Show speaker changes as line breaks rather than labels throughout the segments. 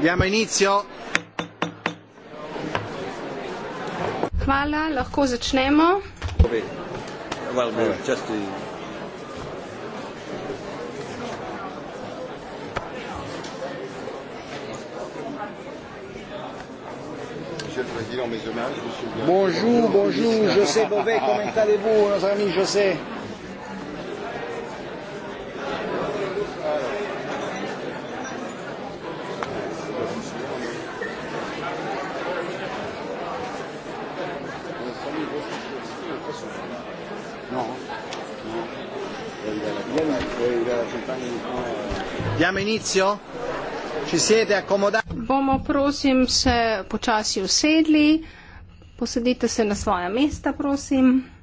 Diamo inizio. Hvala, lahko začnemo.
Bonjour, bonjour, José Bové, comment allez-vous, nos amis José?
all'inizio? Ci siete accomodati? Bomo prosim se počasi usedli. Posedite se na svoja mesta, prosim.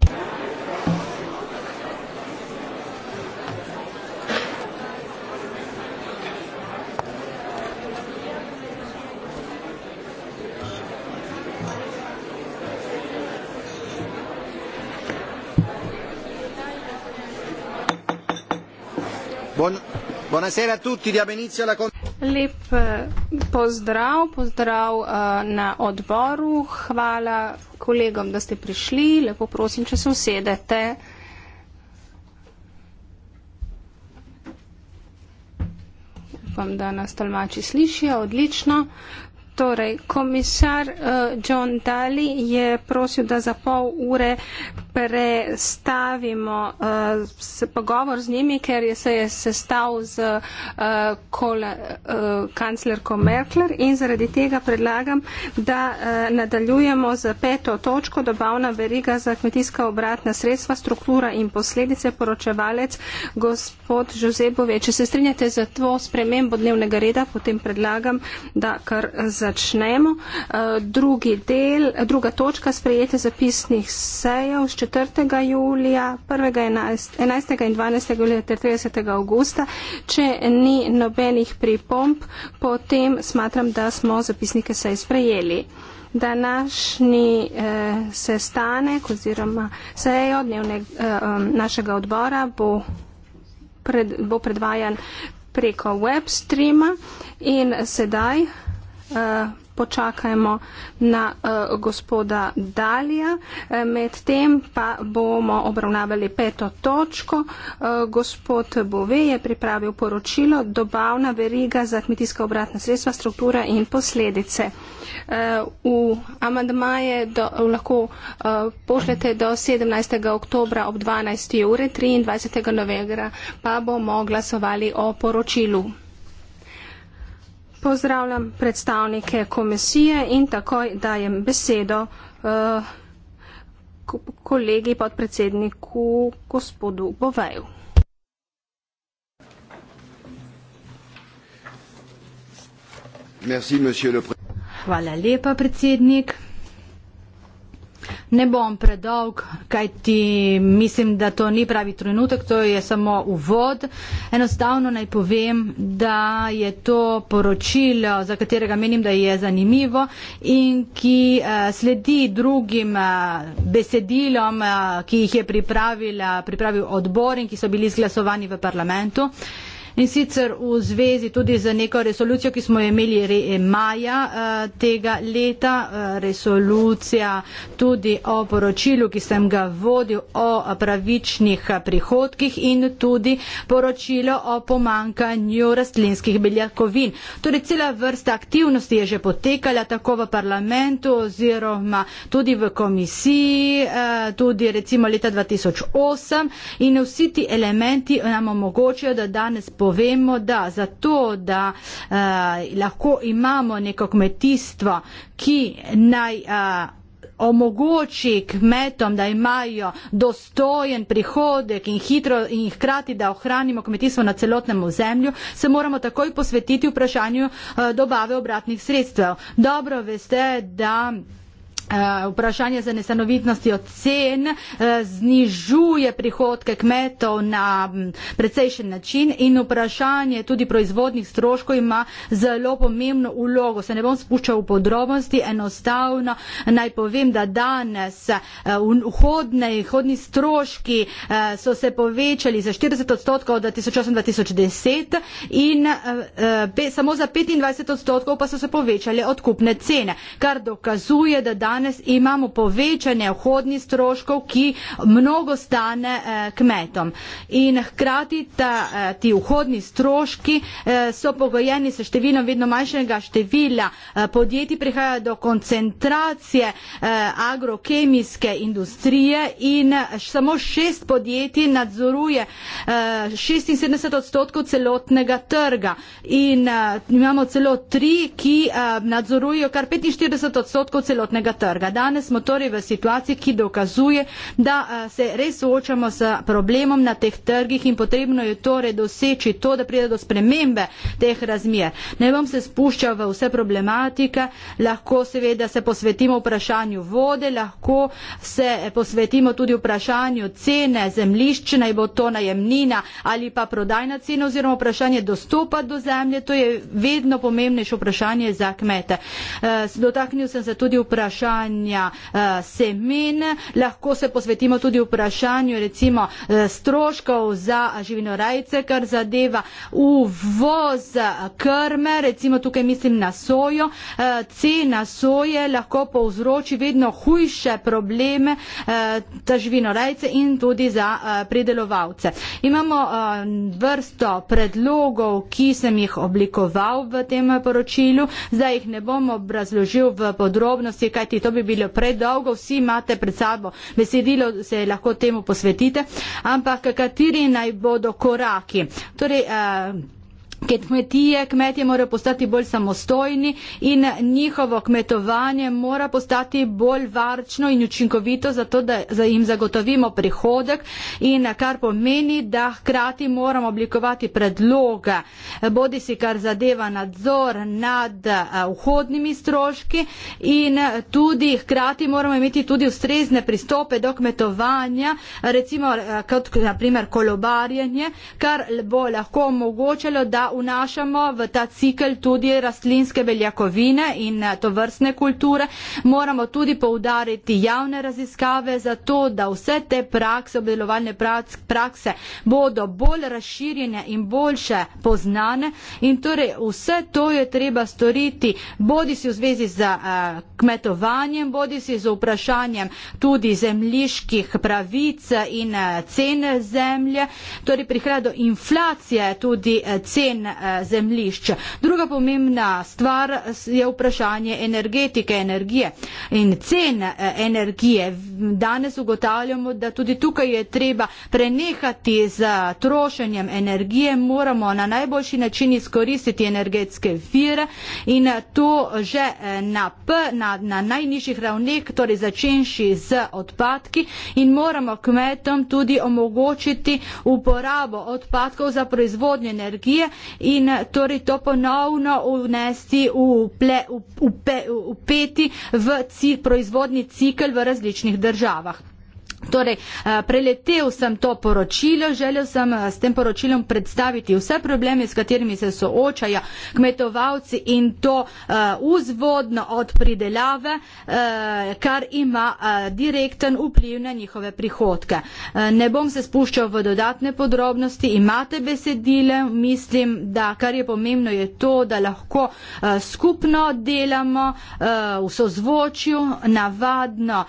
Buonasera a tutti, diamo inizio alla Lep eh, pozdrav, pozdrav uh, na odboru, hvala kolegom, da ste prišli, lepo prosim, če se usedete. Upam, da nas tolmači slišijo, odlično. Torej, komisar uh, John Daly je prosil, da za pol ure prestavimo uh, eh, se, pogovor z njimi, ker je se je sestal z uh, eh, kola, uh, kanclerko Merkler in zaradi tega predlagam, da uh, nadaljujemo z peto točko, dobavna veriga za kmetijska obratna sredstva, struktura in posledice, poročevalec gospod Žozebove. Če se strinjate za to spremembo dnevnega reda, potem predlagam, da kar za začnemo. Eh, drugi del, druga točka sprejete zapisnih sejev z 4. julija, 1. 11. in 12. julija ter 30. augusta. Če ni nobenih pripomp, potem smatram, da smo zapisnike sej sprejeli. Današnji eh, sestanek oziroma sejo dnevne, eh, um, našega odbora bo, pred, bo predvajan preko web streama in sedaj Eh, počakajmo na uh, gospoda Dalija. E, Medtem pa bomo obravnavali peto točko. E, gospod Bove je pripravil poročilo Dobavna veriga za kmetijska obratna sredstva, struktura in posledice. E, v amandmaje do, lahko e, pošljete do 17. oktobra ob 12. ure, 23. novembra pa bomo glasovali o poročilu pozdravljam predstavnike komisije in takoj dajem besedo eh, kolegi podpredsedniku gospodu
Boveju. Hvala lepa, predsednik. Ne bom predolg, kaj ti mislim, da to ni pravi trenutek, to je samo uvod. Enostavno naj povem, da je to poročilo, za katerega menim, da je zanimivo in ki uh, sledi drugim uh, besedilom, uh, ki jih je pripravil odbor in ki so bili izglasovani v parlamentu. Uh, in sicer v zvezi tudi z neko resolucijo, ki smo jo imeli eh, maja eh, tega leta, eh, resolucija tudi o poročilu, ki sem ga vodil o pravičnih prihodkih in tudi poročilo o pomankanju rastlinskih beljakovin. Torej, cela vrsta aktivnosti je že potekala tako v parlamentu oziroma tudi v komisiji, tudi recimo leta 2008 in vsi ti elementi nam omogočajo, da danes poročilo povemo, da zato, da uh, lahko imamo neko kmetijstvo, ki naj. Uh, omogoči kmetom, da imajo dostojen prihodek in hitro in hkrati, da ohranimo kmetijstvo na celotnem ozemlju, se moramo takoj posvetiti vprašanju eh, dobave obratnih sredstev. Dobro veste, da Eh, vprašanje za nesanovitnosti ocen eh, znižuje prihodke kmetov na precejšen način in vprašanje tudi proizvodnih stroškov ima zelo pomembno ulogo. Se ne bom spuščal v podrobnosti, enostavno naj povem, da danes eh, vhodne, vhodni stroški so se povečali za 40 odstotkov od 2008-2010 in samo za 25 odstotkov pa so se povečali odkupne cene, kar dokazuje, da danes danes imamo povečanje vhodnih stroškov, ki mnogo stane eh, kmetom. In hkrati ta, eh, ti vhodni stroški eh, so pogojeni s številom vedno manjšega števila podjetij, prihaja do koncentracije agrokemijske industrije in samo šest podjetij nadzoruje 76 odstotkov celotnega trga. In imamo celo tri, ki nadzorujejo kar 45 odstotkov celotnega trga trga. Danes smo torej v situaciji, ki dokazuje, da eh, se res soočamo s problemom na teh trgih in potrebno je torej doseči to, da pride do spremembe teh razmer. Ne bom se spuščal v vse problematike, lahko seveda se posvetimo vprašanju vode, lahko se posvetimo tudi vprašanju cene zemlišče, naj bo to najemnina ali pa prodajna cena oziroma vprašanje dostopa do zemlje, to je vedno pomembnejše vprašanje za kmete. Eh, dotaknil sem se tudi vprašanja vprašanja eh, semen, lahko se posvetimo tudi vprašanju recimo eh, stroškov za živinorajce, kar zadeva uvoz krme, recimo tukaj mislim na sojo. Eh, cena soje lahko povzroči vedno hujše probleme eh, za živinorajce in tudi za eh, pridelovalce. Imamo eh, vrsto predlogov, ki sem jih oblikoval v tem poročilu. Zdaj jih ne bom obrazložil v podrobnosti, kajti to bi bilo predolgo, vsi imate pred sabo besedilo, se lahko temu posvetite, ampak kateri naj bodo koraki. Torej, uh, kmetije, kmetje morajo postati bolj samostojni in njihovo kmetovanje mora postati bolj varčno in učinkovito, zato da jim zagotovimo prihodek in kar pomeni, da hkrati moramo oblikovati predloge, bodi si kar zadeva nadzor nad vhodnimi stroški in tudi hkrati moramo imeti tudi ustrezne pristope do kmetovanja, recimo kot naprimer kolobarjenje, kar bo lahko omogočalo, da vnašamo v ta cikl tudi rastlinske beljakovine in eh, to vrstne kulture, moramo tudi poudariti javne raziskave za to, da vse te prakse, obdelovalne prakse bodo bolj razširjene in boljše poznane in torej vse to je treba storiti bodi si v zvezi z eh, kmetovanjem, bodi si z vprašanjem tudi zemljiških pravic in eh, cene zemlje, torej prihaja do inflacije tudi cene cen eh, zemlišč. Druga pomembna stvar je vprašanje energetike, energije in cen eh, energije. Danes ugotavljamo, da tudi tukaj je treba prenehati z trošenjem energije, moramo na najboljši način izkoristiti energetske vire in to že eh, na, p, na, na najnižjih ravneh, torej začenši z odpadki in moramo kmetom tudi omogočiti uporabo odpadkov za proizvodnjo energije in eh, torej to ponovno vnesti v, ple, v, v, v, v peti v cilj, proizvodni cikl v različnih državah. Torej, eh, preletel sem to poročilo, želel sem eh, s tem poročilom predstaviti vse probleme, s katerimi se soočajo kmetovalci in to eh, vzvodno od pridelave, kar ima direkten vpliv na njihove prihodke. Ne bom se spuščal v dodatne podrobnosti, imate besedile, mislim, da kar je pomembno je to, da lahko skupno delamo v sozvočju, navadno,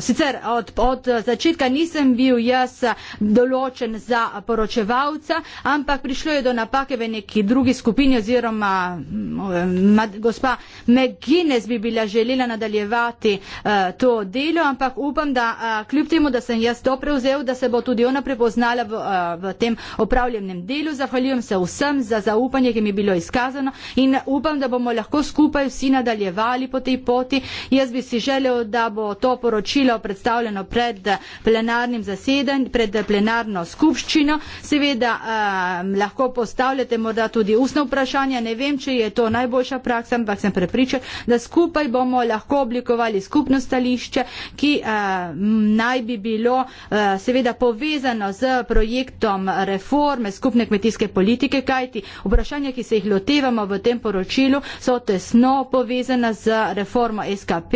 sicer od, od začetka nisem bil jaz določen za poročevalca, ampak prišlo je do napake v neki drugi skupini oziroma mm, gospa McGuinness bi bila želela nadaljevati eh, to delo, ampak upam, da eh, kljub temu, da sem jaz to prevzel, da se bo tudi ona prepoznala v, eh, v tem opravljenem delu. Zahvaljujem se vsem za zaupanje, ki mi je bilo izkazano in upam, da bomo lahko skupaj vsi nadaljevali po tej poti. Jaz bi si želel, da bo to poročilo predstavljeno pred plenarnim zasedanj, pred plenarno skupščino. Seveda um, lahko postavljate morda tudi ustno vprašanje, ne vem, če je to najboljša praksa, ampak sem prepričan, da skupaj bomo lahko oblikovali skupno stališče, ki um, naj bi bilo uh, seveda povezano z projektom reforme skupne kmetijske politike, kajti vprašanja, ki se jih lotevamo v tem poročilu, so tesno povezana z reformo SKP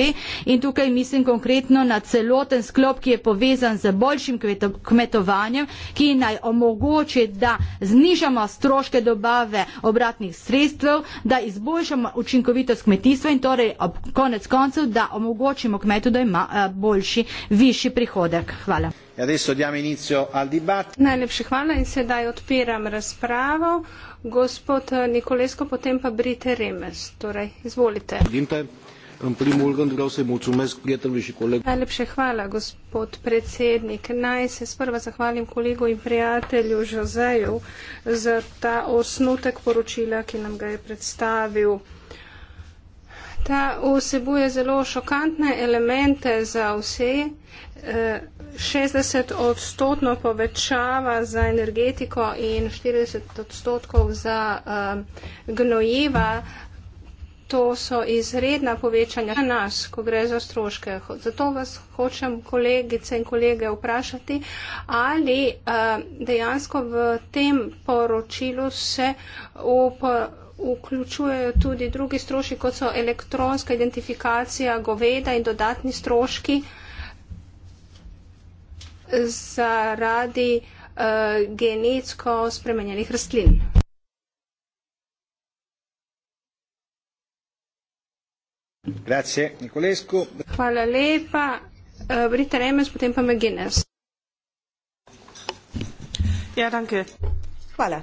in tukaj mislim konkretno na celoten sklop, ki je je povezan z boljšim kmetovanjem, ki naj omogoči, da znižamo stroške dobave obratnih sredstev, da izboljšamo učinkovitost kmetijstva in torej ob konec koncev, da omogočimo kmetu, da ima eh, boljši, višji prihodek. Hvala.
E Najlepše hvala in sedaj odpiram razpravo. Gospod eh, Nikolesko, potem pa Brite Remes. Torej, izvolite. Dinte. În primul rând vreau să-i mulțumesc prietenului și colegului. Najlepše hvala, gospod predsednik. Naj se sprva zahvalim kolegu in prijatelju Žozeju za ta osnutek poročila, ki nam ga je predstavil. Ta vsebuje zelo šokantne elemente za vse. 60 eh, odstotkov povečava za energetiko in 40 odstotkov za uh, gnojiva, uh, To so izredna povečanja za nas, ko gre za stroške. Zato vas hočem, kolegice in kolege, vprašati, ali uh, dejansko v tem poročilu se up, vključujejo tudi drugi stroški, kot so elektronska identifikacija goveda in dodatni stroški zaradi uh, genetsko spremenjenih rastlin. Hvala lepa. Brita eh, Remes, potem pa McGuinness.
Ja, danke. Hvala.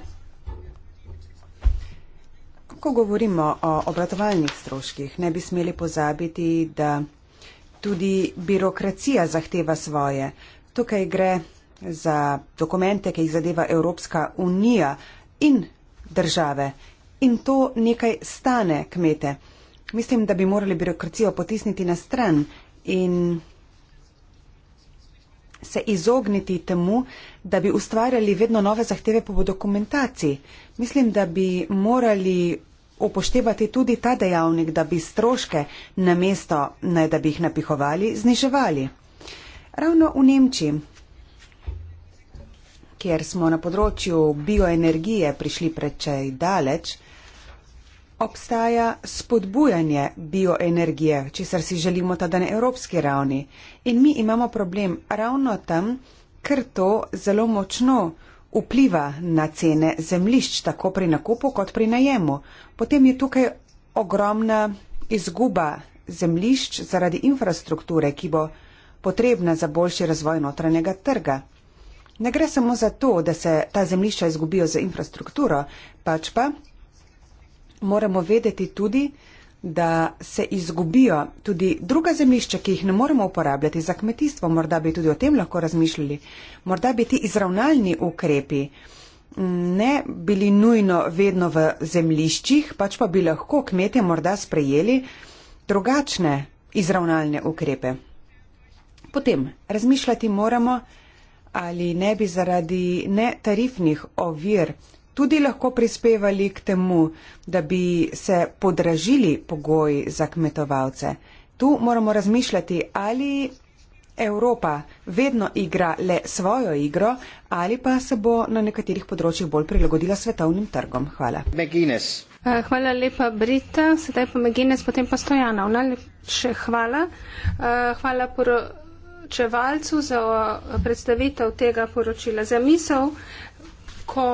Ko govorimo o obratovalnih stroških, ne bi smeli pozabiti, da tudi birokracija zahteva svoje. Tukaj gre za dokumente, ki jih zadeva Evropska unija in države. In to nekaj stane kmete. Mislim, da bi morali birokracijo potisniti na stran in se izogniti temu, da bi ustvarjali vedno nove zahteve po dokumentaciji. Mislim, da bi morali upoštevati tudi ta dejavnik, da bi stroške na mesto, ne da bi jih napihovali, zniževali. Ravno v Nemčiji, kjer smo na področju bioenergije prišli prečaj daleč, obstaja spodbujanje bioenergije, česar si želimo tudi na evropski ravni. In mi imamo problem ravno tam, ker to zelo močno vpliva na cene zemlišč, tako pri nakupu kot pri najemu. Potem je tukaj ogromna izguba zemlišč zaradi infrastrukture, ki bo potrebna za boljši razvoj notranjega trga. Ne gre samo za to, da se ta zemlišča izgubijo za infrastrukturo, pač pa, moramo vedeti tudi, da se izgubijo tudi druga zemljišča, ki jih ne moremo uporabljati za kmetijstvo. Morda bi tudi o tem lahko razmišljali. Morda bi ti izravnalni ukrepi mm, ne bili nujno vedno v zemljiščih, pač pa bi lahko kmetje morda sprejeli drugačne izravnalne ukrepe. Potem razmišljati moramo, ali ne bi zaradi netarifnih ovir tudi lahko prispevali k temu, da bi se podražili pogoji za kmetovalce. Tu moramo razmišljati, ali Evropa vedno igra le svojo igro ali pa se bo na nekaterih področjih bolj prilagodila svetovnim trgom. Hvala. McGuinness. Eh, hvala lepa,
Brita. Sedaj pa McGuinness, potem pa Stojana. Najlepše hvala. Eh, hvala poročevalcu za predstavitev tega poročila. Za misel, ko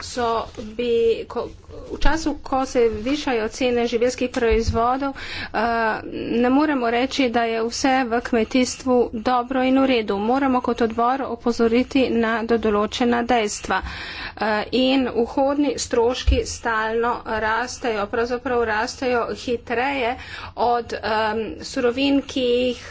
so bi, ko, v času, ko se višajo cene živelskih proizvodov, uh, ne moremo reči, da je vse v kmetijstvu dobro in v redu. Moramo kot odbor opozoriti na dodoločena dejstva. Uh, in vhodni stroški stalno rastejo, pravzaprav rastejo hitreje od um, surovin, ki jih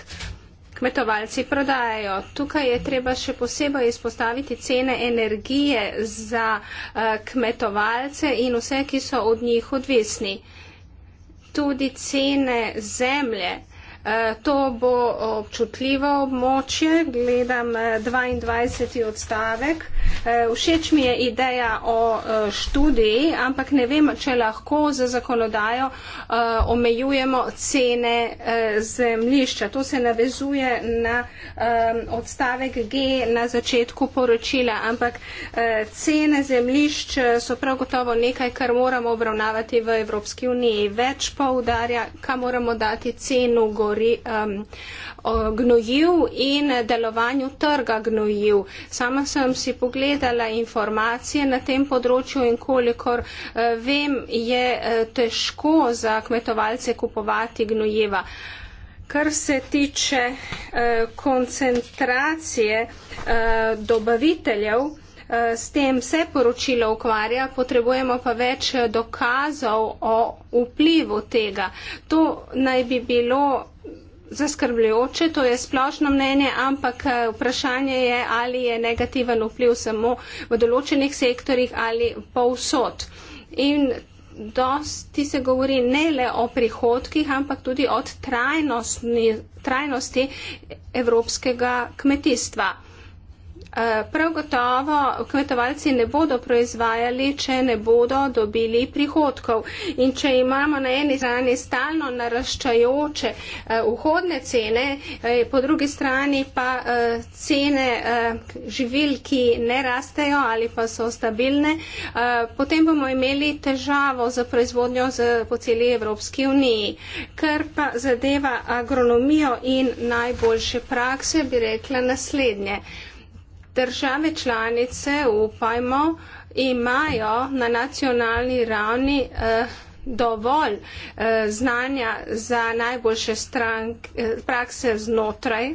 kmetovalci prodajajo. Tukaj je treba še posebej izpostaviti cene energije za eh, kmetovalce in vse, ki so od njih odvisni. Tudi cene zemlje. Eh, to bo občutljivo območje, gledam 22. Eh, odstavek. Eh, všeč mi je ideja o študiji, ampak ne vem, če lahko za zakonodajo omejujemo cene zemljišča. To se navezuje na odstavek G na začetku poročila, ampak cene zemljišč so prav gotovo nekaj, kar moramo obravnavati v Evropski uniji. Več pa udarja, kam moramo dati ceno gorila re, um, gnojiv in delovanju trga gnojiv. Sama sem si pogledala informacije na tem področju in kolikor uh, vem, je uh, težko za kmetovalce kupovati gnojeva. Kar se tiče eh, koncentracije eh, dobaviteljev, eh, s tem se poročilo ukvarja, potrebujemo pa več dokazov o vplivu tega. To naj bi bilo zaskrbljujoče, to je splošno mnenje, ampak eh, vprašanje je, ali je negativen vpliv samo v določenih sektorjih ali povsod. In dosti se govori ne le o prihodkih, ampak tudi o trajnosti evropskega kmetijstva. Eh, prav gotovo kmetovalci ne bodo proizvajali, če ne bodo dobili prihodkov. In če imamo na eni strani stalno naraščajoče eh, vhodne cene, eh, po drugi strani pa cene živil, ki ne rastejo ali pa so stabilne, potem bomo imeli težavo za proizvodnjo po celi Evropski uniji. Kar pa zadeva agronomijo in najboljše prakse, bi rekla naslednje države članice upajmo imajo na nacionalni ravni eh, dovolj eh, znanja za najboljše strank, eh, prakse znotraj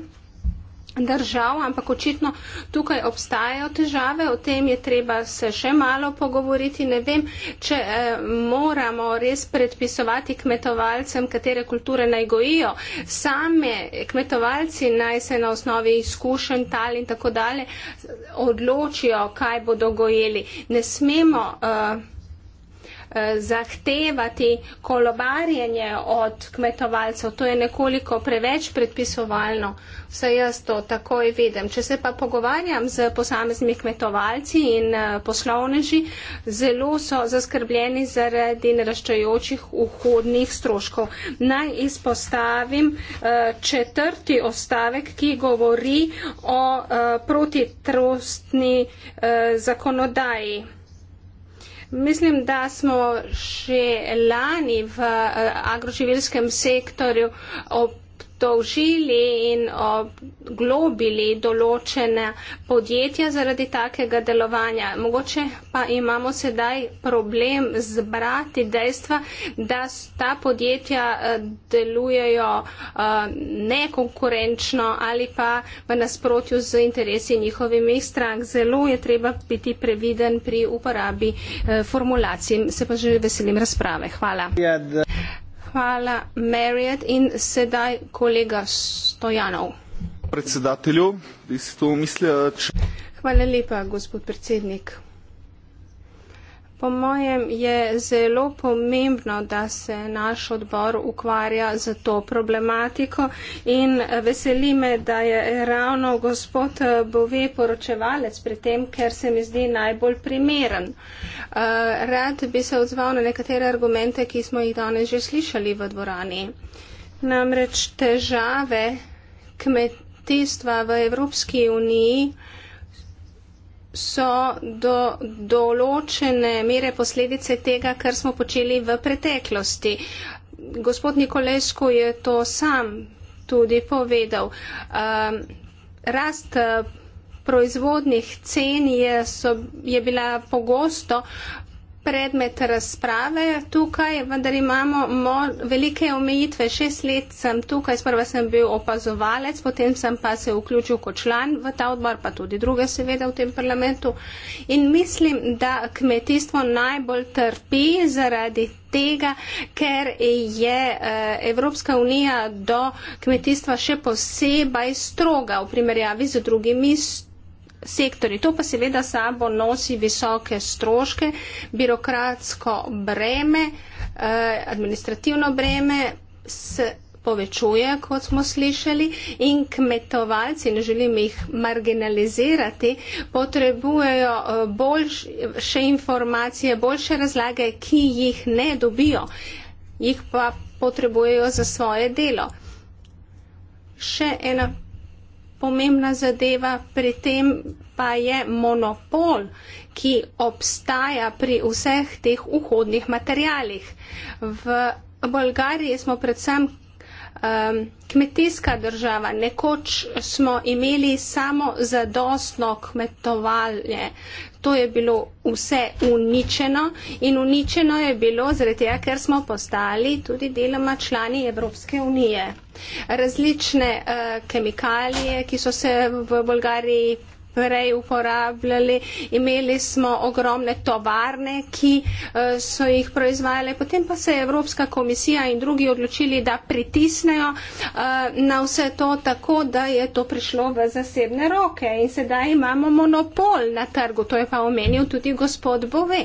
držav, ampak očitno tukaj obstajajo težave, o tem je treba se še malo pogovoriti. Ne vem, če eh, moramo res predpisovati kmetovalcem, katere kulture naj gojijo. Same kmetovalci naj se na osnovi izkušenj tal in tako dalje odločijo, kaj bodo gojili. Ne smemo. Uh, zahtevati kolobarjenje od kmetovalcev. To je nekoliko preveč predpisovalno, vse jaz to takoj vidim. Če se pa pogovarjam z posameznimi kmetovalci in eh, poslovneži, zelo so zaskrbljeni zaradi naraščajočih vhodnih stroškov. Naj izpostavim eh, četrti ostavek, ki govori o eh, protitrostni zakonodaji. Mislim, da smo še lani v eh, agroživilskem sektorju opravili obtožili in obglobili določene podjetja zaradi takega delovanja. Mogoče pa imamo sedaj problem zbrati dejstva, da ta podjetja eh, delujejo eh, nekonkurenčno ali pa v nasprotju z interesi njihovimi strank. Zelo je treba biti previden pri uporabi eh, formulacij. Se pa že veselim razprave. Hvala. Yeah, the... Hvala, Marriott. In sedaj kolega Stojanov. Predsedatelju, bi si to mislil, če. Hvala lepa, gospod predsednik. Po mojem je zelo pomembno, da se naš odbor ukvarja z to problematiko in veseli me, da je ravno gospod Bove poročevalec pri tem, ker se mi zdi najbolj primeren. Eh, rad bi se odzval na nekatere argumente, ki smo jih danes že slišali v dvorani. Namreč težave kmetijstva v Evropski uniji so do določene mere posledice tega, kar smo počeli v preteklosti. Gospod Nikolesko je to sam tudi povedal. Um, rast eh, proizvodnih cen je, so, je bila pogosto predmet razprave tukaj, vendar imamo mo velike omejitve. Šest let sem tukaj, sprva sem bil opazovalec, potem sem pa se vključil kot član v ta odbor, pa tudi druge seveda v tem parlamentu. In mislim, da kmetijstvo najbolj trpi zaradi tega, ker je eh, Evropska unija do kmetijstva še posebej stroga v primerjavi z drugimi strogami sektorji. To pa seveda sabo nosi visoke stroške, birokratsko breme, eh, administrativno breme povečuje, kot smo slišali, in kmetovalci, ne želim jih marginalizirati, potrebujejo eh, boljše informacije, boljše razlage, ki jih ne dobijo, jih pa potrebujejo za svoje delo. Še ena pomembna zadeva, pri tem pa je monopol, ki obstaja pri vseh teh vhodnih materijalih. V Bolgariji smo predvsem um, kmetijska država. Nekoč smo imeli samo zadostno kmetovalje. To je bilo vse uničeno in uničeno je bilo zaradi tega, ker smo postali tudi deloma člani Evropske unije. Različne uh, kemikalije, ki so se v Bolgariji prej uporabljali. Imeli smo ogromne tovarne, ki eh, so jih proizvajale. Potem pa se je Evropska komisija in drugi odločili, da pritisnejo eh, na vse to tako, da je to prišlo v zasebne roke. In sedaj imamo monopol na trgu. To je pa omenil tudi gospod Bove.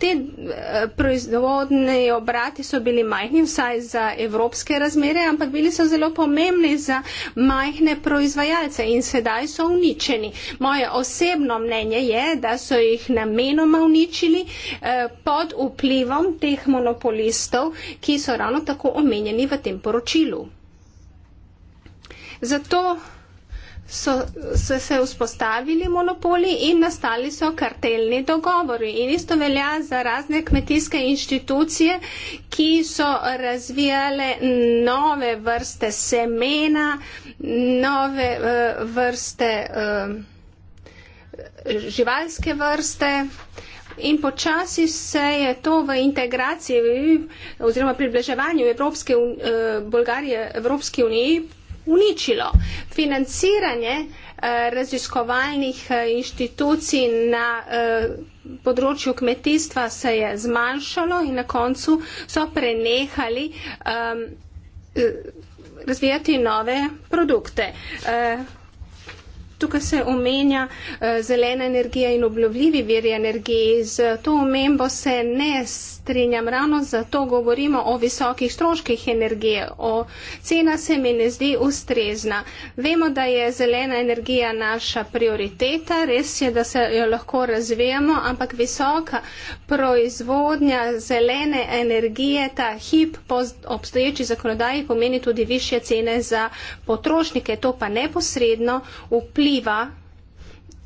Te eh, proizvodne obrati so bili majhni vsaj za evropske razmere, ampak bili so zelo pomembni za majhne proizvajalce in sedaj so uničeni. Moje osebno mnenje je, da so jih namenoma uničili eh, pod vplivom teh monopolistov, ki so ravno tako omenjeni v tem poročilu. Zato so, so se vzpostavili monopoli in nastali so kartelni dogovori. In isto velja za razne kmetijske inštitucije, ki so razvijale nove vrste semena, nove uh, vrste. Uh, živalske vrste. In počasi se je to v integraciji oziroma približevanju Evropske, eh, Bolgarije Evropski uniji uničilo. Financiranje eh, raziskovalnih eh, inštitucij na področju kmetijstva se je zmanjšalo in na koncu so prenehali razvijati nove produkte tukaj se omenja eh, zelena energija in obnovljivi viri energije. Z to omembo se ne strinjam ravno, zato govorimo o visokih stroških energije. O cena se mi ne zdi ustrezna. Vemo, da je zelena energija naša prioriteta, res je, da se jo lahko razvijamo, ampak visoka proizvodnja zelene energije ta hip po obstoječi zakonodaji pomeni tudi više cene za potrošnike. To pa neposredno vpliva vpliva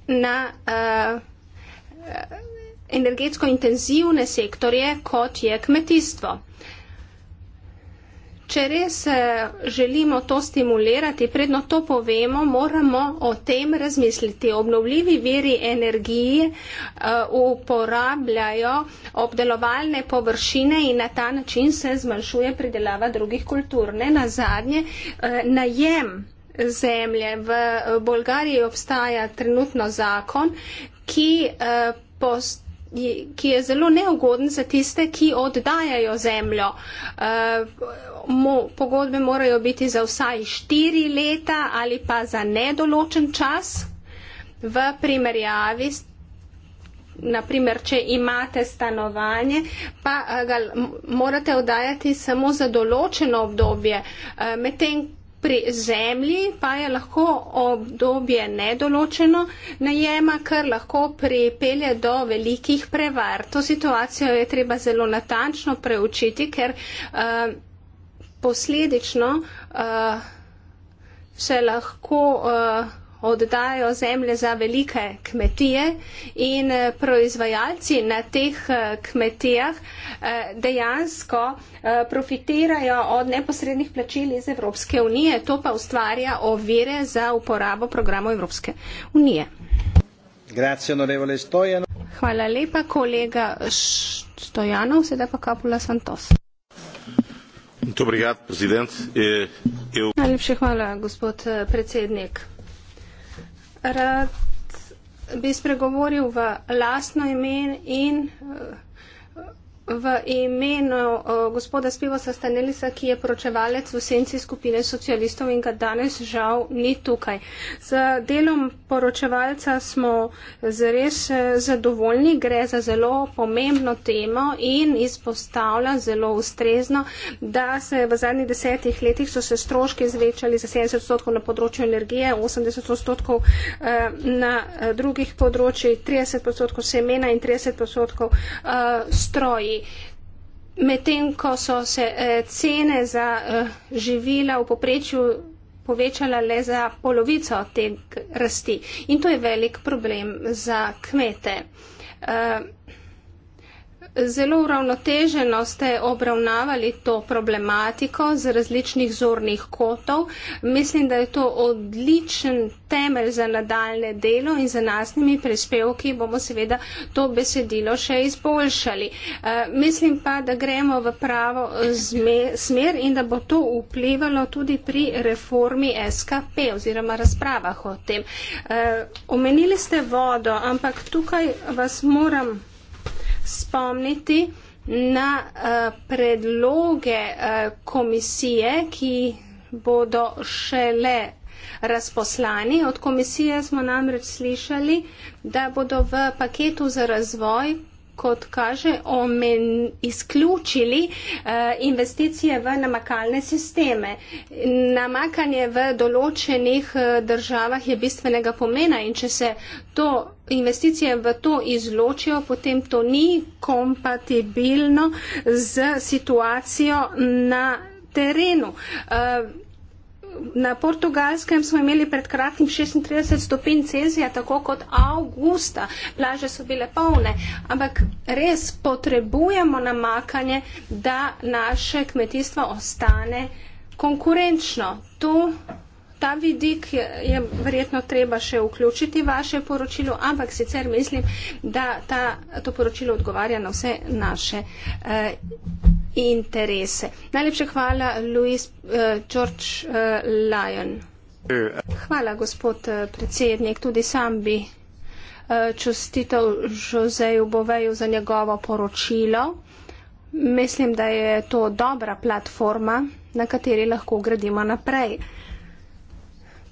na uh, energetsko intenzivne sektorje, kot je kmetijstvo. Če res eh, želimo to stimulirati, predno to povemo, moramo o tem razmisliti. Obnovljivi viri energije eh, uporabljajo obdelovalne površine in na ta način se zmanjšuje pridelava drugih kultur. Ne na zadnje, najem zemlje. V Bolgariji obstaja trenutno zakon, ki, eh, post, ki je zelo neugoden za tiste, ki oddajajo zemljo. Eh, mo, pogodbe morajo biti za vsaj štiri leta ali pa za nedoločen čas v primerjavi. Naprimer, če imate stanovanje, pa eh, ga morate oddajati samo za določeno obdobje. Eh, medtem, Pri zemlji pa je lahko obdobje nedoločeno najema, kar lahko pripelje do velikih prevar. To situacijo je treba zelo natančno preučiti, ker uh, posledično uh, se lahko. Uh, oddajo zemlje za velike kmetije in eh, proizvajalci na teh eh, kmetijah eh, dejansko profitirajo od neposrednih plačil iz Evropske unije. To pa ustvarja ovire za uporabo programov Evropske unije. Hvala lepa, kolega Stojanov, sedaj pa Kapula Santos.
Dobrigad, e, eu...
Najlepše hvala, gospod predsednik rad bi spregovoril v lastno ime in uh, V imenu uh, gospoda Spivosa Stanelisa, ki je poročevalec v senci skupine socialistov in ga danes žal ni tukaj. Z delom poročevalca smo zres e, zadovoljni, gre za zelo pomembno temo in izpostavlja zelo ustrezno, da se v zadnjih desetih letih so se stroški zvečali za 70 odstotkov na področju energije, 80 odstotkov uh, na e, drugih področjih, 30 odstotkov semena in 30 odstotkov uh, stroji medtem ko so se eh, cene za eh, živila v poprečju povečala le za polovico teh rasti. In to je velik problem za kmete. Eh, zelo uravnoteženo ste obravnavali to problematiko z različnih zornih kotov. Mislim, da je to odličen temelj za nadaljne delo in za nasnimi prispevki bomo seveda to besedilo še izboljšali. E, mislim pa, da gremo v pravo smer in da bo to vplivalo tudi pri reformi SKP oziroma razpravah o tem. E, omenili ste vodo, ampak tukaj vas moram spomniti na eh, predloge eh, komisije, ki bodo šele razposlani. Od komisije smo namreč slišali, da bodo v paketu za razvoj kot kaže, omen, izključili uh, investicije v namakalne sisteme. Namakanje v določenih eh, državah je bistvenega pomena in če se to investicije v to izločijo, potem to ni kompatibilno z situacijo na terenu. Uh, na portugalskem smo imeli pred kratkim 36 stopinj Celzija, tako kot avgusta. Plaže so bile polne, ampak res potrebujemo namakanje, da naše kmetijstvo ostane konkurenčno. To, ta vidik je, je verjetno treba še vključiti v vaše poročilo, ampak sicer mislim, da ta, to poročilo odgovarja na vse naše. Eh, interese. Najlepša hvala, Louis uh, eh, George uh, Lyon. Hvala, gospod uh, predsednik. Tudi sam bi uh, čustitev Žozeju Boveju za njegovo poročilo. Mislim, da je to dobra platforma, na kateri lahko gradimo naprej.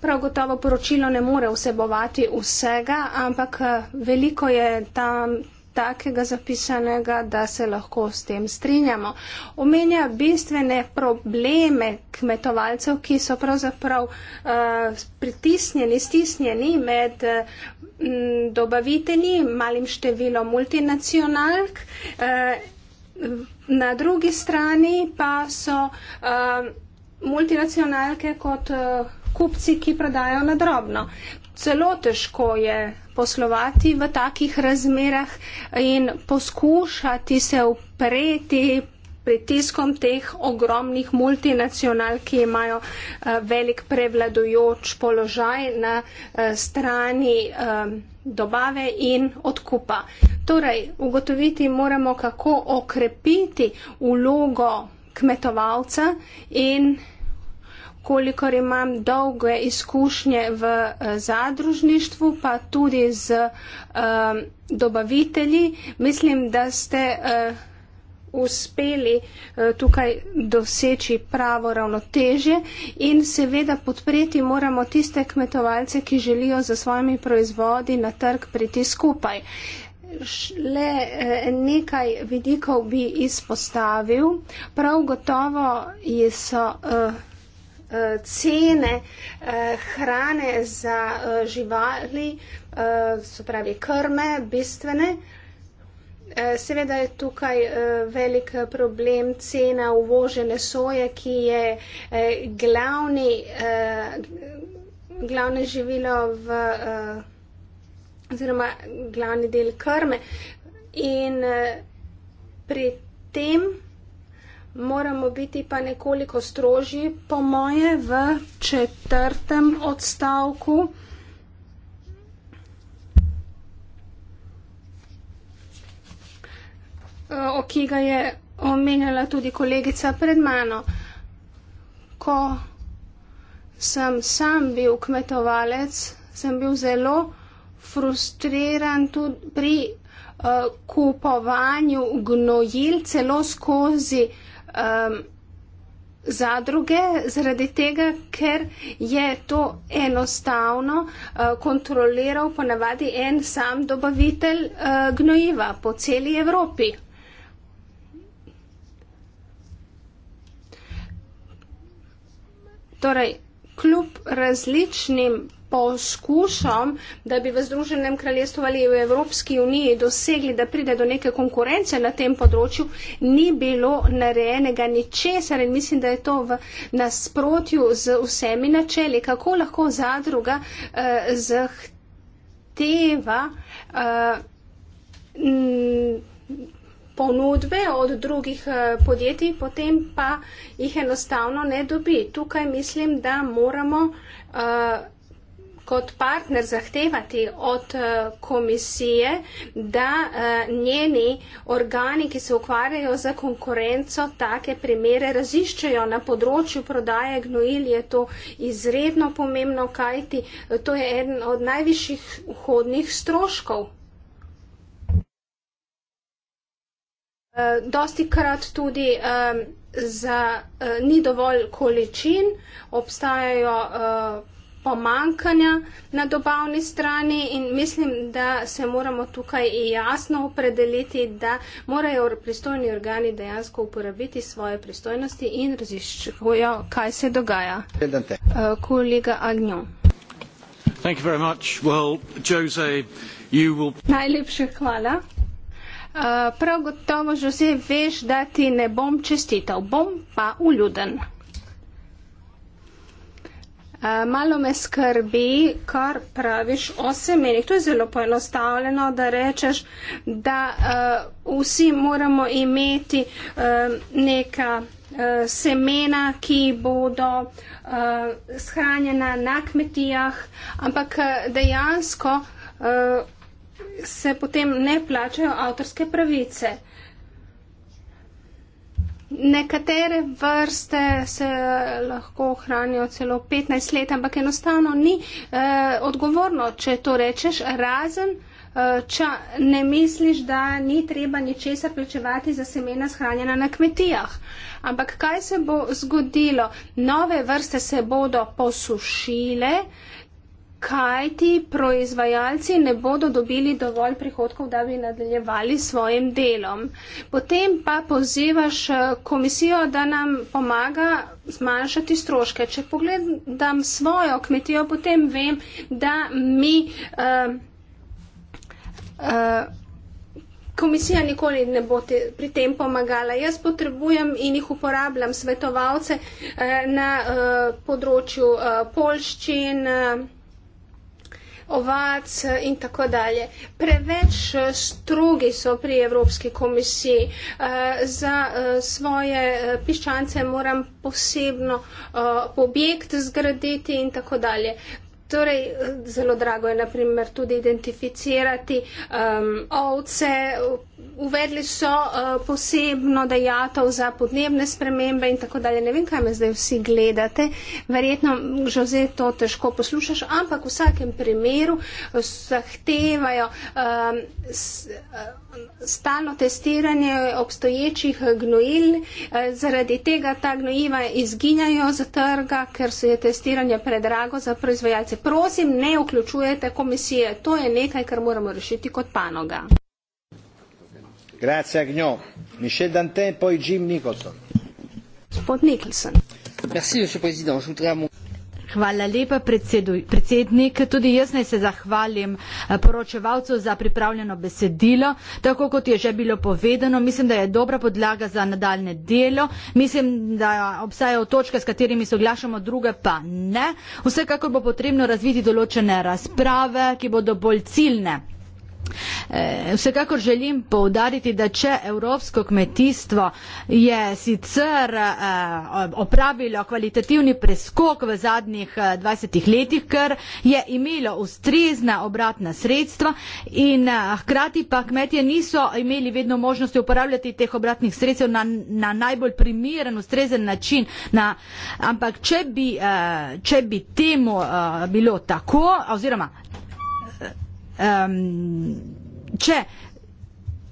Prav gotovo poročilo ne more vsebovati vsega, ampak veliko je tam takega zapisanega, da se lahko s tem strinjamo. Omenja bistvene probleme kmetovalcev, ki so pravzaprav uh, pritisnjeni, stisnjeni med um, dobavitelji, malim številom multinacionalk. Uh, na drugi strani pa so uh, multinacionalke kot uh, kupci, ki prodajo na drobno. Celo težko je poslovati v takih razmerah in poskušati se upreti pritiskom teh ogromnih multinacional, ki imajo eh, velik prevladojoč položaj na eh, strani eh, dobave in odkupa. Torej, ugotoviti moramo, kako okrepiti ulogo kmetovalca in kolikor imam dolge izkušnje v eh, zadružništvu, pa tudi z um, dobavitelji, mislim, da ste uh, uspeli uh, tukaj doseči pravo ravnotežje in seveda podpreti moramo tiste kmetovalce, ki želijo za svojimi proizvodi na trg priti skupaj. Le nekaj vidikov bi izpostavil. Prav gotovo so uh, Eh, cene eh, hrane za eh, živali, se pravi krme, bistvene. Seveda je tukaj velik problem cena uvožene soje, ki je glavni, glavne živilo v, oziroma glavni del krme. In pri tem moramo biti pa nekoliko strožji, po moje, v četrtem odstavku. O ki ga je omenjala tudi kolegica pred mano. Ko sem sam bil kmetovalec, sem bil zelo frustriran tudi pri uh, kupovanju gnojil, celo skozi uh, um, zadruge zaradi tega, ker je to enostavno uh, kontroliral ponavadi en sam dobavitelj uh, gnojiva po celi Evropi. Torej, kljub različnim poskušam, da bi v Združenem kraljestvu ali v Evropski uniji dosegli, da pride do neke konkurence na tem področju, ni bilo narejenega ničesar in mislim, da je to v nasprotju z vsemi načeli. Kako lahko zadruga eh, zahteva eh, ponudbe od drugih eh, podjetij, potem pa jih enostavno ne dobi. Tukaj mislim, da moramo uh, kot partner zahtevati od eh, komisije, da eh, njeni organi, ki se ukvarjajo za konkurenco, take primere raziščajo na področju prodaje gnojil, je to izredno pomembno, kajti eh, to je eden od najvišjih vhodnih stroškov. Dosti krat tudi za, ni dovolj količin, obstajajo pomankanja na dobavni strani in mislim, da se moramo tukaj jasno opredeliti, da morajo pristojni organi dejansko uporabiti svoje pristojnosti in raziščujo, kaj se dogaja. Eh, kolega Agnjo. Thank you very much. Well, Jose, you will... Najlepša hvala. Uh, prav gotovo, Jose, veš, da ti ne bom čestital, bom pa uljuden. Eh, malo me skrbi, kar praviš o semenih. To je zelo poenostavljeno, da rečeš, da uh, vsi moramo imeti uh, neka uh, semena, ki bodo uh, shranjena na kmetijah, ampak dejansko uh, se potem ne plačajo avtorske pravice. Uh, Nekatere vrste se lahko hranijo celo 15 let, ampak enostavno ni eh, odgovorno, če to rečeš, razen eh, če ne misliš, da ni treba ničesar plačevati za semena shranjena na kmetijah. Ampak kaj se bo zgodilo? Nove vrste se bodo posušile, kaj ti proizvajalci ne bodo dobili dovolj prihodkov, da bi nadaljevali svojim delom. Potem pa pozivaš eh, komisijo, da nam pomaga zmanjšati stroške. Če pogledam svojo kmetijo, potem vem, da mi. Uh, uh, Komisija nikoli ne bo te, pri tem pomagala. Jaz potrebujem in jih uporabljam svetovalce eh, na eh, področju eh, polščin. Eh, ovac in tako dalje. Preveč eh, strogi so pri Evropski komisiji. Eh, za eh, svoje piščance moram posebno objekt zgraditi in tako dalje. Torej, zelo drago je naprimer tudi identificirati um, ovce, uvedli so uh, posebno dejatov za podnebne spremembe in tako dalje. Ne vem, kaj me zdaj vsi gledate. Verjetno, že zdaj to težko poslušaš, ampak v vsakem primeru eh, zahtevajo um, stalno testiranje obstoječih gnojil. Zaradi tega ta gnojiva izginjajo za trga, ker se je testiranje predrago za proizvajalce. Prosim, ne vključujete komisije. To je nekaj, kar moramo rešiti kot panoga
grazie Agnò. Michel Dantin e poi Jim Nicholson. Gospod Nicholson. Merci, monsieur président. Je voudrais mon... Hvala lepa, predsednik. Tudi jaz naj se zahvalim eh, poročevalcu za pripravljeno besedilo. Tako kot je že bilo povedano, mislim, da je dobra podlaga za nadaljne delo. Mislim, da obstajajo točke, s katerimi soglašamo, druge pa ne. Vsekakor bo potrebno razviti določene razprave, ki bodo bolj ciljne. Eh, vsekakor želim poudariti, da če evropsko kmetijstvo je sicer eh, opravilo kvalitativni preskok v zadnjih 20 eh, letih, ker je imelo ustrezna obratna sredstva in hkrati pa kmetje niso imeli vedno možnosti uporabljati teh obratnih sredstev na, na najbolj primeren, ustrezen način. Na, ampak če bi, če bi temu bilo tako, oziroma um, c'è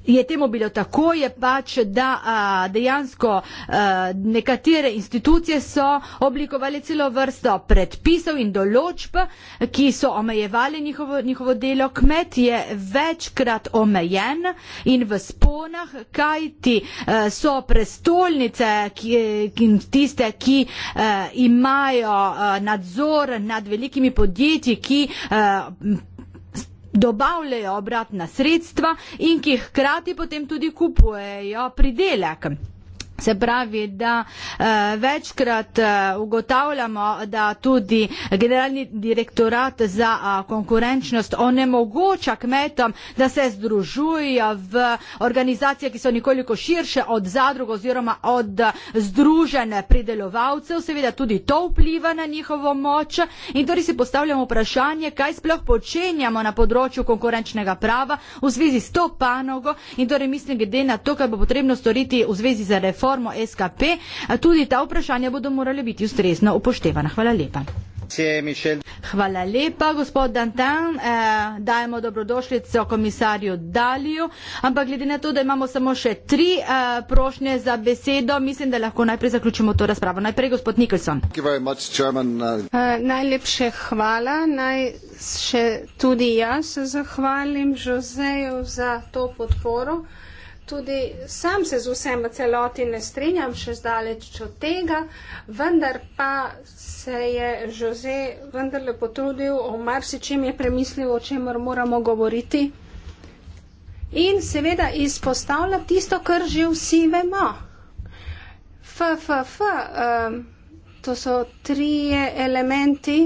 je temu bilo tako, je pač, da a, dejansko a, nekatere institucije so oblikovali celo vrsto predpisov in določb, ki so omejevali njihovo, njihovo delo. Kmet je večkrat omejen in v sponah, kajti a, so prestolnice ki, tiste, ki a, imajo a, nadzor nad velikimi podjetji, ki. A, dobavljajo obratna sredstva in ki hkrati potem tudi kupujejo pridelek. Se pravi, da eh, večkrat eh, ugotavljamo, da tudi generalni direktorat za eh, konkurenčnost onemogoča kmetom, da se združujejo v organizacije, ki so nekoliko širše od zadrug oziroma od združene pridelovalcev. Seveda tudi to vpliva na njihovo moč. In torej si postavljamo vprašanje, kaj sploh počenjamo na področju konkurenčnega prava v zvezi s to panogo. In torej mislim, glede na to, kaj bo potrebno storiti v zvezi z reformo, reformo SKP, tudi ta vprašanja bodo morali biti ustrezno upoštevana. Hvala lepa. Hvala lepa, gospod Dantan. Eh, dajemo dobrodošljico komisarju Daliju, ampak glede na to, da imamo samo še tri eh, prošnje za besedo, mislim, da lahko najprej zaključimo to razpravo. Najprej gospod Nikolson. Uh, najlepše
hvala. Naj še tudi jaz se zahvalim Žozeju za to podporo tudi sam se z vsem v celoti ne strinjam, še zdaleč od tega, vendar pa se je Jose vendarle potrudil, o marsičem je premislil, o čemer moramo govoriti. In seveda izpostavlja tisto, kar že vsi vemo. FFF, um, eh, to so trije elementi.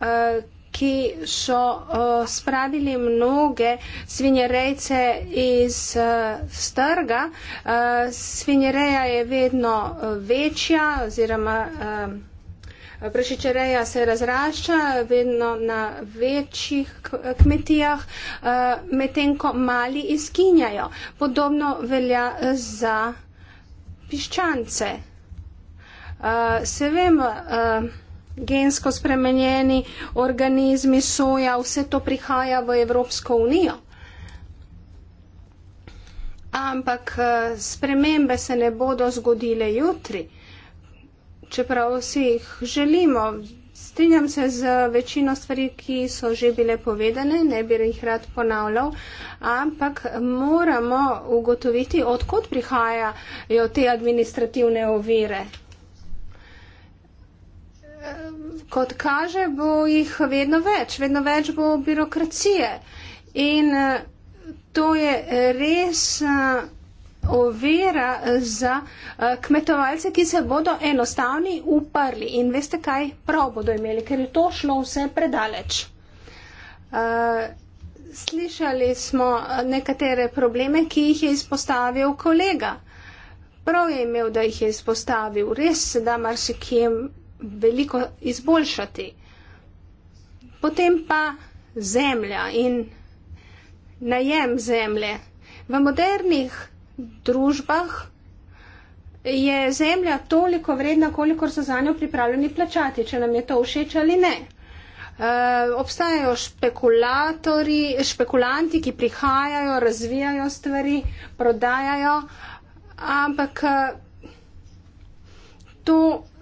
Uh, ki so uh, spravili mnoge svinjerejce iz uh, eh, strga. Uh, eh, svinjereja je vedno uh, večja oziroma uh, prešičereja se razrašča vedno na večjih kmetijah, uh, medtem ko mali izginjajo. Podobno velja za piščance. Uh, se vem, uh, gensko spremenjeni organizmi, soja, vse to prihaja v Evropsko unijo. Ampak eh, spremembe se ne bodo zgodile jutri, čeprav si jih želimo. Strinjam se z večino stvari, ki so že bile povedane, ne bi jih rad ponavljal, ampak moramo ugotoviti, odkot prihajajo te administrativne ovire kot kaže, bo jih vedno več, vedno več bo birokracije. In eh, to je res eh, ovira za eh, kmetovalce, ki se bodo enostavni uprli. In veste, kaj prav bodo imeli, ker je to šlo vse predaleč. Slišali smo nekatere probleme, ki jih je izpostavil kolega. Prav je imel, da jih je izpostavil. Res se da marsikim veliko izboljšati. Potem pa zemlja in najem zemlje. V modernih družbah je zemlja toliko vredna, kolikor so za njo pripravljeni plačati, če nam je to všeč ali ne. E, obstajajo špekulatori, špekulanti, ki prihajajo, razvijajo stvari, prodajajo, ampak eh, to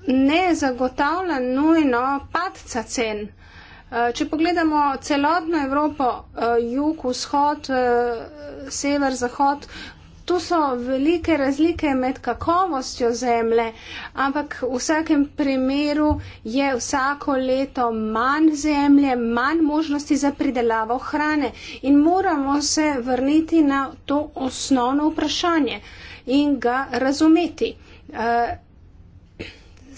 ne zagotavlja nujno padca cen. Eh, če pogledamo celotno Evropo, eh, jug, vzhod, eh, sever, zahod, tu so velike razlike med kakovostjo zemlje, ampak v vsakem primeru je vsako leto manj zemlje, manj možnosti za pridelavo hrane in moramo se vrniti na to osnovno vprašanje in ga razumeti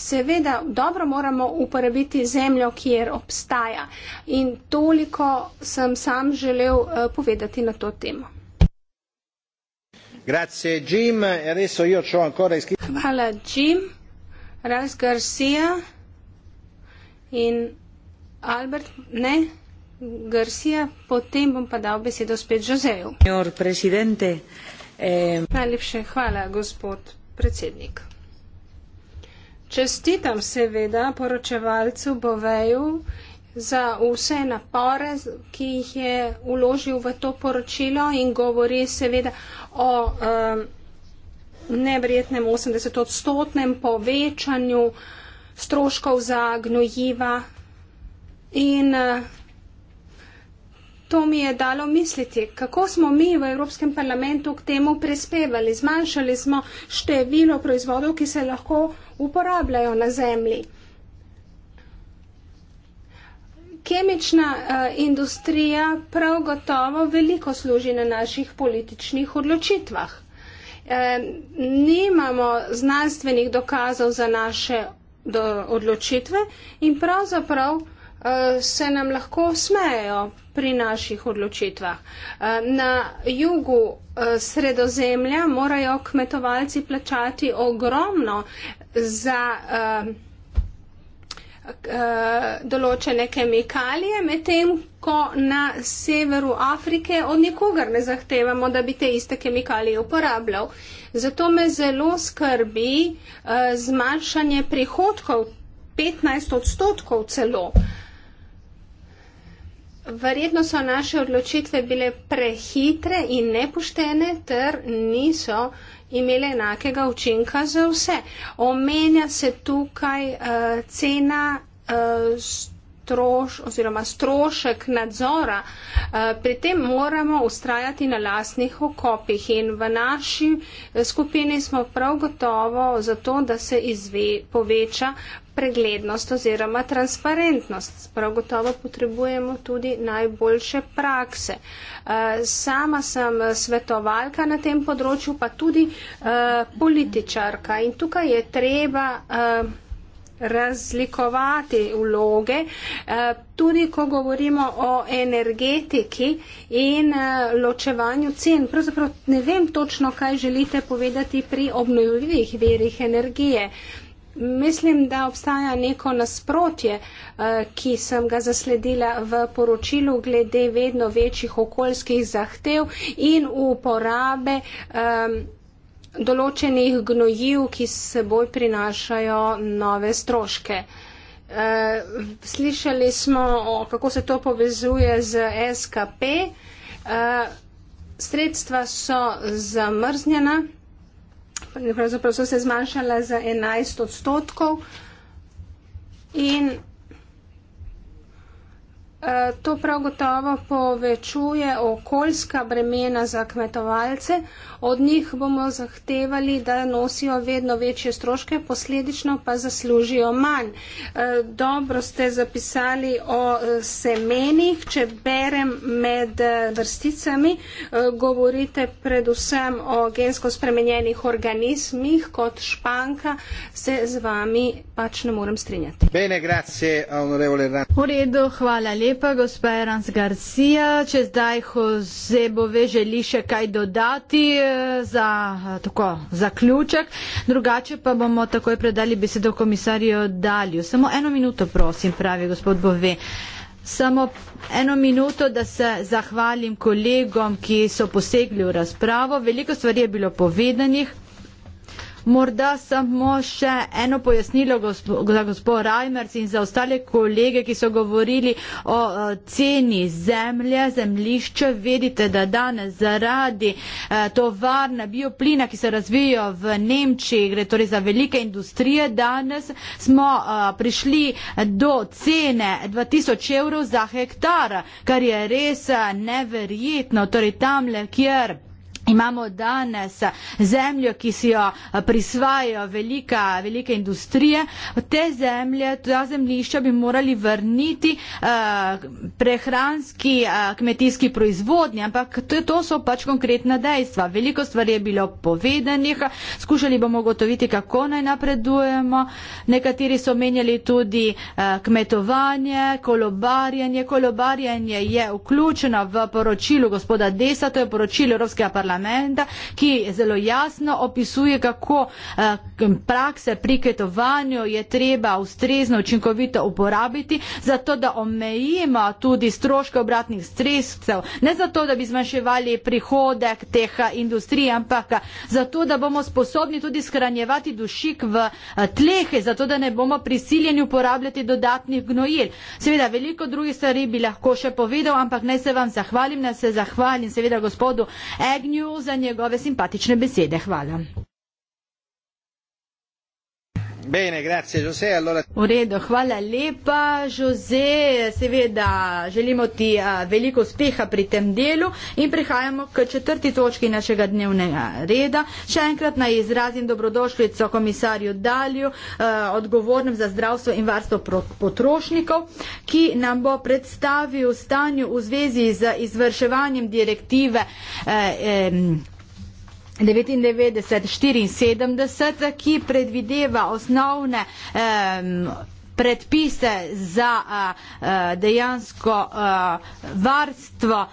seveda dobro moramo uporabiti zemljo, kjer obstaja. In toliko sem sam želel eh, povedati na to temo. Grazie, Jim. E Iskri... Hvala, Jim, Ras Garcia in Albert, ne, Garcia, potem bom pa dal besedo spet Joseju. Eh... Najlepše hvala, gospod predsednik. Čestitam seveda poročevalcu Boveju za vse napore, ki jih je uložil v to poročilo in govori seveda o um, eh, nevrjetnem 80-odstotnem povečanju stroškov za gnojiva. In uh, to mi je dalo misliti, kako smo mi v Evropskem parlamentu k temu prispevali. Zmanjšali smo število proizvodov, ki se lahko uporabljajo na zemlji. Kemična uh, industrija prav gotovo veliko služi na naših političnih odločitvah. E, nimamo znanstvenih dokazov za naše do, odločitve in pravzaprav uh, se nam lahko smejejo pri naših odločitvah. Uh, na jugu uh, sredozemlja morajo kmetovalci plačati ogromno uh, za um, uh, določene kemikalije, medtem ko na severu Afrike od nikogar ne zahtevamo, da bi te iste kemikalije uporabljal. Zato me zelo skrbi uh, zmanjšanje prihodkov 15 odstotkov celo verjetno so naše odločitve bile prehitre in nepoštene, ter niso imele enakega učinka za vse. Omenja se tukaj uh, cena. Uh, eh, Troš, oziroma strošek nadzora. Eh, pri tem moramo ustrajati na lasnih okopih in v naši skupini smo prav gotovo za to, da se izve, poveča preglednost oziroma transparentnost. Prav gotovo potrebujemo tudi najboljše prakse. Eh, sama sem svetovalka na tem področju, pa tudi eh, političarka in tukaj je treba eh, razlikovati vloge, tudi ko govorimo o energetiki in ločevanju cen. Pravzaprav ne vem točno, kaj želite povedati pri obnovljivih verih energije. Mislim, da obstaja neko nasprotje, eh, ki sem ga zasledila v poročilu glede vedno večjih okoljskih zahtev in uporabe določenih gnojiv, ki seboj prinašajo nove stroške. Eh, slišali smo, kako se to povezuje z SKP. Eh, sredstva so zamrznjena pravzaprav so se zmanjšala za 11 odstotkov. In eh, to prav gotovo povečuje okoljska bremena za kmetovalce od njih bomo zahtevali, da nosijo vedno večje stroške, posledično pa zaslužijo manj. E, dobro ste zapisali o e, semenih, če berem med e, vrsticami, govorite predvsem o gensko spremenjenih organizmih kot španka,
se z vami pač ne morem strinjati.
Bene, grazie, onorevole Ran.
V redu, hvala lepa, gospa Erans Garcia. Če zdaj Hozebove želi še kaj dodati, za tako, zaključek. Drugače pa bomo takoj predali besedo komisarju Dalju. Samo eno minuto, prosim, pravi gospod Bove. Samo eno minuto, da se zahvalim kolegom, ki so posegli v razpravo. Veliko stvari je bilo povedanih. Morda samo še eno pojasnilo gospo, za gospod Reimers in za ostale kolege, ki so govorili o ceni zemlje, zemlišča. Vedite, da danes zaradi eh, tovarne bioplina, ki se razvijajo v Nemčiji, gre torej za velike industrije, danes smo eh, prišli do cene 2000 evrov za hektar, kar je res eh, neverjetno. Torej, tamle, kjer Imamo danes zemljo, ki si jo eh, prisvajajo velika, velike industrije. Te zemlje, ta zemljišča bi morali vrniti eh, prehranski eh, kmetijski proizvodnji, ampak to, to so pač konkretna dejstva. Veliko stvari je bilo povedanih, skušali bomo gotoviti, kako naj napredujemo. Nekateri so menjali tudi eh, kmetovanje, kolobarjanje. Kolobarjanje je vključeno v poročilu gospoda Desa, to je poročilo Evropskega parlamenta parlamenta, ki zelo jasno opisuje, kako eh, prakse pri ketovanju je treba ustrezno učinkovito uporabiti, zato da omejimo tudi stroške obratnih stresov, ne zato, da bi zmanjševali prihodek teh eh, industrij, ampak eh, zato, da bomo sposobni tudi skranjevati dušik v tlehe, zato, da ne bomo prisiljeni uporabljati dodatnih gnojil. Seveda, veliko drugih stvari bi lahko še povedal, ampak naj se vam zahvalim, naj se zahvalim seveda gospodu Egnju. Tonju za njegove simpatične besede. Hvala.
Bene, grazie José. Allora...
V redu, hvala lepa, José. Seveda želimo ti uh, veliko uspeha pri tem delu in prihajamo k četrti točki našega dnevnega reda. Še enkrat naj izrazim dobrodošljico komisarju Dalju, uh, odgovornem za zdravstvo in varstvo potrošnikov, ki nam bo predstavil stanju v zvezi z izvrševanjem direktive. Uh, um, 1994, ki predvideva osnovne um, predpise za uh, dejansko uh, varstvo uh,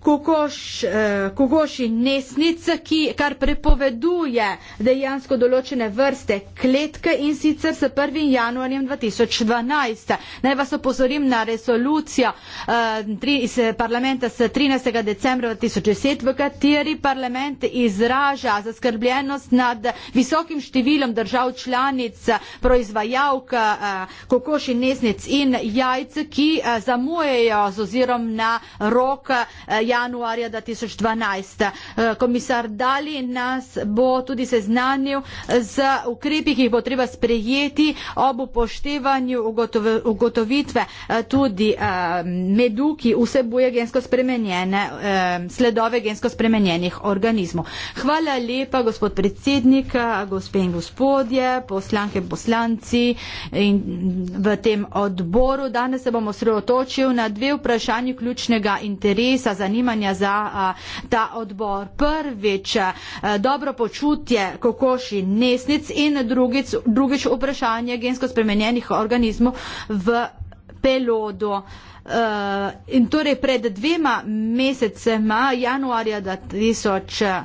kokoš, eh, kokoš in nesnica, ki kar prepoveduje dejansko določene vrste kletke in sicer s 1. januarjem 2012. Naj vas opozorim na resolucijo eh, iz eh, parlamenta s 13. decembra 2010, v kateri parlament izraža zaskrbljenost nad visokim številom držav članic proizvajalk kokoš in nesnic in jajc, ki zamujejo z ozirom na rok januarja 2012. Eh, komisar Dali nas bo tudi seznanil z ukrepi, ki jih bo treba sprejeti ob upoštevanju ugotov, ugotovitve eh, tudi eh, medu, ki vsebuje gensko spremenjene sledove gensko spremenjenih organizmov. Hvala lepa, gospod predsednik, gospe in gospodje, poslanke, poslanci in v tem odboru. Danes se bomo sredotočili na dve vprašanje ključnega interesa. Zanim zanimanja za a, ta odbor. Prvič a, dobro počutje kokoši nesnic in drugič, drugič vprašanje gensko spremenjenih organizmov v pelodo. Uh, e, in torej pred dvema mesecema, januarja 2000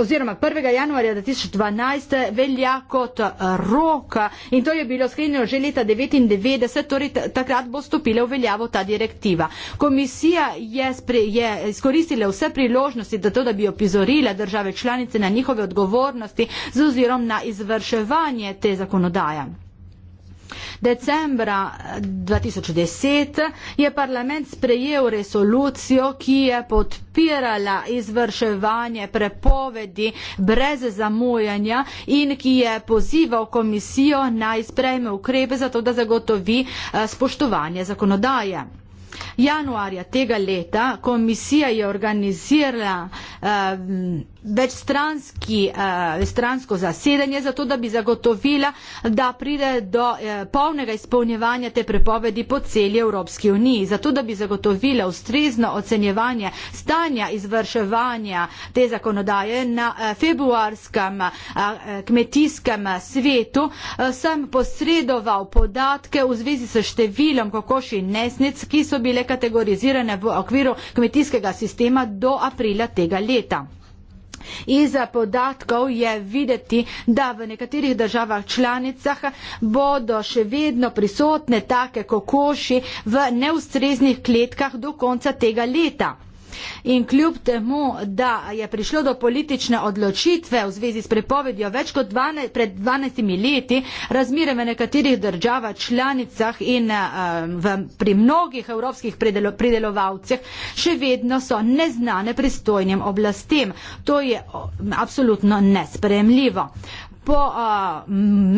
oziroma 1. januarja 2012 velja kot eh, rok in to je bilo sklenjeno že leta 1999, torej takrat bo stopila v veljavo ta direktiva. Komisija je, spre, je izkoristila vse priložnosti, da, to, da bi opozorila države članice na njihove odgovornosti z ozirom na izvrševanje te zakonodaje. Decembra 2010 eh, je parlament sprejel resolucijo, ki je podpirala izvrševanje prepovedi brez zamujanja in ki je pozival komisijo naj sprejme ukrepe za to, da zagotovi eh, spoštovanje zakonodaje. Januarja tega leta komisija je organizirala uh, večstranski, uh, eh, večstransko zasedanje zato, da bi zagotovila, da pride do uh, polnega izpolnjevanja te prepovedi po celi Evropski uniji, zato, da bi zagotovila ustrezno ocenjevanje stanja izvrševanja te zakonodaje na uh, februarskem uh, kmetijskem svetu, uh, sem posredoval podatke v zvezi s številom kokoši nesnic, ki so bile kategorizirane v okviru kmetijskega sistema do aprila tega leta. Iz podatkov je videti, da v nekaterih državah članicah bodo še vedno prisotne take kokoši v neustreznih kletkah do konca tega leta. In kljub temu, da je prišlo do politične odločitve v zvezi s prepovedjo več kot 12, pred 12 leti, razmire v nekaterih državah članicah in uh, v, pri mnogih evropskih predelo, pridelovalcih še vedno so neznane pristojnim oblastem. To je absolutno nespremljivo. Po a,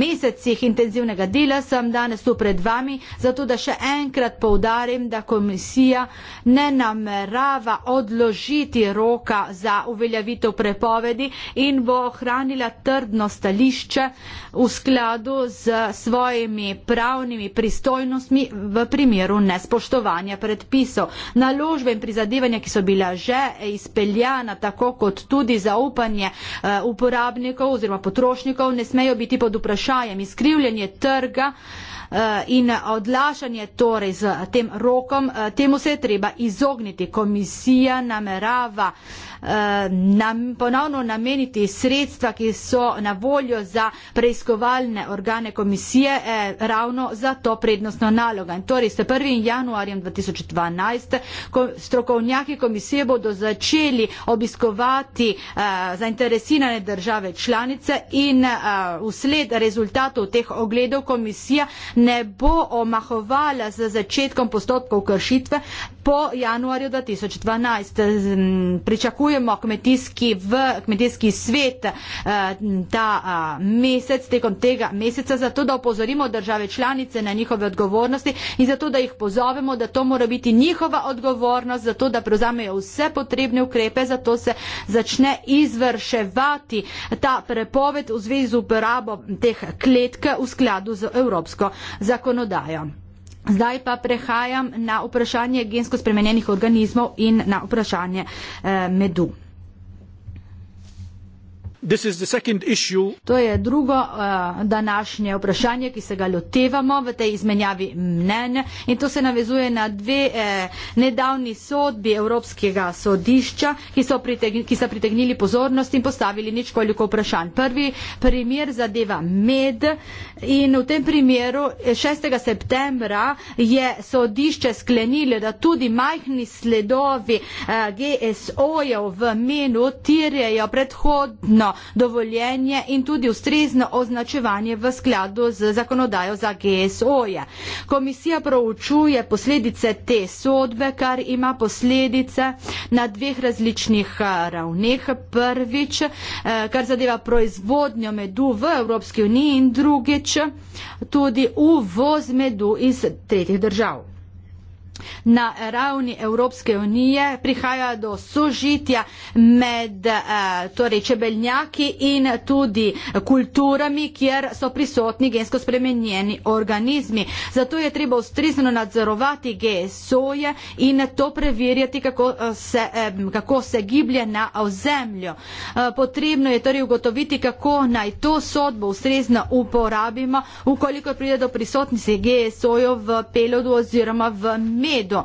mesecih intenzivnega dela sem danes tu pred vami, zato da še enkrat povdarim, da komisija ne namerava odložiti roka za uveljavitev prepovedi in bo ohranila trdno stališče v skladu z svojimi pravnimi pristojnostmi v primeru nespoštovanja predpisov. Naložbe in prizadevanja, ki so bila že izpeljana, tako kot tudi zaupanje a, eh, uporabnikov oziroma potrošnikov, dogodkov ne smejo biti pod vprašanjem. Izkrivljanje trga eh, in odlašanje torej z tem rokom, eh, temu se je treba izogniti. Komisija namerava Eh, nam, ponovno nameniti sredstva, ki so na voljo za preiskovalne organe komisije eh, ravno za to prednostno nalogo. In torej s 1. januarjem 2012 ko strokovnjaki komisije bodo začeli obiskovati eh, zainteresirane države članice in eh, vsled rezultatov teh ogledov komisija ne bo omahovala z začetkom postopkov kršitve po januarju 2012. Pričakujem obiskujemo kmetijski, v, kmetijski svet eh, ta eh, mesec, tekom tega meseca, zato da opozorimo države članice na njihove odgovornosti in zato da jih pozovemo, da to mora biti njihova odgovornost, zato da prevzamejo vse potrebne ukrepe, zato se začne izvrševati ta prepoved v zvezi z uporabo teh kletk v skladu z evropsko zakonodajo. Zdaj pa prehajam na vprašanje gensko spremenjenih organizmov in na vprašanje eh, medu. To je drugo uh, današnje vprašanje, ki se ga lotevamo v tej izmenjavi mnen in to se navezuje na dve eh, nedavni sodbi Evropskega sodišča, ki so, pritegn ki so pritegnili pozornost in postavili ničkoliko vprašanj. Prvi primer zadeva med in v tem primeru 6. Eh, septembra je sodišče sklenilo, da tudi majhni sledovi eh, GSO-jev v menu tirjejo predhodno dovoljenje in tudi ustrezno označevanje v skladu z zakonodajo za GSO-je. Komisija proučuje posledice te sodbe, kar ima posledice na dveh različnih eh, ravneh. Prvič, eh, kar zadeva proizvodnjo medu v Evropski uniji in drugič, tudi uvoz medu iz tretjih držav na ravni Evropske unije prihaja do sožitja med eh, torej, čebeljnjaki in tudi kulturami, kjer so prisotni gensko spremenjeni organizmi. Zato je treba ustrizno nadzorovati GSO-je in to preverjati, kako eh, se, eh, kako se giblje na ozemlju. Potrebno je torej ugotoviti, kako naj to sodbo ustrezno uporabimo, ukoliko pride do prisotnosti GSO-jo v pelodu oziroma v mi medu.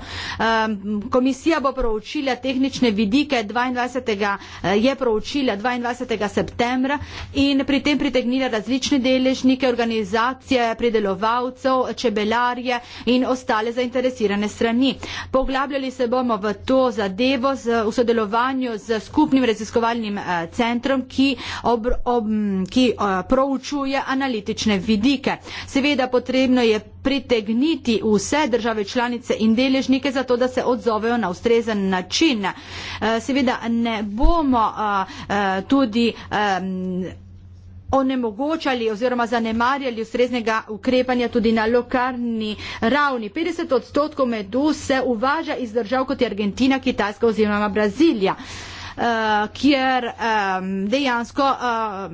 Komisija bo proučila tehnične vidike, 22. Eh, je proučila 22. septembra in pri tem pritegnila različne deležnike, organizacije, pridelovalcev, čebelarje in ostale zainteresirane strani. Poglabljali se bomo v to zadevo z, v sodelovanju z skupnim raziskovalnim eh, centrom, ki, ob, ob, ki eh, proučuje analitične vidike. Seveda potrebno je pritegniti vse države članice in deležnike zato, da se odzovejo na ustrezen način. Eh, seveda ne bomo eh, eh, tudi onemogočali oziroma zanemarjali ustreznega ukrepanja tudi na lokalni ravni. 50 odstotkov medu se uvaža iz držav kot je Argentina, Kitajska oziroma Brazilija uh, kjer um, dejansko, uh,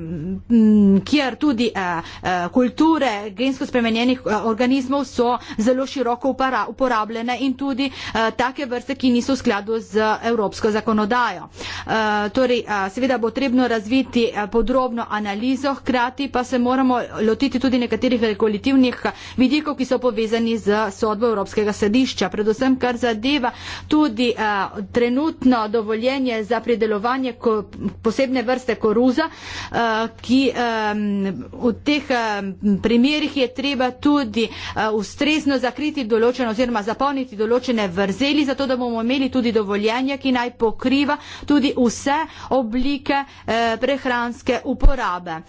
m, kjer tudi uh, uh, kulture gensko spremenjenih uh, organizmov so zelo široko upara, uporabljene in tudi uh, take vrste, ki niso v skladu z evropsko zakonodajo. Uh, torej, uh, seveda bo potrebno razviti uh, podrobno analizo, hkrati pa se moramo lotiti tudi nekaterih regulativnih vidikov, ki so povezani z sodbo Evropskega sedišča. Predvsem, kar zadeva tudi uh, trenutno dovoljenje za pripravljanje pridelovanje posebne vrste koruza, eh, ki v teh primerjih je treba tudi eh, ustrezno zakriti določeno oziroma zapolniti določene vrzeli, zato da bomo imeli tudi dovoljenje, ki naj pokriva tudi vse oblike eh, prehranske uporabe.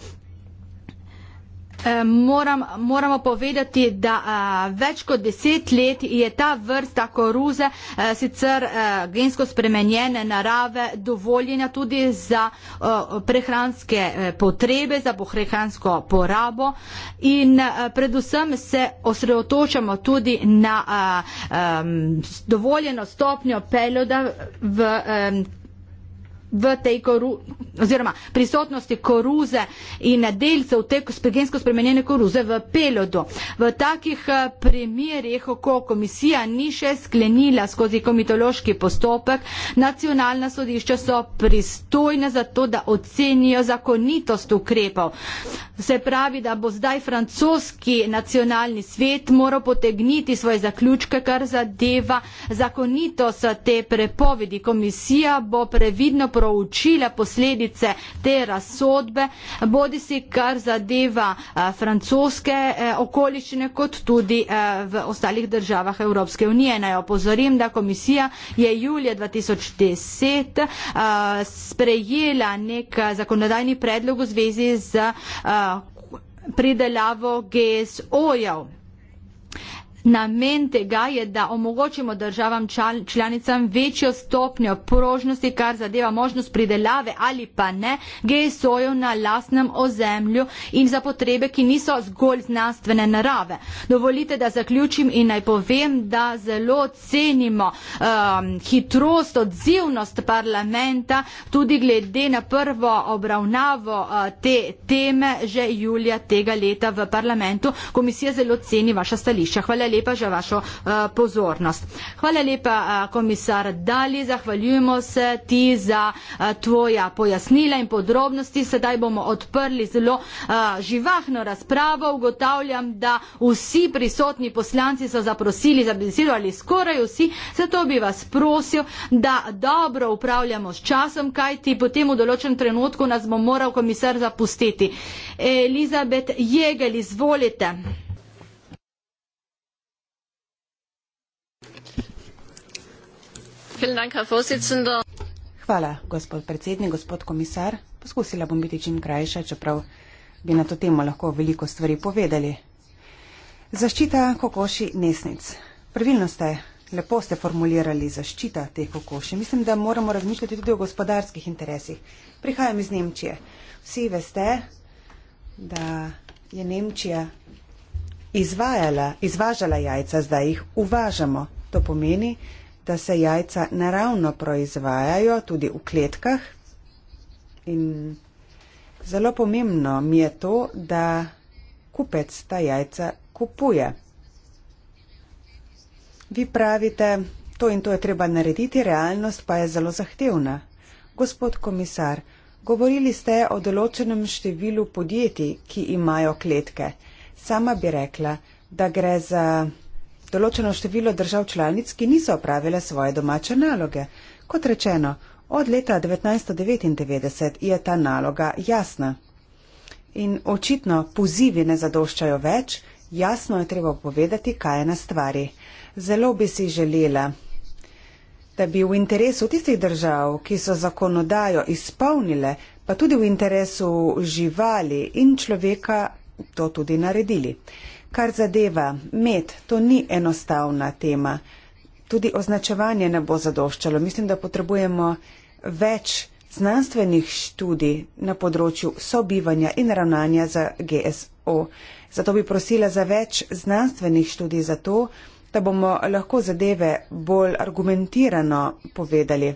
Eh, moram, moramo povedati, da a, eh, več kot deset let je ta vrsta koruze a, eh, sicer a, gensko spremenjene narave dovoljena tudi za a, prehranske potrebe, za prehransko porabo in a, predvsem se osredotočamo tudi na a, a, dovoljeno stopnjo peloda v a, v tej koru, oziroma prisotnosti koruze in delcev te gensko spremenjene koruze v pelodu. V takih eh, primerjih, ko komisija ni še sklenila skozi komitološki postopek, nacionalna sodišča so pristojna za to, da ocenijo zakonitost ukrepov. Se pravi, da bo zdaj francoski nacionalni svet moral potegniti svoje zaključke, kar zadeva zakonitost te prepovedi. Komisija bo previdno proučile posledice te razsodbe, bodi si kar zadeva eh, francoske eh, okoliščine, kot tudi eh, v ostalih državah Evropske unije. Naj opozorim, da komisija je julija 2010 sprejela nek zakonodajni predlog v zvezi z pridelavo GSO-jev. Namen tega je, da omogočimo državam čal, članicam večjo stopnjo prožnosti, kar zadeva možnost pridelave ali pa ne GSO-jev na lasnem ozemlju in za potrebe, ki niso zgolj znanstvene narave. Dovolite, da zaključim in naj povem, da zelo cenimo um, hitrost, odzivnost parlamenta tudi glede na prvo obravnavo uh, te teme že julija tega leta v parlamentu. Komisija zelo ceni vaša stališča. Hvala lepa lepa za vašo uh, pozornost. Hvala lepa, uh, komisar Dali, zahvaljujemo se ti za uh, tvoja pojasnila in podrobnosti. Sedaj bomo odprli zelo uh, živahno razpravo. Ugotavljam, da vsi prisotni poslanci so zaprosili za besedo ali skoraj vsi. Zato bi vas prosil, da dobro upravljamo s časom, kajti potem v določenem trenutku nas bo moral komisar zapustiti. Elizabet Jegel, izvolite.
Hvala, gospod predsednik, gospod komisar. Poskusila bom biti čim krajša, čeprav bi na to temo lahko veliko stvari povedali. Zaščita kokoši nesnic. Pravilno ste, lepo ste formulirali zaščita te kokoši. Mislim, da moramo razmišljati tudi o gospodarskih interesih. Prihajam iz Nemčije. Vsi veste, da je Nemčija izvajala, izvažala jajca, zdaj jih uvažamo. To pomeni, da se jajca naravno proizvajajo tudi v kletkah. In zelo pomembno mi je to, da kupec ta jajca kupuje. Vi pravite, to in to je treba narediti, realnost pa je zelo zahtevna. Gospod komisar, govorili ste o določenem številu podjetij, ki imajo kletke. Sama bi rekla, da gre za določeno število držav članic, ki niso opravile svoje domače naloge. Kot rečeno, od leta 1999 je ta naloga jasna. In očitno pozivi ne zadoščajo več, jasno je treba povedati, kaj je na stvari. Zelo bi si želela, da bi v interesu tistih držav, ki so zakonodajo izpolnile, pa tudi v interesu živali in človeka, to tudi naredili. Kar zadeva med, to ni enostavna tema. Tudi označevanje ne bo zadoščalo. Mislim, da potrebujemo več znanstvenih študij na področju sobivanja in ravnanja za GSO. Zato bi prosila za več znanstvenih študij za to, da bomo lahko zadeve bolj argumentirano povedali.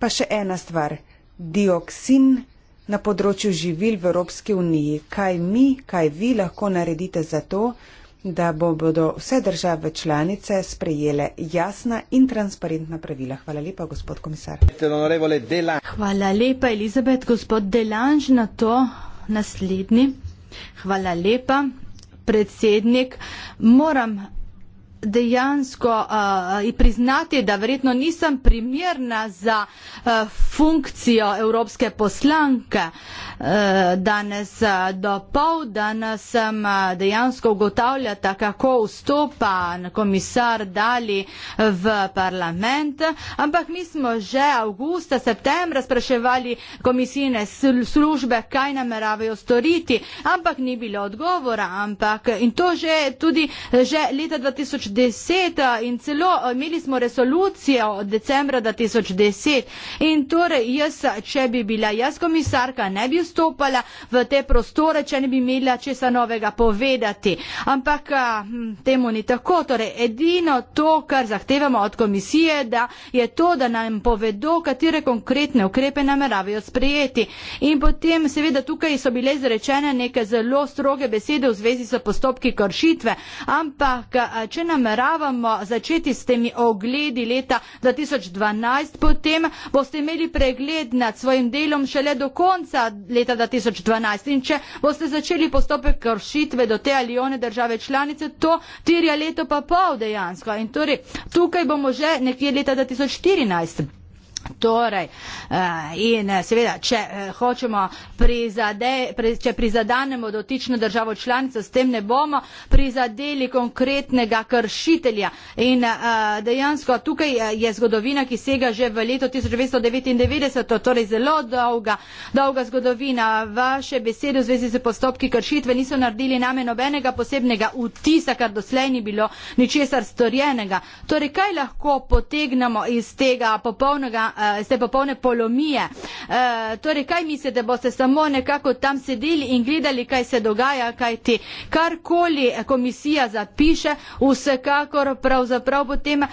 Pa še ena stvar. Dioksin na področju živil v Evropski uniji. Kaj mi, kaj vi lahko naredite za to, da bo bodo vse države članice sprejele jasna in transparentna pravila. Hvala lepa, gospod komisar. Hvala
lepa, Elizabet, gospod Delanž, na to naslednji. Hvala lepa, predsednik. Moram dejansko uh, priznati, da verjetno nisem primerna za uh, funkcijo evropske poslanke. Uh, danes eh, do pol, danes sem eh, dejansko ugotavljata, kako vstopa komisar Dali v parlament, ampak mi smo že avgusta, septembra spraševali komisijne službe, kaj nameravajo storiti, ampak ni bilo odgovora, ampak in to že tudi že leta 2010 eh, in celo imeli smo resolucijo od decembra 2010 in torej jaz, če bi bila jaz komisarka, ne bi vstopila vstopala v te prostore, če ne bi imela česa novega povedati. Ampak hm, temu ni tako. Torej, edino to, kar zahtevamo od komisije, da je to, da nam povedo, katere konkretne ukrepe nameravajo sprejeti. In potem seveda tukaj so bile izrečene neke zelo stroge besede v zvezi s postopki kršitve. Ampak, če nameravamo začeti s temi ogledi leta 2012, potem boste imeli pregled nad svojim delom šele do konca leta leta 2012. In če boste začeli postopek kršitve do te ali one države članice, to tirja leto pa pol dejansko. In torej, tukaj bomo že nekje leta 2014. Torej, eh, in eh, seveda, če eh, hočemo prizade, če prizadanemo dotično državo članico, s tem ne bomo prizadeli konkretnega kršitelja. In dejansko tukaj je zgodovina, ki sega že v leto 1999, torej zelo dolga, dolga zgodovina. Vaše besede v zvezi z postopki kršitve niso naredili name nobenega posebnega vtisa, kar doslej ni bilo ničesar storjenega. Torej, kaj lahko potegnemo iz tega popolnega uh, se popolne polomije. Uh, torej, kaj mislite, boste samo nekako tam sedeli in gledali, kaj se dogaja, kaj ti karkoli komisija zapiše, vsekakor pravzaprav potem uh,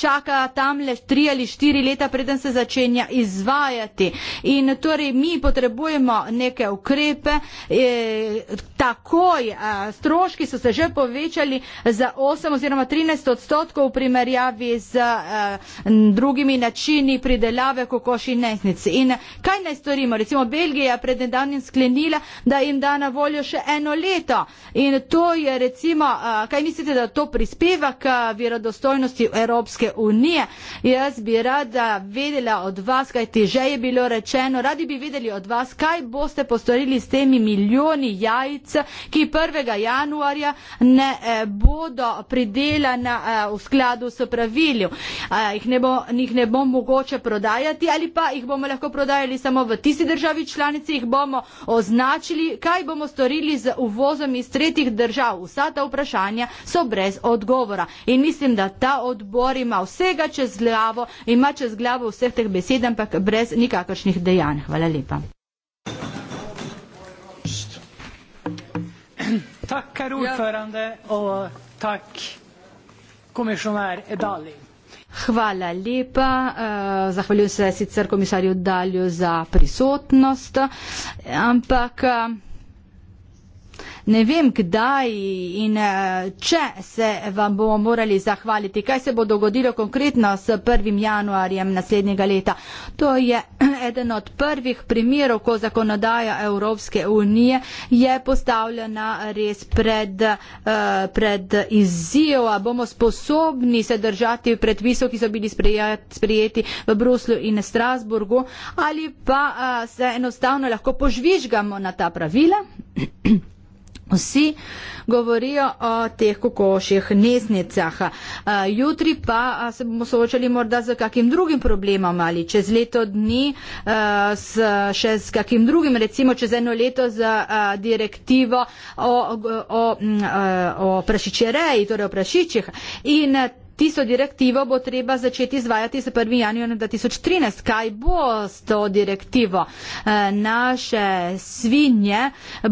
čaka tam le tri ali štiri leta, preden se začenja izvajati. In torej, mi potrebujemo neke ukrepe, e, takoj uh, stroški so se že povečali za 8 oziroma 13 odstotkov v primerjavi z uh, drugimi načini pridelave kokoši nesnici. In kaj naj storimo? Recimo Belgija pred nedavnim sklenila, da jim da na voljo še eno leto. In to je recimo, kaj mislite, da to prispeva k verodostojnosti Evropske unije? Jaz bi rada vedela od vas, kaj ti že je bilo rečeno, radi bi vedeli od vas, kaj boste postorili s temi milijoni jajc, ki 1. januarja ne e, bodo pridelana e, v skladu s pravilju. Ih ne bo, njih ne bo mogoče prodajati ali pa jih bomo lahko prodajali samo v tisti državi članici, jih bomo označili, kaj bomo storili z uvozom iz tretjih držav. Vsa ta vprašanja so brez odgovora. In mislim, da ta odbor ima vsega čez glavo, ima čez glavo vseh teh besed, ampak brez nikakršnih dejanj. Hvala lepa.
Tack, herr ordförande, ja. och tack, kommissionär Edaling.
Hvala lepa. Eh, zahvaljujem se sicer komisarju Dalju za prisotnost, ampak. Eh, ne vem kdaj in eh, če se vam bomo morali zahvaliti, kaj se bo dogodilo konkretno s 1. januarjem naslednjega leta. To je eden od prvih primerov, ko zakonodaja Evropske unije je postavljena res pred, eh, pred izzijo, a bomo sposobni se držati predpisov, ki so bili sprijeti v Bruslu in Strasburgu, ali pa eh, se enostavno lahko požvižgamo na ta pravila. Vsi govorijo o teh kokoših nesnicah. Jutri pa se bomo soočali morda z kakim drugim problemom ali čez leto dni s, še z kakim drugim, recimo čez eno leto z direktivo o, o, o, o prašičereji, torej o prašičih. In Tisto direktivo bo treba začeti izvajati s 1. januarjem 2013. Kaj bo s to direktivo? Eh, naše svinje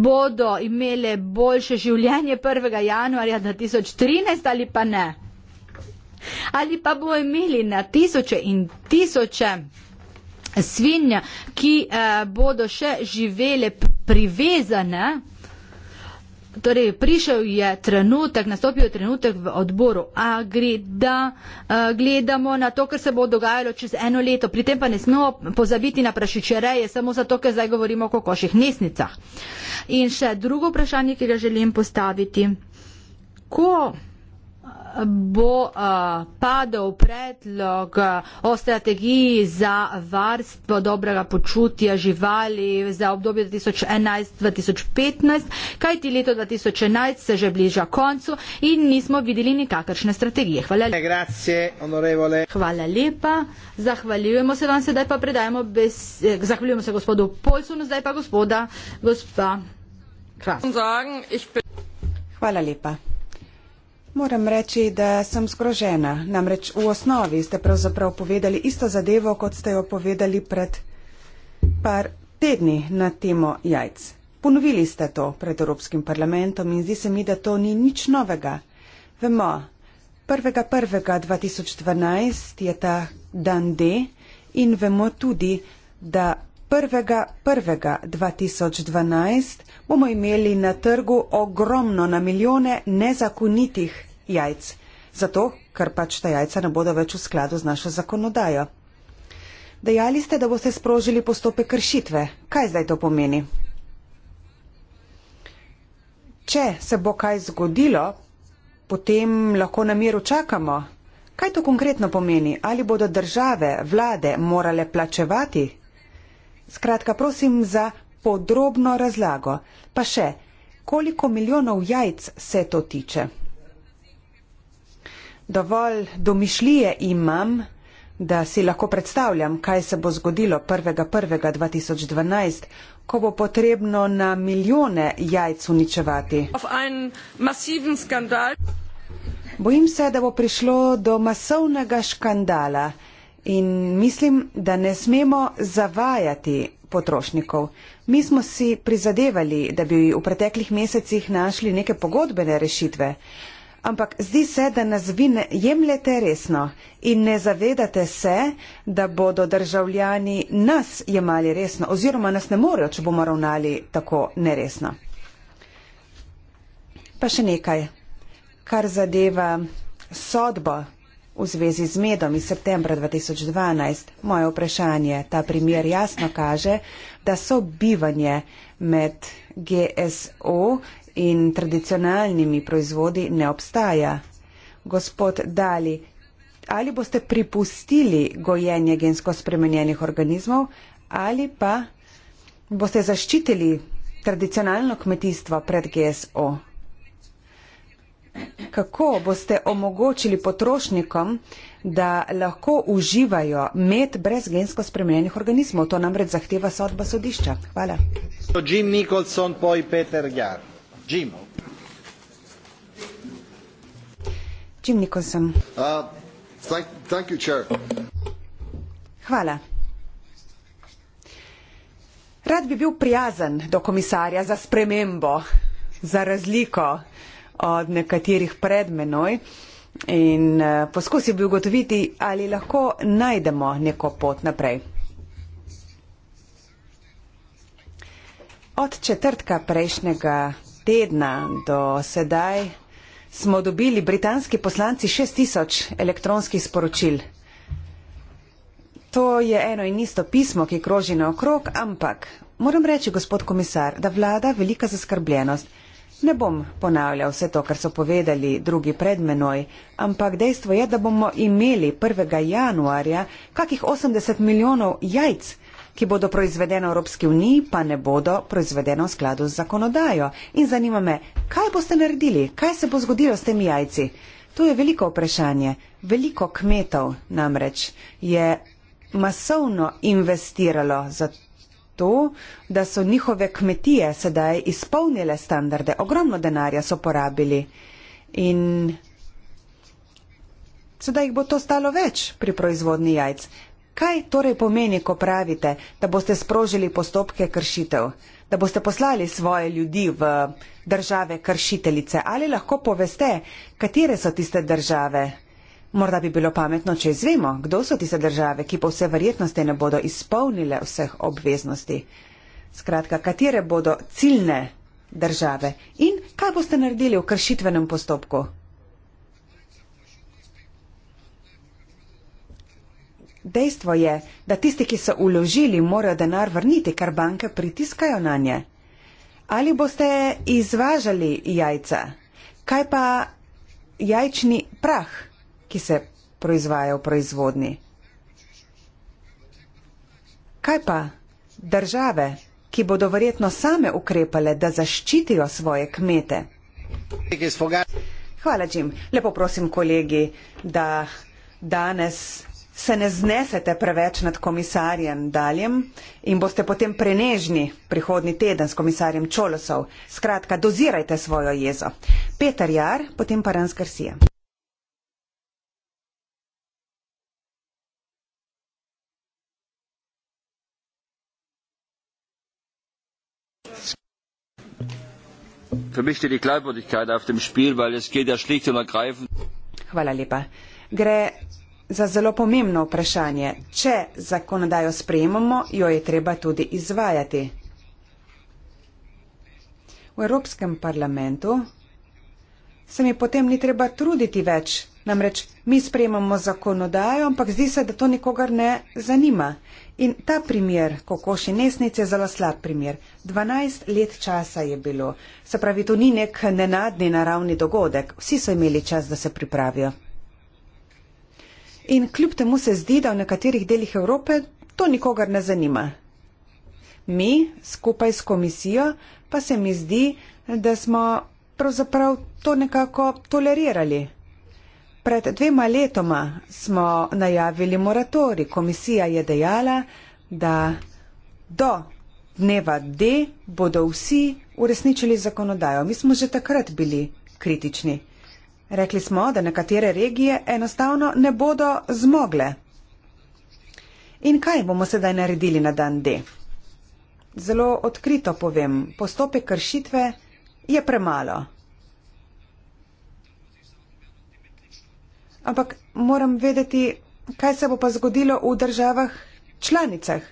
bodo imele boljše življenje 1. januarja 2013 ali pa ne? Ali pa bo imeli na tisoče in tisoče svinja, ki eh, bodo še živele privezane? Torej, prišel je trenutek, nastopil je trenutek v odboru Agri, da uh, gledamo na to, kar se bo dogajalo čez eno leto. Pri tem pa ne smemo pozabiti na prašičereje, samo zato, ker zdaj govorimo o kokoših nesnicah. In še drugo vprašanje, ki ga želim postaviti. Ko bo uh, padel predlog eh, o strategiji za varstvo dobrega počutja živali za obdobje 2011-2015, kaj ti leto 2011 se že bliža koncu in nismo videli nikakršne strategije. Hvala lepa. Grazie, onorevole. Hvala lepa. Zahvaljujemo se vam, sedaj pa predajamo bes... Eh, zahvaljujemo se gospodu Polsonu, zdaj pa gospoda, gospa Kras.
Hvala lepa. Moram reči, da sem zgrožena. Namreč v osnovi ste pravzaprav povedali isto zadevo, kot ste jo povedali pred par tedni na temo jajc. Ponovili ste to pred Evropskim parlamentom in zdi se mi, da to ni nič novega. Vemo, 1.1.2012 je ta dan D in vemo tudi, da 1. 1. 2012 bomo imeli na trgu ogromno na milijone nezakonitih jajc, zato ker pač ta jajca ne bodo več v skladu z našo zakonodajo. Dejali ste, da boste sprožili postope kršitve. Kaj zdaj to pomeni? Če se bo kaj zgodilo, potem lahko na miru čakamo. Kaj to konkretno pomeni? Ali bodo države, vlade morale plačevati Skratka, prosim za podrobno razlago. Pa še, koliko milijonov jajc se to tiče? Dovolj domišljije imam, da si lahko predstavljam, kaj se bo zgodilo 1.1.2012, ko bo potrebno na milijone jajc uničevati. Bojim se, da bo prišlo do masovnega škandala. In mislim, da ne smemo zavajati potrošnikov. Mi smo si prizadevali, da bi v preteklih mesecih našli neke pogodbene rešitve, ampak zdi se, da nas vi ne jemljete resno in ne zavedate se, da bodo državljani nas jemali resno oziroma nas ne morejo, če bomo ravnali tako neresno. Pa še nekaj, kar zadeva sodbo V zvezi z medom iz septembra 2012 moje vprašanje, ta primer jasno kaže, da so bivanje med GSO in tradicionalnimi proizvodi ne obstaja. Gospod Dali, ali boste pripustili gojenje gensko spremenjenih organizmov ali pa boste zaščitili tradicionalno kmetijstvo pred GSO? Kako boste omogočili potrošnikom, da lahko uživajo med brez gensko spremenjenih organizmov? To namreč zahteva sodba sodišča. Hvala.
Jim Nicholson, poi Peter Gjar. Jim.
Jim Nicholson. Uh, thank, thank you, chair. Hvala. Rad bi bil prijazen do komisarja za spremembo, za razliko od nekaterih pred menoj in eh, poskusil bi ugotoviti, ali lahko najdemo neko pot naprej. Od četrtka prejšnjega tedna do sedaj smo dobili britanski poslanci 6000 elektronskih sporočil. To je eno in isto pismo, ki kroži na okrog, ampak moram reči, gospod komisar, da vlada velika zaskrbljenost. Ne bom ponavljal vse to, kar so povedali drugi pred menoj, ampak dejstvo je, da bomo imeli 1. januarja kakih 80 milijonov jajc, ki bodo proizvedene v Evropski uniji, pa ne bodo proizvedene v skladu z zakonodajo. In zanima me, kaj boste naredili, kaj se bo zgodilo s temi jajci? To je veliko vprašanje. Veliko kmetov namreč je masovno investiralo za to to, da so njihove kmetije sedaj izpolnile standarde, ogromno denarja so porabili in sedaj jih bo to stalo več pri proizvodni jajc. Kaj torej pomeni, ko pravite, da boste sprožili postopke kršitev, da boste poslali svoje ljudi v države kršiteljice? Ali lahko poveste, katere so tiste države, Morda bi bilo pametno, če izvemo, kdo so tiste države, ki pa vse verjetnosti ne bodo izpolnile vseh obveznosti. Skratka, katere bodo ciljne države in kaj boste naredili v kršitvenem postopku? Dejstvo je, da tisti, ki so uložili, morajo denar vrniti, ker banke pritiskajo na nje. Ali boste izvažali jajca? Kaj pa jajčni prah? ki se proizvaja v proizvodni. Kaj pa države, ki bodo verjetno same ukrepale, da zaščitijo svoje kmete? Hvala, Jim. Lepo prosim, kolegi, da danes se ne znesete preveč nad komisarjem Daljem in boste potem prenežni prihodni teden s komisarjem Čolosov. Skratka, dozirajte svojo jezo. Petar Jar, potem pa Rans Garcia. Ja Hvala lepa. Gre za zelo pomembno vprašanje. Če zakonodajo sprejemamo, jo je treba tudi izvajati. V Evropskem parlamentu se mi potem ni treba truditi več Namreč mi sprejemamo zakonodajo, ampak zdi se, da to nikogar ne zanima. In ta primer, kokoši nesnice, je zelo slab primer. 12 let časa je bilo. Se pravi, to ni nek nenadni naravni dogodek. Vsi so imeli čas, da se pripravijo. In kljub temu se zdi, da v nekaterih delih Evrope to nikogar ne zanima. Mi, skupaj s komisijo, pa se mi zdi, da smo pravzaprav to nekako tolerirali. Pred dvema letoma smo najavili moratori. Komisija je dejala, da do dneva D bodo vsi uresničili zakonodajo. Mi smo že takrat bili kritični. Rekli smo, da nekatere regije enostavno ne bodo zmogle. In kaj bomo sedaj naredili na dan D? Zelo odkrito povem, postopek kršitve je premalo. ampak moram vedeti, kaj se bo pa zgodilo v državah članicah.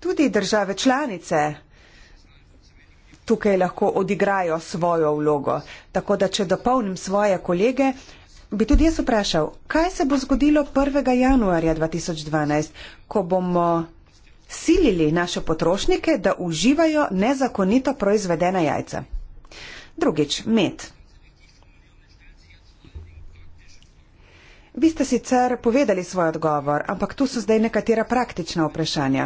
Tudi države članice tukaj lahko odigrajo svojo vlogo. Tako da, če dopolnim svoje kolege, bi tudi jaz vprašal, kaj se bo zgodilo 1. januarja 2012, ko bomo silili naše potrošnike, da uživajo nezakonito proizvedena jajca. Drugič, med. Vi ste sicer povedali svoj odgovor, ampak tu so zdaj nekatera praktična vprašanja.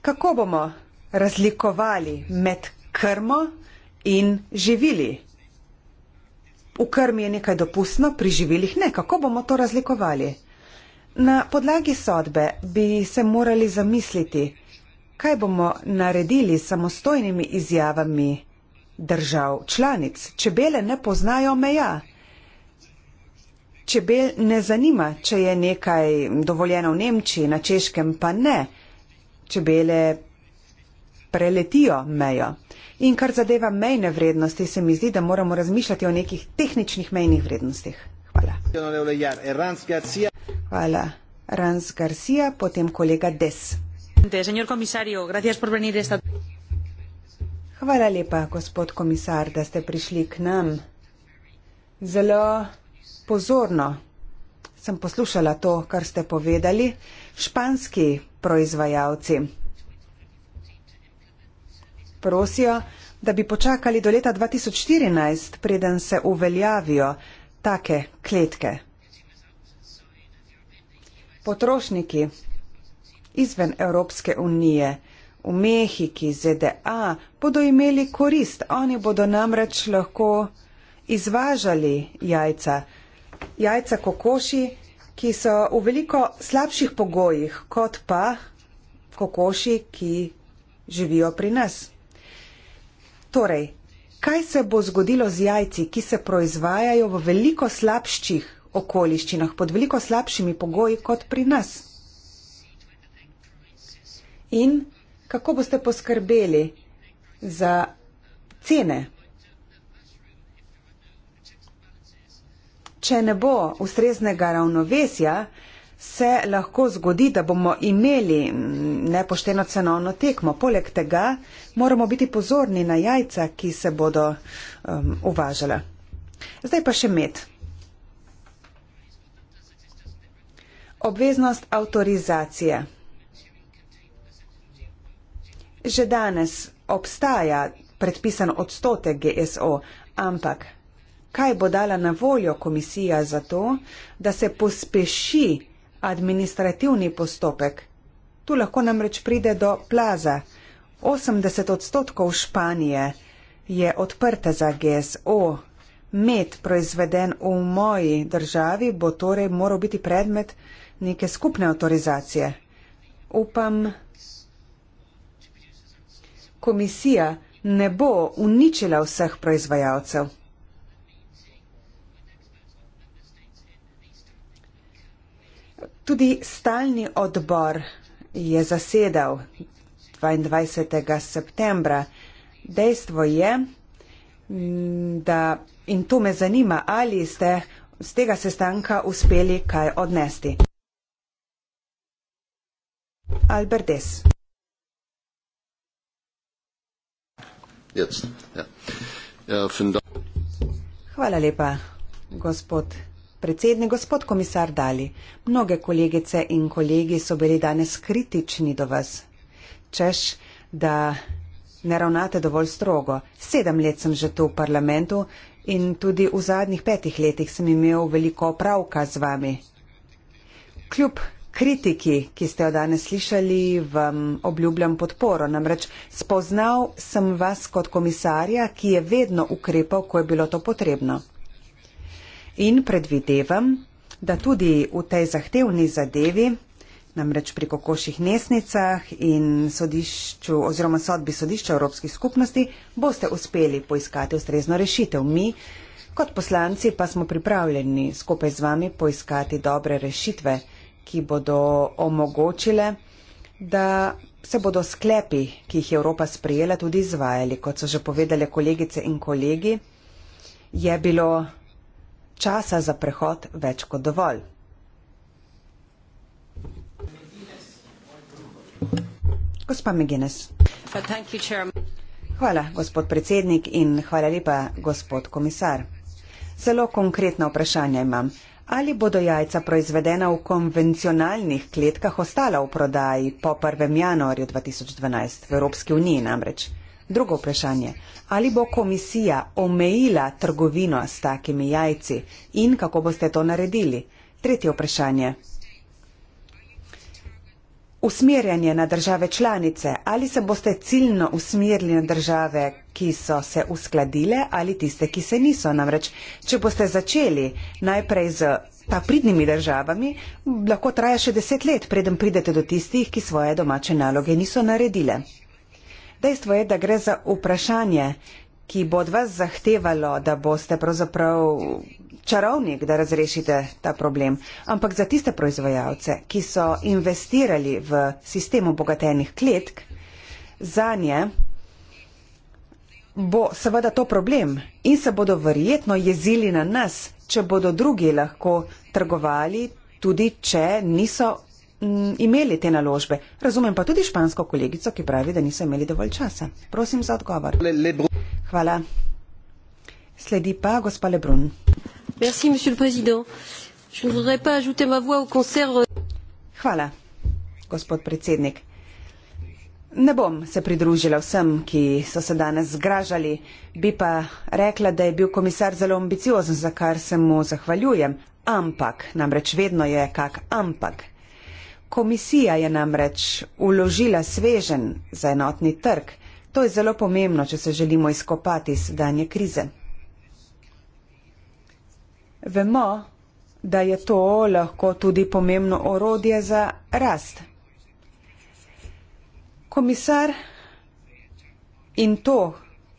Kako bomo razlikovali med krmo in živili? V krmi je nekaj dopustno, pri živilih ne. Kako bomo to razlikovali? Na podlagi sodbe bi se morali zamisliti, kaj bomo naredili s samostojnimi izjavami držav članic. Čebele ne poznajo meja. Čebel ne zanima, če je nekaj dovoljeno v Nemčiji, na Češkem pa ne. Čebele preletijo mejo. In kar zadeva mejne vrednosti, se mi zdi, da moramo razmišljati o nekih tehničnih mejnih vrednostih. Hvala. Hvala. Rans Garcia, potem kolega Des. Hvala lepa, gospod komisar, da ste prišli k nam. Zelo pozorno sem poslušala to, kar ste povedali, španski proizvajalci. Prosijo, da bi počakali do leta 2014, preden se uveljavijo take kletke. Potrošniki izven Evropske unije. V Mehiki, ZDA bodo imeli korist, oni bodo namreč lahko izvažali jajca, jajca kokoši, ki so v veliko slabših pogojih kot pa kokoši, ki živijo pri nas. Torej, kaj se bo zgodilo z jajci, ki se proizvajajo v veliko slabših okoliščinah, pod veliko slabšimi pogoji kot pri nas? in kako boste poskrbeli za cene. Če ne bo ustreznega ravnovesja, se lahko zgodi, da bomo imeli nepošteno cenovno tekmo. Poleg tega moramo biti pozorni na jajca, ki se bodo um, uvažala. Zdaj pa še med. Obveznost avtorizacije že danes obstaja predpisan odstotek GSO, ampak kaj bo dala na voljo komisija za to, da se pospeši administrativni postopek? Tu lahko namreč pride do plaza. 80 odstotkov Španije je odprta za GSO. Med proizveden v moji državi bo torej moral biti predmet neke skupne avtorizacije. Upam, komisija ne bo uničila vseh proizvajalcev. Tudi stalni odbor je zasedal 22. septembra. Dejstvo je, da in to me zanima, ali ste z tega sestanka uspeli kaj odnesti. Albertes.
Jetzt. Ja. Ja,
Hvala lepa, gospod predsednik, gospod komisar Dali. Mnoge kolegice in kolegi so bili danes kritični do vas. Češ, da ne ravnate dovolj strogo. Sedem let sem že tu v parlamentu in tudi v zadnjih petih letih sem imel veliko opravka z vami. Kljub kritiki, ki ste jo danes slišali, vam obljubljam podporo. Namreč spoznal sem vas kot komisarja, ki je vedno ukrepal, ko je bilo to potrebno. In predvidevam, da tudi v tej zahtevni zadevi, namreč pri kokoših nesnicah in sodišču oziroma sodbi sodišča Evropskih skupnosti, boste uspeli poiskati ustrezno rešitev. Mi, kot poslanci, pa smo pripravljeni skupaj z vami poiskati dobre rešitve ki bodo omogočile, da se bodo sklepi, ki jih je Evropa sprejela, tudi izvajali. Kot so že povedali kolegice in kolegi, je bilo časa za prehod več kot dovolj. Gospa Megines.
Uh,
hvala, gospod predsednik, in hvala lepa, gospod komisar. Zelo konkretno vprašanje imam. Ali bodo jajca proizvedena v konvencionalnih kletkah ostala v prodaji po 1. januarju 2012 v Evropski uniji namreč? Drugo vprašanje. Ali bo komisija omejila trgovino s takimi jajci in kako boste to naredili? Tretje vprašanje. Usmerjanje na države članice. Ali se boste ciljno usmerili na države, ki so se uskladile ali tiste, ki se niso. Namreč, če boste začeli najprej z ta pridnimi državami, lahko traja še deset let, preden pridete do tistih, ki svoje domače naloge niso naredile. Dejstvo je, da gre za vprašanje, ki bo od vas zahtevalo, da boste pravzaprav čarovnik, da razrešite ta problem. Ampak za tiste proizvajalce, ki so investirali v sistemu bogatenih kletk, za nje bo seveda to problem in se bodo verjetno jezili na nas, če bodo drugi lahko trgovali, tudi če niso mm, imeli te naložbe. Razumem pa tudi špansko kolegico, ki pravi, da niso imeli dovolj časa. Prosim za odgovor. Le, le Hvala. Sledi pa gospa Lebrun. Merci, Je ne voudrais pas ajouter ma voix au concert. Hvala, gospod predsednik. Ne bom se pridružila vsem, ki so se danes zgražali, bi pa rekla, da je bil komisar zelo ambiciozen, za kar se mu zahvaljujem. Ampak, namreč vedno je kak ampak. Komisija je namreč uložila svežen za enotni trg. To je zelo pomembno, če se želimo izkopati iz danje krize. Vemo, da je to lahko tudi pomembno orodje za rast. Komisar in to,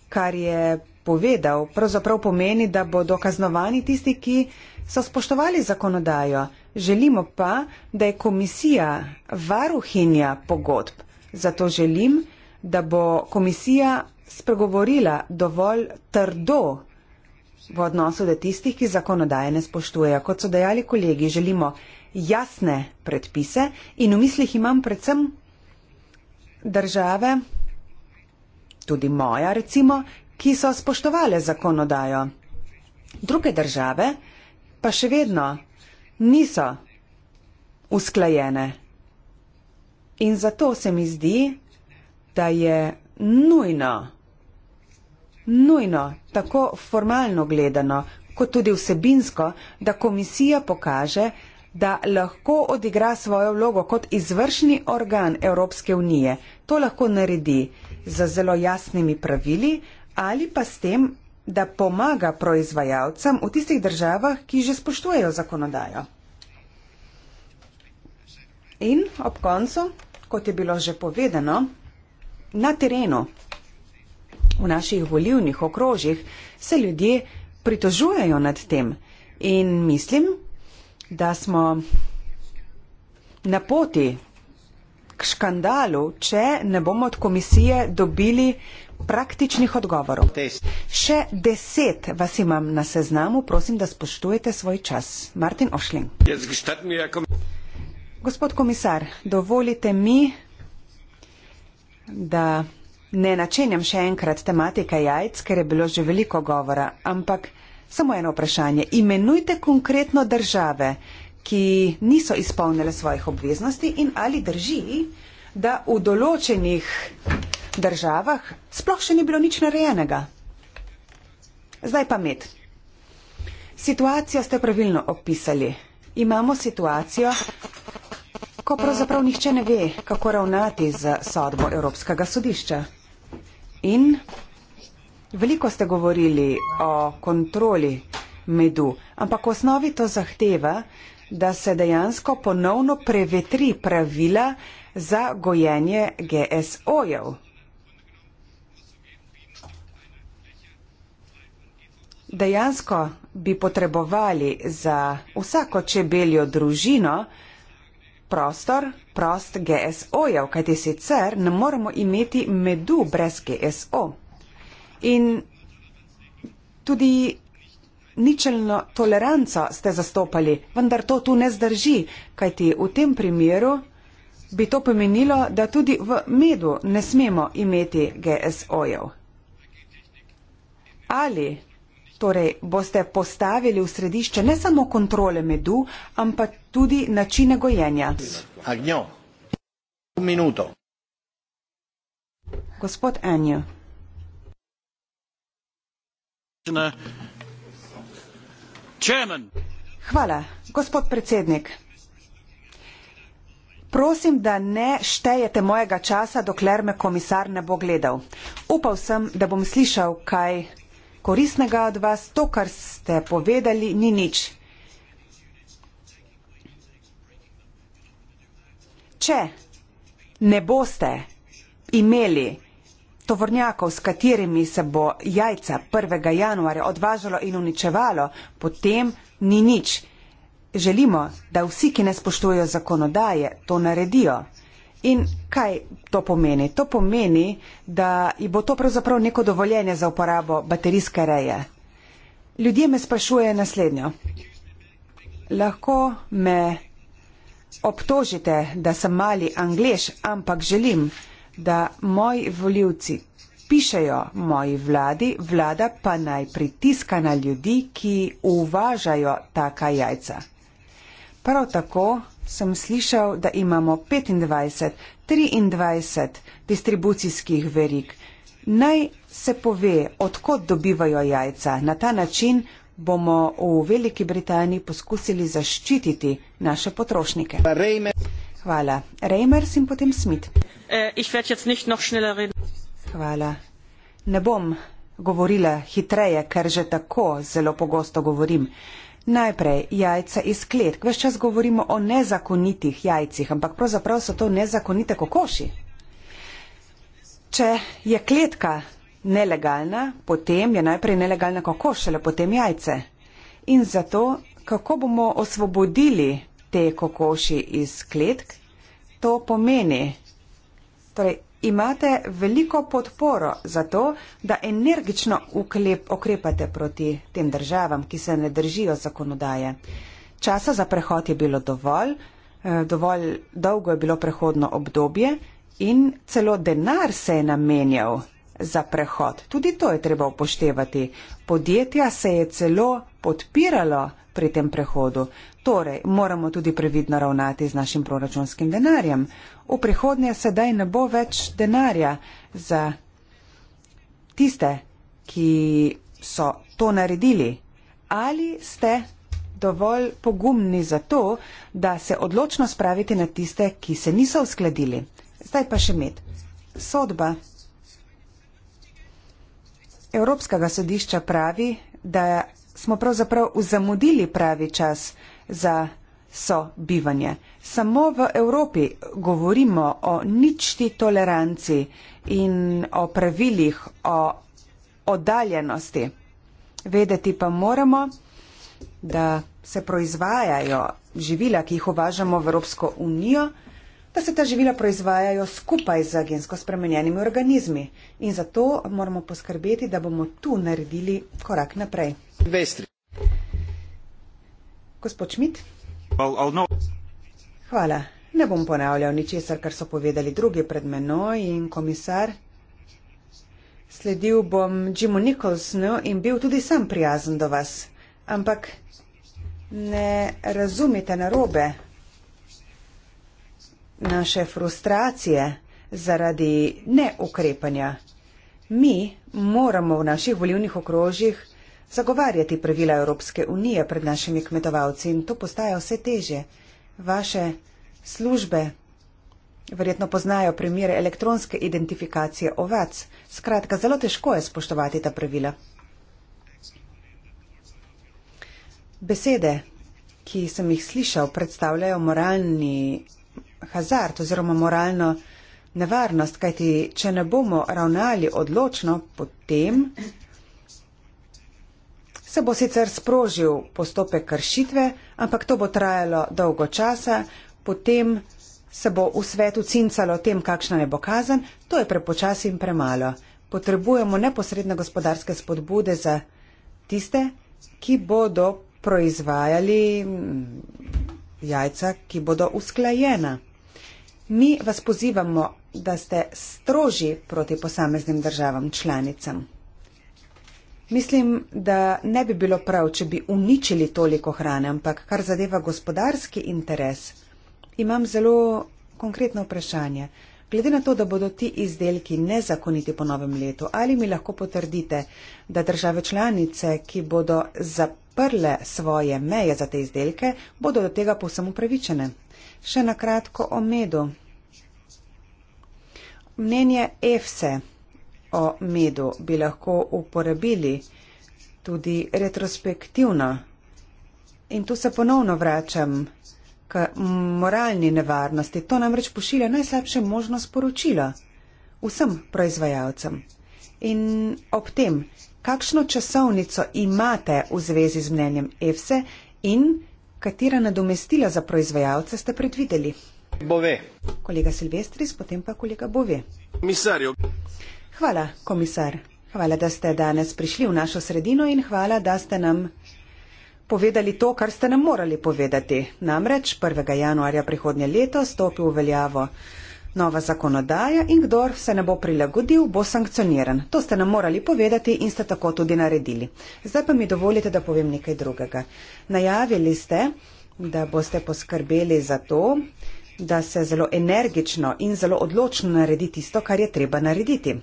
kar je povedal, pravzaprav pomeni, da bodo kaznovani tisti, ki so spoštovali zakonodajo. Želimo pa, da je komisija varuhinja pogodb. Zato želim, da bo komisija spregovorila dovolj trdo v odnosu do tistih, ki zakonodaje ne spoštujejo. Kot so dejali kolegi, želimo jasne predpise in v mislih imam predvsem države, tudi moja recimo, ki so spoštovale zakonodajo. Druge države pa še vedno niso usklajene. In zato se mi zdi, da je nujno, nujno, tako formalno gledano, kot tudi vsebinsko, da komisija pokaže, da lahko odigra svojo vlogo kot izvršni organ Evropske unije. To lahko naredi z zelo jasnimi pravili ali pa s tem, da pomaga proizvajalcem v tistih državah, ki že spoštujejo zakonodajo. In ob koncu, kot je bilo že povedano, na terenu, v naših volivnih okrožjih, se ljudje pritožujejo nad tem. In mislim, da smo na poti k škandalu, če ne bomo od komisije dobili praktičnih odgovorov. Še deset vas imam na seznamu, prosim, da spoštujete svoj čas. Martin Ošlin. Gospod komisar, dovolite mi, da ne načenjam še enkrat tematike jajc, ker je bilo že veliko govora, ampak Samo eno vprašanje. Imenujte konkretno države, ki niso izpolnile svojih obveznosti in ali drži, da v določenih državah sploh še ni bilo nič narejenega. Zdaj pa med. Situacijo ste pravilno opisali. Imamo situacijo, ko pravzaprav nihče ne ve, kako ravnati z sodbo Evropskega sodišča. In Veliko ste govorili o kontroli medu, ampak v osnovi to zahteva, da se dejansko ponovno prevetri pravila za gojenje GSO-jev. Dejansko bi potrebovali za vsako čebeljo družino prostor prost GSO-jev, kajti sicer ne moremo imeti medu brez GSO. -jev. In tudi ničelno toleranco ste zastopali, vendar to tu ne zdrži, kajti v tem primeru bi to pomenilo, da tudi v medu ne smemo imeti GSO-jev. Ali torej boste postavili v središče ne samo kontrole medu, ampak tudi načine gojenja?
Agnjo. Minuto.
Gospod Anjo. Hvala, gospod predsednik. Prosim, da ne štejete mojega časa, dokler me komisar ne bo gledal. Upal sem, da bom slišal kaj koristnega od vas. To, kar ste povedali, ni nič. Če ne boste imeli tovornjakov, s katerimi se bo jajca 1. januarja odvažalo in uničevalo, potem ni nič. Želimo, da vsi, ki ne spoštujejo zakonodaje, to naredijo. In kaj to pomeni? To pomeni, da bo to pravzaprav neko dovoljenje za uporabo baterijske reje. Ljudje me sprašujejo naslednjo. Lahko me obtožite, da sem mali anglež, ampak želim, da moji voljivci pišejo moji vladi, vlada pa naj pritiska na ljudi, ki uvažajo taka jajca. Prav tako sem slišal, da imamo 25, 23 distribucijskih verik. Naj se pove, odkot dobivajo jajca. Na ta način bomo v Veliki Britaniji poskusili zaščititi naše potrošnike. Rejme. Hvala. Reimers in potem Smit. Eh, Hvala. Ne bom govorila hitreje, ker že tako zelo pogosto govorim. Najprej jajca iz kletk. Ves čas govorimo o nezakonitih jajcih, ampak pravzaprav so to nezakonite kokoši. Če je kletka nelegalna, potem je najprej nelegalna kokoš, ali potem jajce. In zato, kako bomo osvobodili te kokoši iz kletk. To pomeni, torej imate veliko podporo za to, da energično uklep, okrepate proti tem državam, ki se ne držijo zakonodaje. Časa za prehod je bilo dovolj, eh, dovolj dolgo je bilo prehodno obdobje in celo denar se je namenjal za prehod. Tudi to je treba upoštevati. Podjetja se je celo podpiralo pri tem prehodu. Torej, moramo tudi previdno ravnati z našim proračunskim denarjem. V prihodnje sedaj ne bo več denarja za tiste, ki so to naredili. Ali ste dovolj pogumni za to, da se odločno spravite na tiste, ki se niso uskladili? Zdaj pa še med. Sodba Evropskega sodišča pravi, da smo pravzaprav zamudili pravi čas za sobivanje. Samo v Evropi govorimo o ničti toleranci in o pravilih o oddaljenosti. Vedeti pa moramo, da se proizvajajo živila, ki jih uvažamo v Evropsko unijo, da se ta živila proizvajajo skupaj z gensko spremenjenimi organizmi. In zato moramo poskrbeti, da bomo tu naredili korak naprej. Vestri. Gospod Šmit? Hvala. Ne bom ponavljal ničesar, kar so povedali drugi pred menoj in komisar. Sledil bom Jimu Nicholsonu in bil tudi sam prijazen do vas. Ampak ne razumete narobe. Naše frustracije zaradi neukrepanja. Mi moramo v naših volivnih okrožjih zagovarjati pravila Evropske unije pred našimi kmetovalci in to postaja vse težje. Vaše službe verjetno poznajo primere elektronske identifikacije ovac. Skratka, zelo težko je spoštovati ta pravila. Besede, ki sem jih slišal, predstavljajo moralni hazard oziroma moralno nevarnost, kajti če ne bomo ravnali odločno, potem se bo sicer sprožil postopek kršitve, ampak to bo trajalo dolgo časa, potem se bo v svetu cincalo o tem, kakšna ne bo kazen, to je prepočasi in premalo. Potrebujemo neposredne gospodarske spodbude za tiste, ki bodo proizvajali mm, jajca, ki bodo usklajena. Mi vas pozivamo, da ste stroži proti posameznim državam članicam. Mislim, da ne bi bilo prav, če bi uničili toliko hrane, ampak kar zadeva gospodarski interes, imam zelo konkretno vprašanje. Glede na to, da bodo ti izdelki nezakoniti po novem letu, ali mi lahko potrdite, da države članice, ki bodo zaprle svoje meje za te izdelke, bodo do tega povsem upravičene? Še na kratko o medu. Mnenje EFSE o medu bi lahko uporabili tudi retrospektivno. In tu se ponovno vračam k moralni nevarnosti. To namreč pošilja najslabše možno sporočilo vsem proizvajalcem. In ob tem, kakšno časovnico imate v zvezi z mnenjem EFSE in katera nadomestila za proizvajalce ste predvideli? Bove. Kolega Silvestris, potem pa kolega Bove. Misarjo. Hvala, komisar. Hvala, da ste danes prišli v našo sredino in hvala, da ste nam povedali to, kar ste nam morali povedati. Namreč 1. januarja prihodnje leto stopi v veljavo nova zakonodaja in kdor se ne bo prilagodil, bo sankcioniran. To ste nam morali povedati in ste tako tudi naredili. Zdaj pa mi dovolite, da povem nekaj drugega. Najavili ste, da boste poskrbeli za to, da se zelo energično in zelo odločno naredi tisto, kar je treba narediti.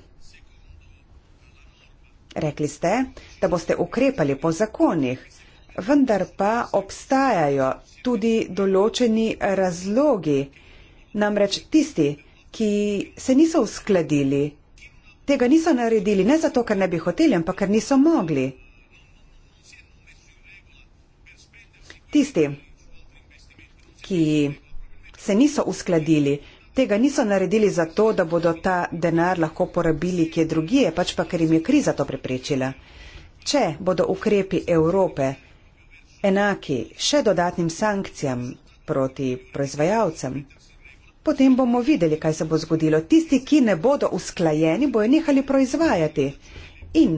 Rekli ste, da boste ukrepali po zakonih, vendar pa obstajajo tudi določeni razlogi. Namreč tisti, ki se niso uskladili, tega niso naredili ne zato, ker ne bi hoteli, ampak ker niso mogli. Tisti, ki se niso uskladili, Tega niso naredili zato, da bodo ta denar lahko porabili kje drugije, pač pa ker jim je kriza to preprečila. Če bodo ukrepi Evrope enaki še dodatnim sankcijam proti proizvajalcem, potem bomo videli, kaj se bo zgodilo. Tisti, ki ne bodo usklajeni, bojo nehali proizvajati. In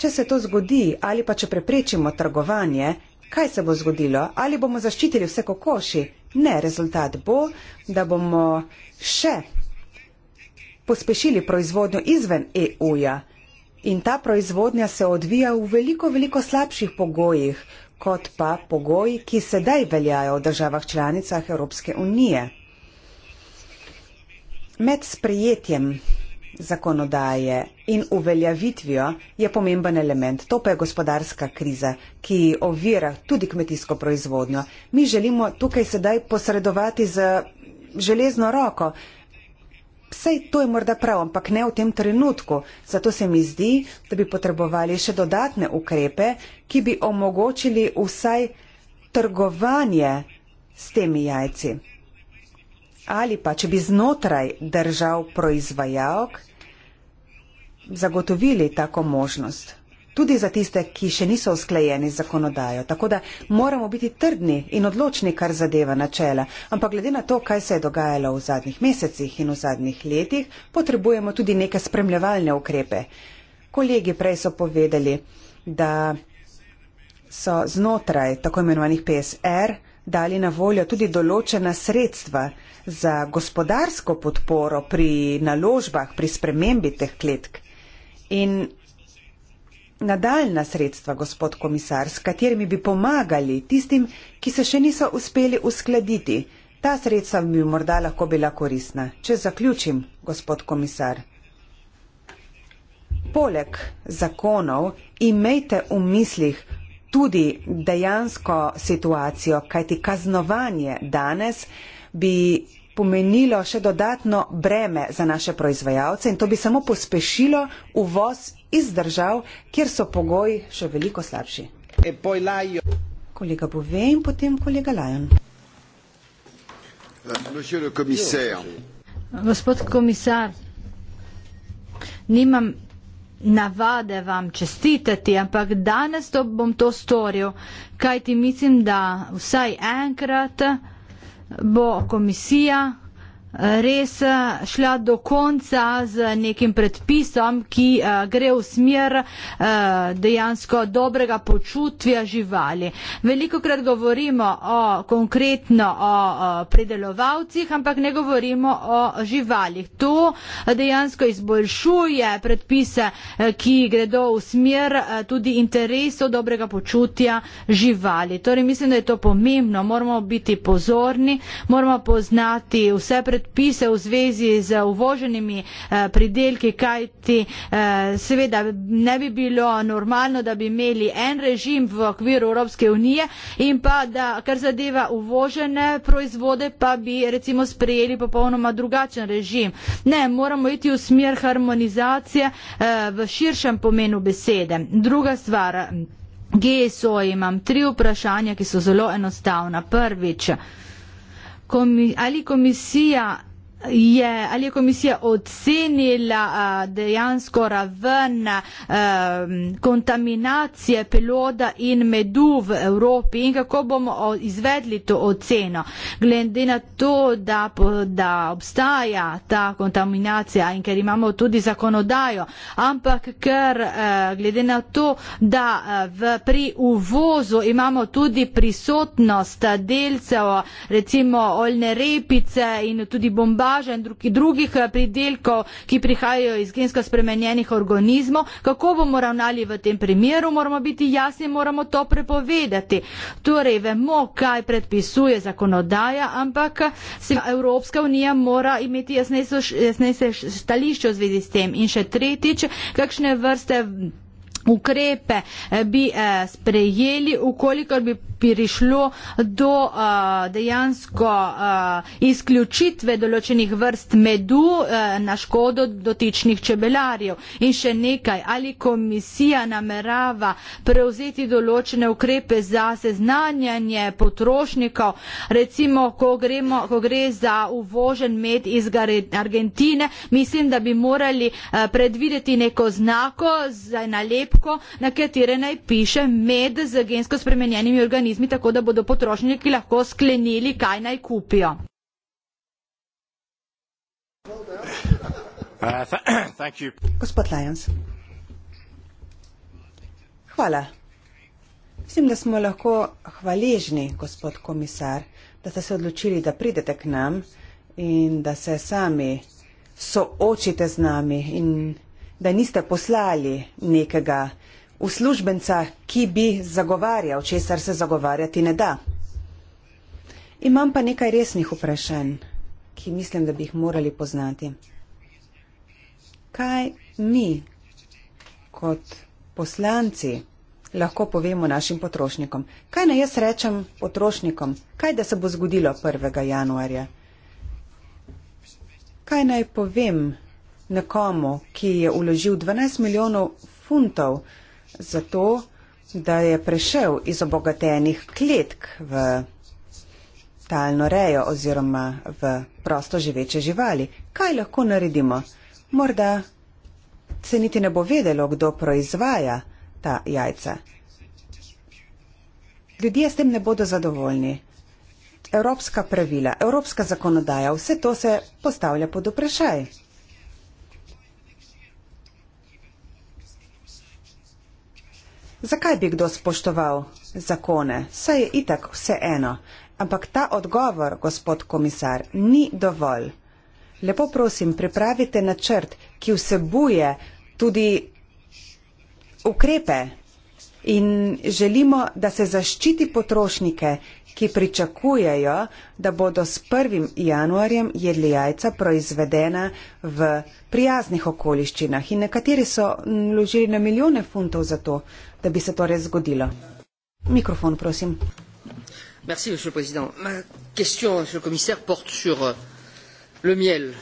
če se to zgodi ali pa če preprečimo trgovanje, kaj se bo zgodilo? Ali bomo zaščitili vse kokoši? Ko Ne, rezultat bo, da bomo še pospešili proizvodnjo izven EU-ja in ta proizvodnja se odvija v veliko, veliko slabših pogojih, kot pa pogoji, ki sedaj veljajo v državah članicah Evropske unije. Med sprejetjem zakonodaje in uveljavitvijo je pomemben element. To pa je gospodarska kriza, ki ovira tudi kmetijsko proizvodnjo. Mi želimo tukaj sedaj posredovati z železno roko. Vse to je morda prav, ampak ne v tem trenutku. Zato se mi zdi, da bi potrebovali še dodatne ukrepe, ki bi omogočili vsaj trgovanje s temi jajci ali pa če bi znotraj držav proizvajalk zagotovili tako možnost. Tudi za tiste, ki še niso usklajeni z zakonodajo. Tako da moramo biti trdni in odločni, kar zadeva načela. Ampak glede na to, kaj se je dogajalo v zadnjih mesecih in v zadnjih letih, potrebujemo tudi neke spremljevalne ukrepe. Kolegi prej so povedali, da so znotraj tako imenovanih PSR dali na voljo tudi določena sredstva za gospodarsko podporo pri naložbah, pri spremembi teh kletk. In nadaljna sredstva, gospod komisar, s katerimi bi pomagali tistim, ki se še niso uspeli uskladiti, ta sredstva bi morda lahko bila korisna. Če zaključim, gospod komisar. Poleg zakonov imejte v mislih tudi dejansko situacijo, kajti kaznovanje danes bi pomenilo še dodatno breme za naše proizvajalce in to bi samo pospešilo uvoz iz držav, kjer so pogoji še veliko slabši. E kolega Bove in potem kolega Lajon.
Euh,
Gospod komisar,
nimam navade vam čestitati, ampak danes to bom to storil, kajti mislim, da vsaj enkrat bo komisija res eh, šla do konca z nekim predpisom, ki eh, gre v smer eh, dejansko dobrega počutja živali. Veliko krat govorimo o, konkretno o predelovalcih, ampak ne govorimo o živalih. To dejansko izboljšuje predpise, ki gredo v smer tudi interesov dobrega počutja živali. Torej, mislim, da je to pomembno. Moramo biti pozorni, moramo poznati vse predpise, predpise v zvezi z uvoženimi eh, pridelki, kajti eh, seveda ne bi bilo normalno, da bi imeli en režim v okviru Evropske unije in pa, da kar zadeva uvožene proizvode, pa bi recimo sprejeli popolnoma drugačen režim. Ne, moramo iti v smer harmonizacije eh, v širšem pomenu besede. Druga stvar. GSO imam tri vprašanja, ki so zelo enostavna. Prvič, komi, ali komisija Je, ali je komisija ocenila a, dejansko raven a, kontaminacije peloda in medu v Evropi in kako bomo o, izvedli to oceno? Glede na to, da, da obstaja ta kontaminacija in ker imamo tudi zakonodajo, ampak ker a, glede na to, da a, v, pri uvozu imamo tudi prisotnost delcev, recimo oljne repice in tudi bombarde, opažanj drug, drugih eh, pridelkov, ki prihajajo iz gensko spremenjenih organizmov, kako bomo ravnali v tem primeru, moramo biti jasni, moramo to prepovedati. Torej, vemo, kaj predpisuje zakonodaja, ampak eh, se Evropska unija mora imeti jasnejše stališče v zvezi s tem. In še tretjič, kakšne vrste ukrepe eh, bi sprejeli, ukolikor bi prišlo do uh, dejansko uh, izključitve določenih vrst medu uh, na škodo dotičnih čebelarjev. In še nekaj, ali komisija namerava prevzeti določene ukrepe za seznanjanje potrošnikov, recimo, ko, gremo, ko gre za uvožen med iz Argentine, mislim, da bi morali uh, predvideti neko znako za nalepko, na katere naj piše med z gensko spremenjenimi organizmi mehanizmi, tako da bodo potrošniki lahko sklenili, kaj naj
kupijo. Uh, gospod Lajons. Hvala. Mislim, da smo lahko hvaležni, gospod komisar, da ste se odločili, da pridete k nam in da se sami soočite z nami in da niste poslali nekega uslužbenca, ki bi zagovarjal, česar se zagovarjati ne da. Imam pa nekaj resnih vprašanj, ki mislim, da bi jih morali poznati. Kaj mi kot poslanci lahko povemo našim potrošnikom? Kaj naj jaz rečem potrošnikom? Kaj da se bo zgodilo 1. januarja? Kaj naj povem nekomu, ki je uložil 12 milijonov funtov zato, da je prešel iz obogatenih kletk v talno rejo oziroma v prosto živeče živali. Kaj lahko naredimo? Morda se niti ne bo vedelo, kdo proizvaja ta jajca. Ljudje s tem ne bodo zadovoljni. Evropska pravila, evropska zakonodaja, vse to se postavlja pod vprašaj. Zakaj bi kdo spoštoval zakone? Saj je itak vse eno. Ampak ta odgovor, gospod komisar, ni dovolj. Lepo prosim, pripravite načrt, ki vsebuje tudi ukrepe in želimo, da se zaščiti potrošnike ki pričakujejo, da bodo s 1. januarjem jedli jajca proizvedena v prijaznih okoliščinah. In nekateri so vložili na milijone funtov za to, da bi se to res zgodilo. Mikrofon, prosim.
Merci, monsieur le président. Ma question, monsieur le commissaire, porte sur euh, le miel.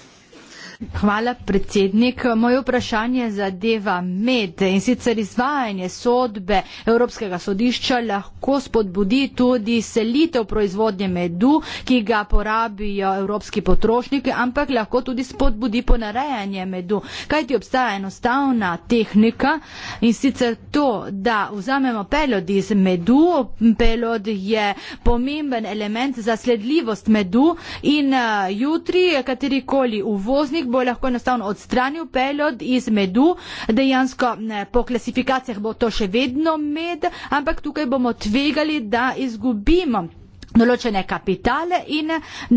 Hvala, predsednik. Moje vprašanje zadeva med in sicer izvajanje sodbe Evropskega sodišča lahko spodbudi tudi selitev proizvodnje medu, ki ga porabijo evropski potrošniki, ampak lahko tudi spodbudi ponarejanje medu. Kaj ti obstaja enostavna tehnika in sicer to, da vzamemo pelod iz medu. Pelod je pomemben element za sledljivost medu in eh, jutri katerikoli uvoznik bo lahko enostavno odstranil pelod iz medu. Dejansko po klasifikacijah bo to še vedno med, ampak tukaj bomo tvegali, da izgubimo določene kapitale in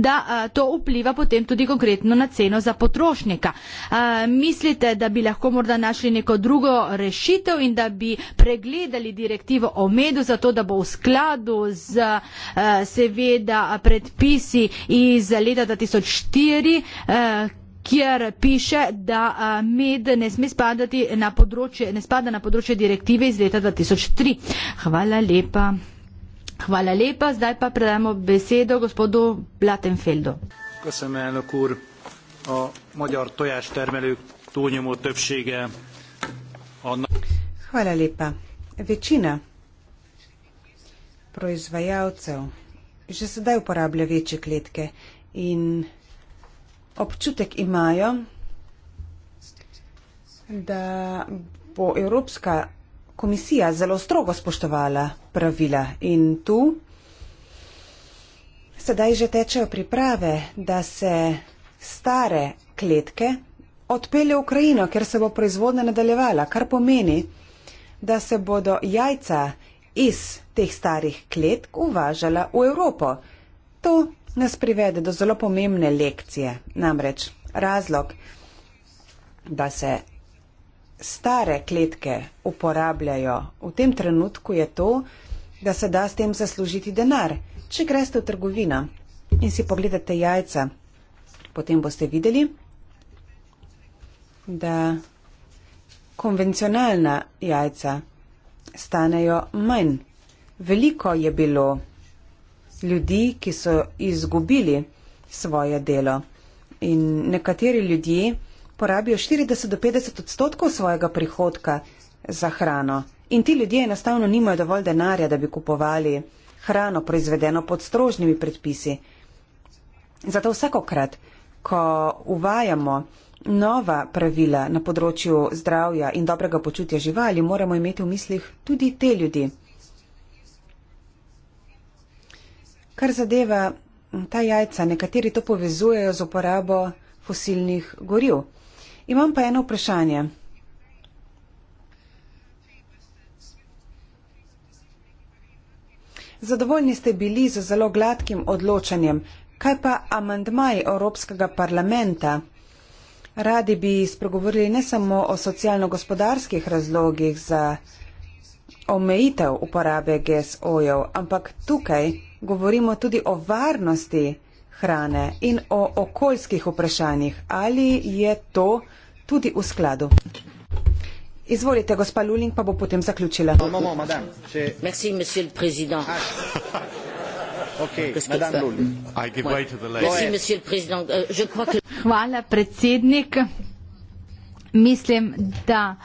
da a, to vpliva potem tudi konkretno na ceno za potrošnika. A, mislite, da bi lahko morda našli neko drugo rešitev in da bi pregledali direktivo o medu za to, da bo v skladu z a, seveda predpisi iz leta 2004, a, kjer piše, da eh, med ne sme spadati na področje, ne spada na področje direktive iz leta 2003. Hvala lepa. Hvala lepa. Zdaj pa predajamo besedo gospodu
Blatenfeldu. Hvala lepa. Večina proizvajalcev že sedaj uporablja večje kletke in občutek imajo, da bo Evropska komisija zelo strogo spoštovala pravila in tu sedaj že tečejo priprave, da se stare kletke odpelje v Ukrajino, ker se bo proizvodnja nadaljevala, kar pomeni, da se bodo jajca iz teh starih kletk uvažala v Evropo. To nas privede do zelo pomembne lekcije. Namreč razlog, da se stare kletke uporabljajo v tem trenutku, je to, da se da s tem zaslužiti denar. Če greste v trgovino in si pogledate jajca, potem boste videli, da konvencionalna jajca stanejo manj. Veliko je bilo ljudi, ki so izgubili svoje delo. In nekateri ljudje porabijo 40 do 50 odstotkov svojega prihodka za hrano. In ti ljudje enostavno nimajo dovolj denarja, da bi kupovali hrano proizvedeno pod strožnimi predpisi. Zato vsakokrat, ko uvajamo nova pravila na področju zdravja in dobrega počutja živali, moramo imeti v mislih tudi te ljudi. Kar zadeva mm, ta jajca, nekateri to povezujejo z uporabo fosilnih goril. Imam pa eno vprašanje. Zadovoljni ste bili z zelo gladkim odločanjem. Kaj pa amandmaj Evropskega parlamenta? Radi bi spregovorili ne samo o socialno-gospodarskih razlogih za omejitev uporabe GSO-jev, ampak tukaj govorimo tudi o varnosti hrane in o okoljskih vprašanjih. Ali je to tudi v skladu? Izvolite, gospa Luling, pa bo potem zaključila.
Hvala, predsednik. Mislim, da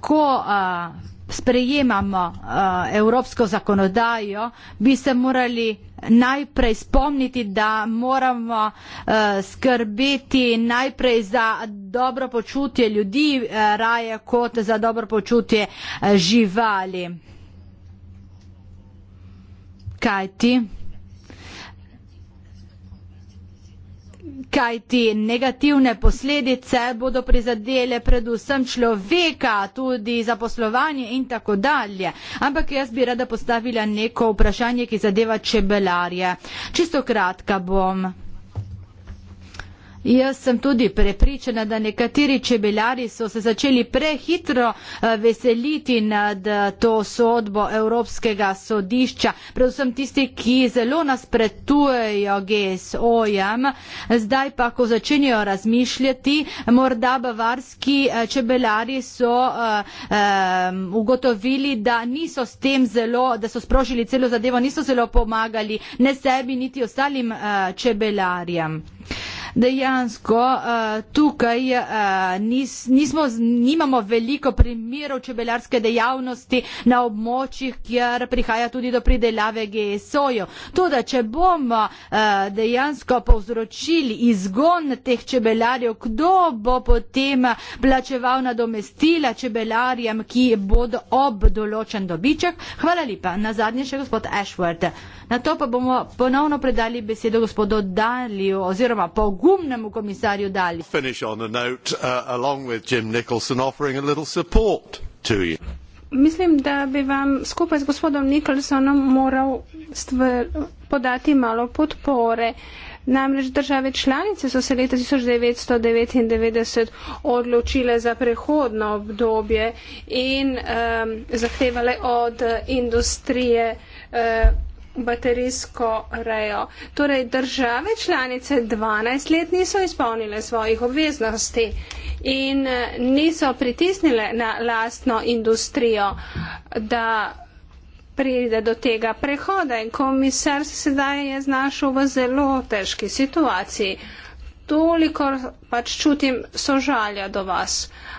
ko uh, sprejemamo uh, evropsko zakonodajo, bi se morali najprej spomniti, da moramo uh, skrbeti najprej za dobro počutje ljudi, uh, raje kot za dobro počutje uh, živali. Kaj ti? kajti negativne posledice bodo prizadele predvsem človeka, tudi zaposlovanje in tako dalje. Ampak jaz bi rada postavila neko vprašanje, ki zadeva čebelarje. Čisto kratka bom. Jaz sem tudi prepričana, da nekateri čebeljari so se začeli prehitro eh, veseliti nad eh, to sodbo Evropskega sodišča, predvsem tisti, ki zelo nasprotujejo GSO-jem. Zdaj pa, ko začenjajo razmišljati, morda bavarski eh, čebeljari so um, ugotovili, da niso s tem zelo, da so sprožili celo zadevo, niso zelo pomagali ne sebi, niti ostalim uh, čebeljarjem dejansko uh, tukaj uh, nis, nismo, nimamo veliko primerov čebeljarske dejavnosti na območjih, kjer prihaja tudi do pridelave GSO-jo. Tudi, če bomo uh, dejansko povzročili izgon teh čebeljarjev, kdo bo potem plačeval nadomestila čebeljarjem, ki bodo ob določen dobiček? Hvala lepa. Na zadnje še gospod Ashworth. Na to pa bomo ponovno predali besedo gospodu Dalju oziroma Pogu pogumnemu komisarju dali. Uh, Mislim, da bi vam skupaj
z gospodom Nicholsonom moral stvr, podati malo podpore. Namreč države članice so se leta 1999 odločile za prehodno obdobje in um, zahtevale od industrije. Uh, baterijsko rejo. Torej, države članice 12 let niso izpolnile svojih obveznosti in eh, niso pritisnile na lastno industrijo, da pride do tega prehoda in komisar se sedaj je znašel v zelo težki situaciji. Uh, toliko pač čutim sožalja do vas.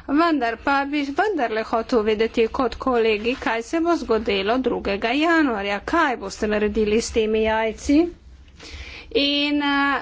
Vendar pa bi vendarle hotel vedeti kot kolegi, kaj se bo zgodilo 2. januarja, kaj boste naredili s temi jajci in eh,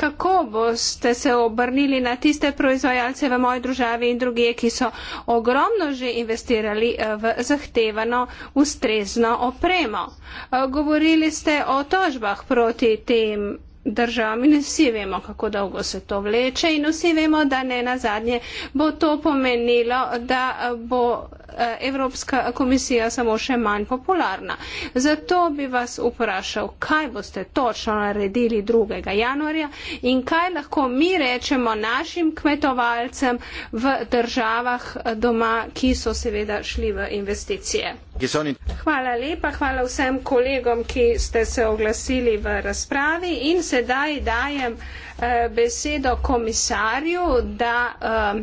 kako boste se obrnili na tiste proizvajalce v moji državi in druge, ki so ogromno že investirali eh, v zahtevano ustrezno opremo. Eh, govorili ste o tožbah proti tem državami, in vsi vemo, kako dolgo se to vleče, in vsi vemo, da ne na zadnje bo to pomenilo, da bo eh, Evropska komisija samo še manj popularna. Zato bi vas vprašal, kaj boste točno naredili 2. januarja in kaj lahko mi rečemo našim kmetovalcem v državah doma, ki so seveda šli v investicije. Hvala lepa, hvala vsem kolegom, ki ste se oglasili v razpravi in sedaj dajem eh, besedo komisarju, da eh,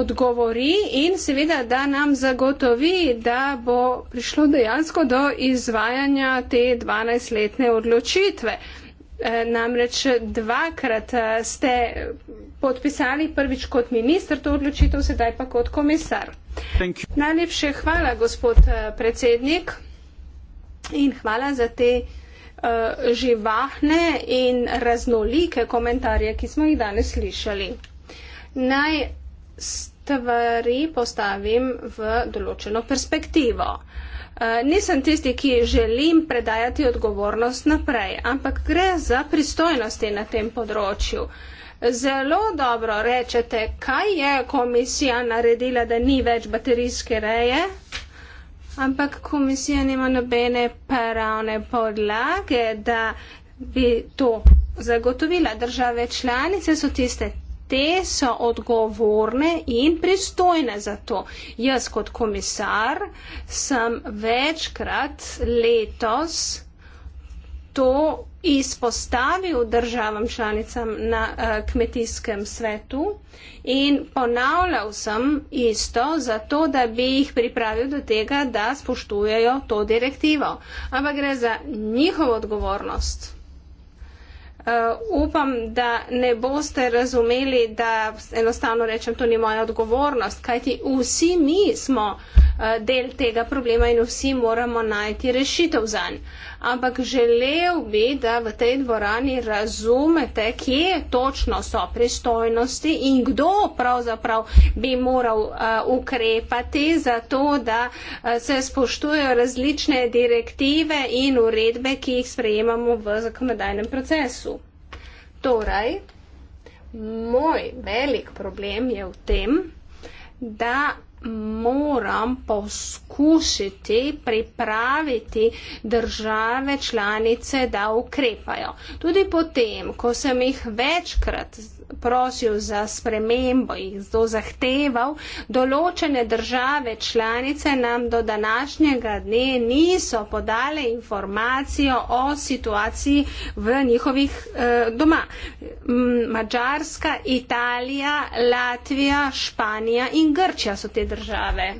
odgovori in seveda, da nam zagotovi, da bo prišlo dejansko do izvajanja te 12-letne odločitve. Eh, namreč dvakrat eh, ste podpisali prvič kot minister to odločitev, sedaj pa kot komisar. Najlepše hvala, gospod eh, predsednik, in hvala za te uh, živahne in raznolike komentarje, ki smo jih danes slišali. Naj stvari postavim v določeno perspektivo. Eh, nisem tisti, ki želim predajati odgovornost naprej, ampak gre za pristojnosti na tem področju. Zelo dobro rečete, kaj je komisija naredila, da ni več baterijske reje, ampak komisija nima nobene pravne podlage, da bi to zagotovila. Države članice so tiste, te so odgovorne in pristojne za to. Jaz kot komisar sem večkrat letos to izpostavil državam članicam na uh, kmetijskem svetu in ponavljal sem isto, zato da bi jih pripravil do tega, da spoštujejo to direktivo. Ampak gre za njihovo odgovornost. Uh, upam, da ne boste razumeli, da enostavno rečem, to ni moja odgovornost, kajti vsi mi smo uh, del tega problema in vsi moramo najti rešitev za njega ampak želel bi, da v tej dvorani razumete, kje točno so pristojnosti in kdo pravzaprav bi moral uh, ukrepati za to, da uh, se spoštujejo različne direktive in uredbe, ki jih sprejemamo v zakonodajnem procesu. Torej, moj velik problem je v tem, da moram poskušati pripraviti države članice, da ukrepajo. Tudi potem, ko sem jih večkrat prosil za spremembo in zelo zahteval, določene države članice nam do današnjega dne niso podale informacijo o situaciji v njihovih eh, doma. Mačarska, Italija, Latvija, Španija in Grčija so te države.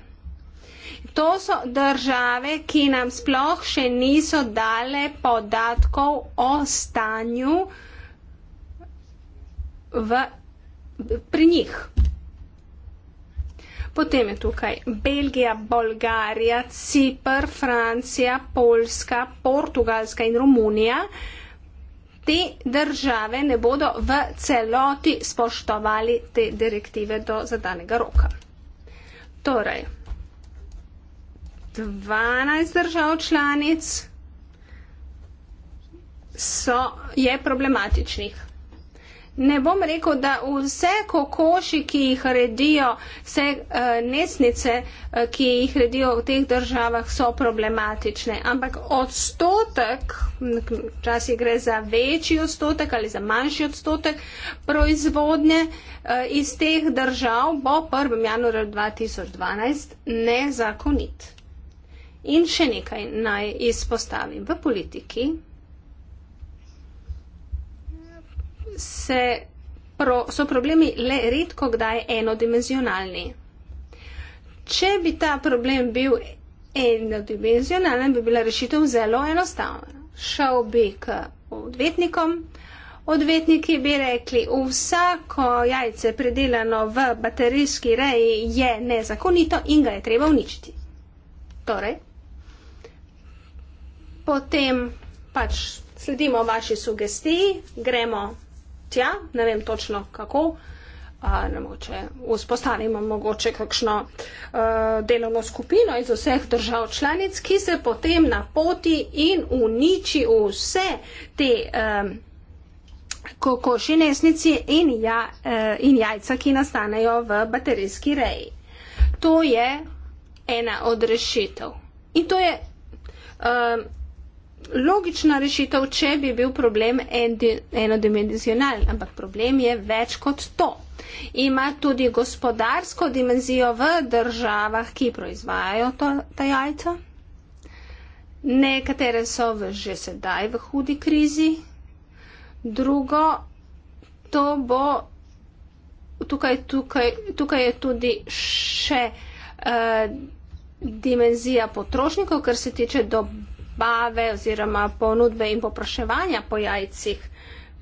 To so države, ki nam sploh še niso dale podatkov o stanju, v, pri njih. Potem je tukaj Belgija, Bolgarija, Cipr, Francija, Poljska, Portugalska in Romunija. Te države ne bodo v celoti spoštovali te direktive do zadanega roka. Torej, 12 držav članic so, je problematičnih. Ne bom rekel, da vse kokoši, ki jih redijo, vse uh, nesnice, uh, ki jih redijo v teh državah, so problematične, ampak odstotek, včasih gre za večji odstotek ali za manjši odstotek proizvodnje uh, iz teh držav, bo 1. januarja 2012 nezakonit. In še nekaj naj izpostavim. V politiki se pro, so problemi le redko kdaj enodimenzionalni. Če bi ta problem bil enodimenzionalen, bi bila rešitev zelo enostavna. Šel bi k odvetnikom, odvetniki bi rekli, vsako jajce predelano v baterijski reji je nezakonito in ga je treba uničiti. Torej, potem pač sledimo vaši sugestiji, gremo tja, ne vem točno kako. Mogoče vzpostavimo mogoče kakšno uh, delovno skupino iz vseh držav članic, ki se potem na poti in uniči vse te um, kokoši nesnici in, ja, uh, in jajca, ki nastanejo v baterijski reji. To je ena od rešitev. In to je. Um, logična rešitev, če bi bil problem enodimenzionalen, ampak problem je več kot to. Ima tudi gospodarsko dimenzijo v državah, ki proizvajajo to, ta jajca. Nekatere so v, že sedaj v hudi krizi. Drugo, to bo tukaj, tukaj, tukaj je tudi še uh, dimenzija potrošnikov, kar se tiče dobro nabave oziroma ponudbe in popraševanja po jajcih,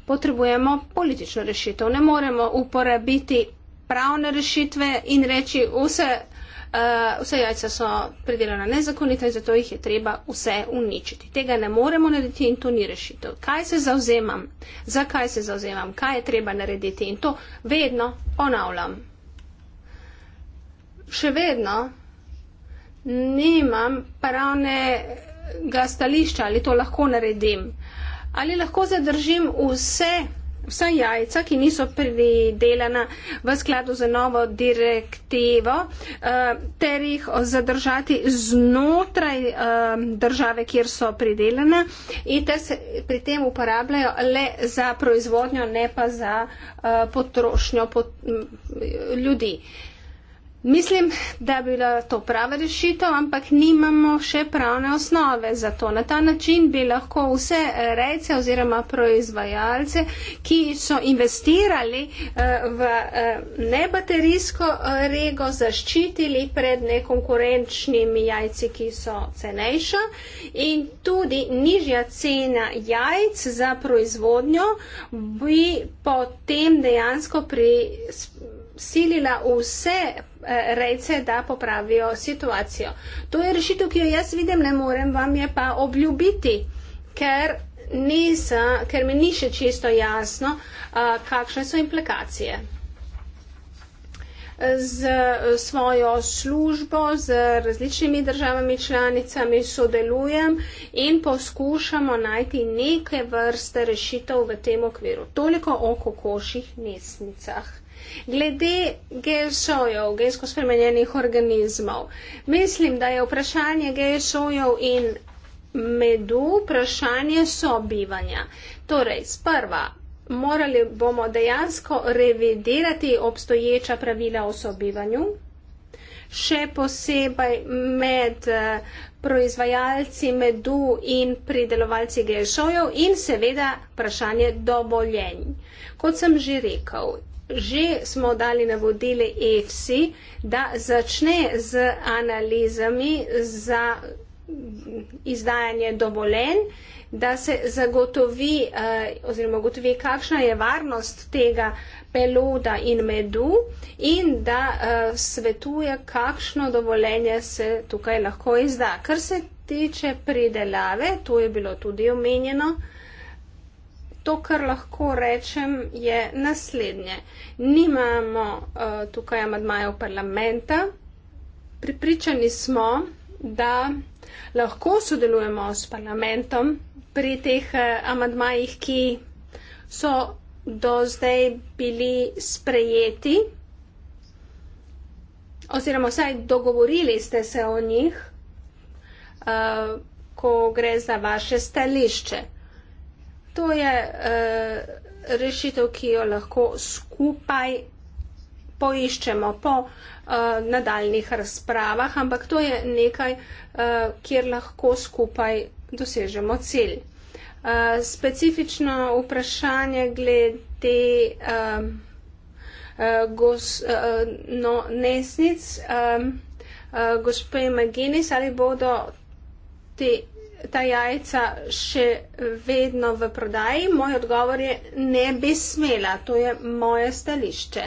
potrebujemo politično rešitev. Ne moremo uporabiti pravne rešitve in reči, vse, uh, vse jajca so predelana nezakonito in zato jih je treba vse uničiti. Tega ne moremo narediti in to ni rešitev. Kaj se zauzemam? Zakaj se zauzemam? Kaj je treba narediti? In to vedno ponavljam. Še vedno nimam pravne ga stališča, ali to lahko naredim, ali lahko zadržim vse, vsa jajca, ki niso pridelana v skladu za novo direktivo, eh, ter jih zadržati znotraj eh, države, kjer so pridelana in te se pri tem uporabljajo le za proizvodnjo, ne pa za eh, potrošnjo ljudi. Mislim, da bi bila to prava rešitev, ampak nimamo še pravne osnove za to. Na ta način bi lahko vse rejce oziroma proizvajalce, ki so investirali eh, v eh, nebaterijsko rego, zaščitili pred nekonkurenčnimi jajci, ki so cenejša in tudi nižja cena jajc za proizvodnjo bi potem dejansko prispela silila vse eh, rejce, da popravijo situacijo. To je rešitev, ki jo jaz vidim, ne morem vam je pa obljubiti, ker, nisa, ker mi ni še čisto jasno, eh, kakšne so implikacije. Z svojo službo, z različnimi državami članicami sodelujem in poskušamo najti neke vrste rešitev v tem okviru. Toliko o kokoših mesnicah. Glede GSO-jev, gensko spremenjenih organizmov, mislim, da je vprašanje GSO-jev in medu vprašanje sobivanja. Torej, sprva morali bomo dejansko revidirati obstoječa pravila o sobivanju, še posebej med eh, proizvajalci medu in pridelovalci GSO-jev in seveda vprašanje dovoljenj. Kot sem že rekel, že smo dali navodile EFSI, da začne z analizami za izdajanje dovolen, da se zagotovi eh, oziroma gotovi, kakšna je varnost tega peloda in medu in da eh, svetuje, kakšno dovolenje se tukaj lahko izda. Kar se tiče pridelave, to je bilo tudi omenjeno, to, kar lahko rečem, je naslednje. Nimamo uh, tukaj amadmajev parlamenta. Pripričani smo, da lahko sodelujemo s parlamentom pri teh uh, amadmajih, ki so do zdaj bili sprejeti oziroma vsaj dogovorili ste se o njih, uh, ko gre za vaše stališče to je uh, rešitev, ki jo lahko skupaj poiščemo po uh, nadaljnih razpravah, ampak to je nekaj, uh, kjer lahko skupaj dosežemo cilj. Uh, specifično vprašanje glede um, uh, gos, uh, no, nesnic um, uh, gospe Maginis, ali bodo te ta jajca še vedno v prodaji? Moj odgovor je, ne bi smela, to je moje stališče.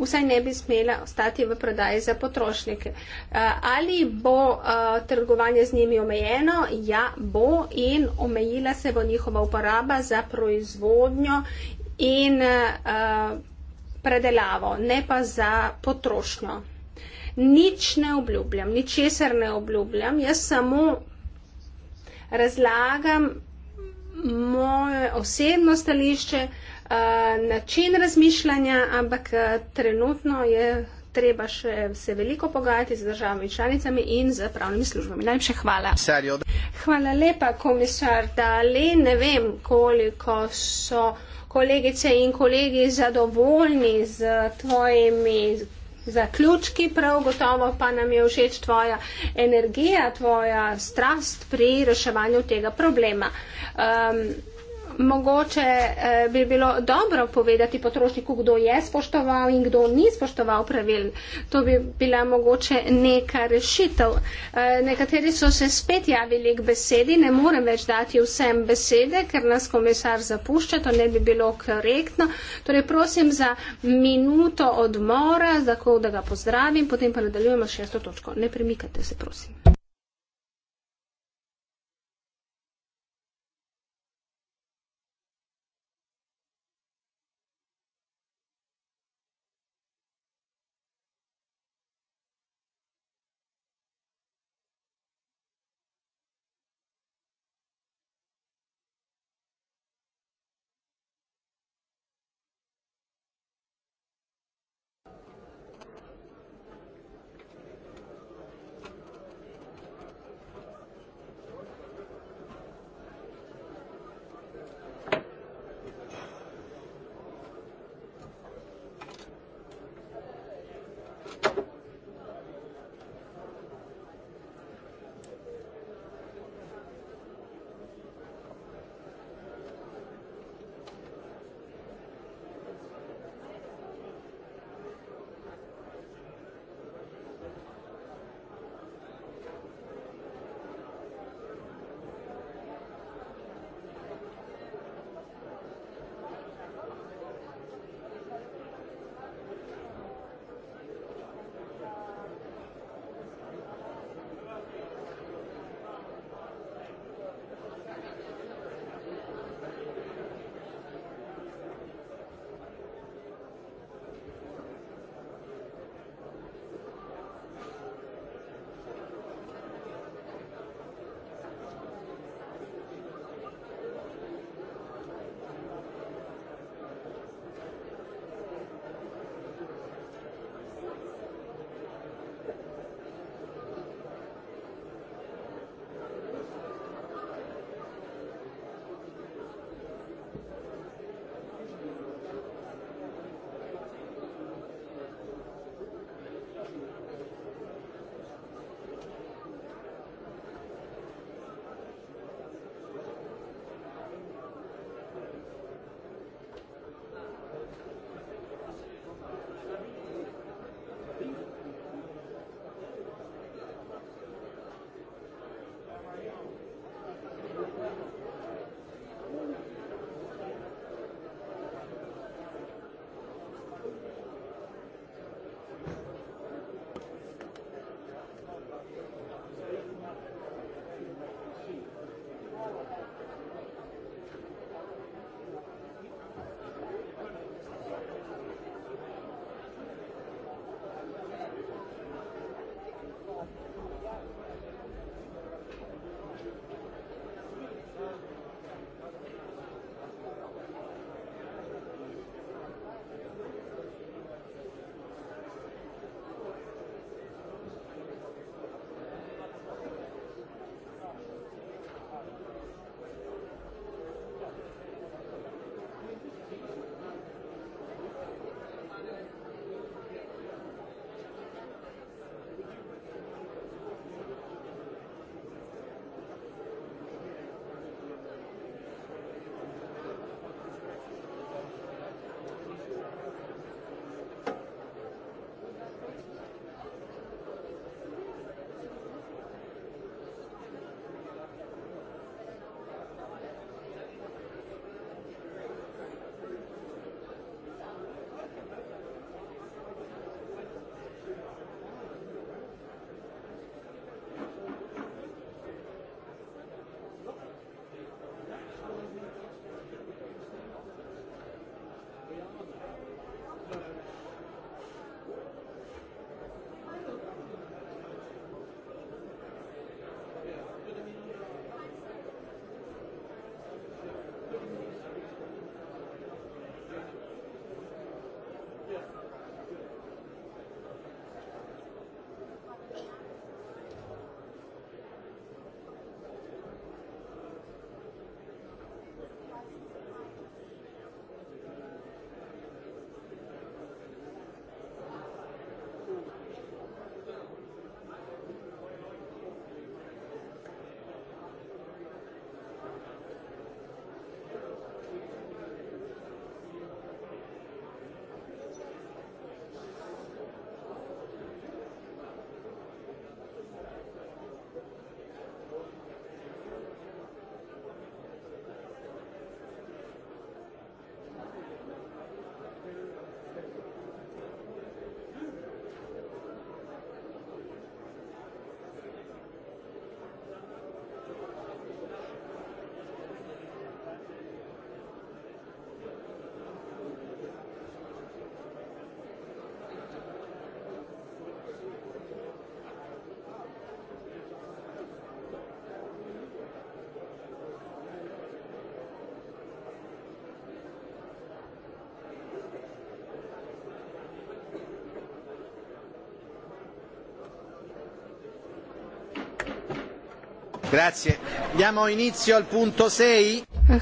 Vsaj ne bi smela ostati v prodaji za potrošnike. Eh, ali bo eh, trgovanje z njimi omejeno? Ja, bo in omejila se bo njihova uporaba za proizvodnjo in eh, predelavo, ne pa za potrošnjo. Nič ne obljubljam, ničesar ne obljubljam, jaz samo razlagam moje osebno stališče, eh, način razmišljanja, ampak eh, trenutno je treba še se veliko pogajati z državami članicami in z pravnimi službami. Najlepše hvala. Hvala lepa, komisar Dali. Ne vem, koliko so kolegice in kolegi zadovoljni z tvojimi zaključki, prav gotovo pa nam je všeč tvoja energija, tvoja strast pri reševanju tega problema. Um, mogoče eh, bi bilo dobro povedati potrošniku, kdo je spoštoval in kdo ni spoštoval pravil. To bi bila mogoče neka rešitev. Eh, nekateri so se spet javili k besedi, ne morem več dati vsem besede, ker nas komisar zapušča, to ne bi bilo korektno. Torej prosim za minuto odmora, tako da ga pozdravim, potem pa nadaljujemo šesto točko. Ne premikajte se, prosim.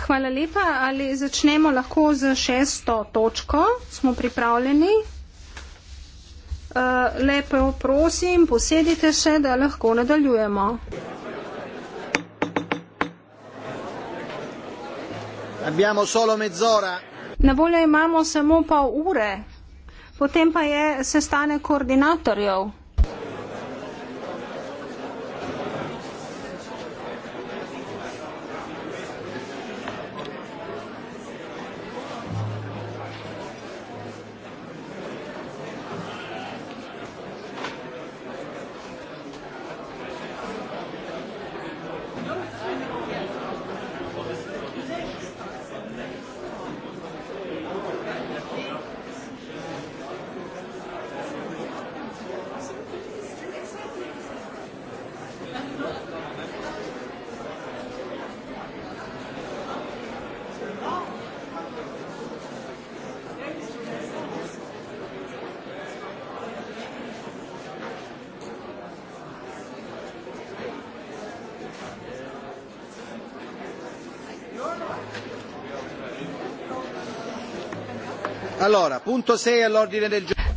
Hvala lepa. Ali začnemo lahko z šesto točko? Smo pripravljeni? Eh, lepo prosim, posedite se, da lahko nadaljujemo. Na voljo imamo samo pol ure, potem pa je sestanek koordinatorjev.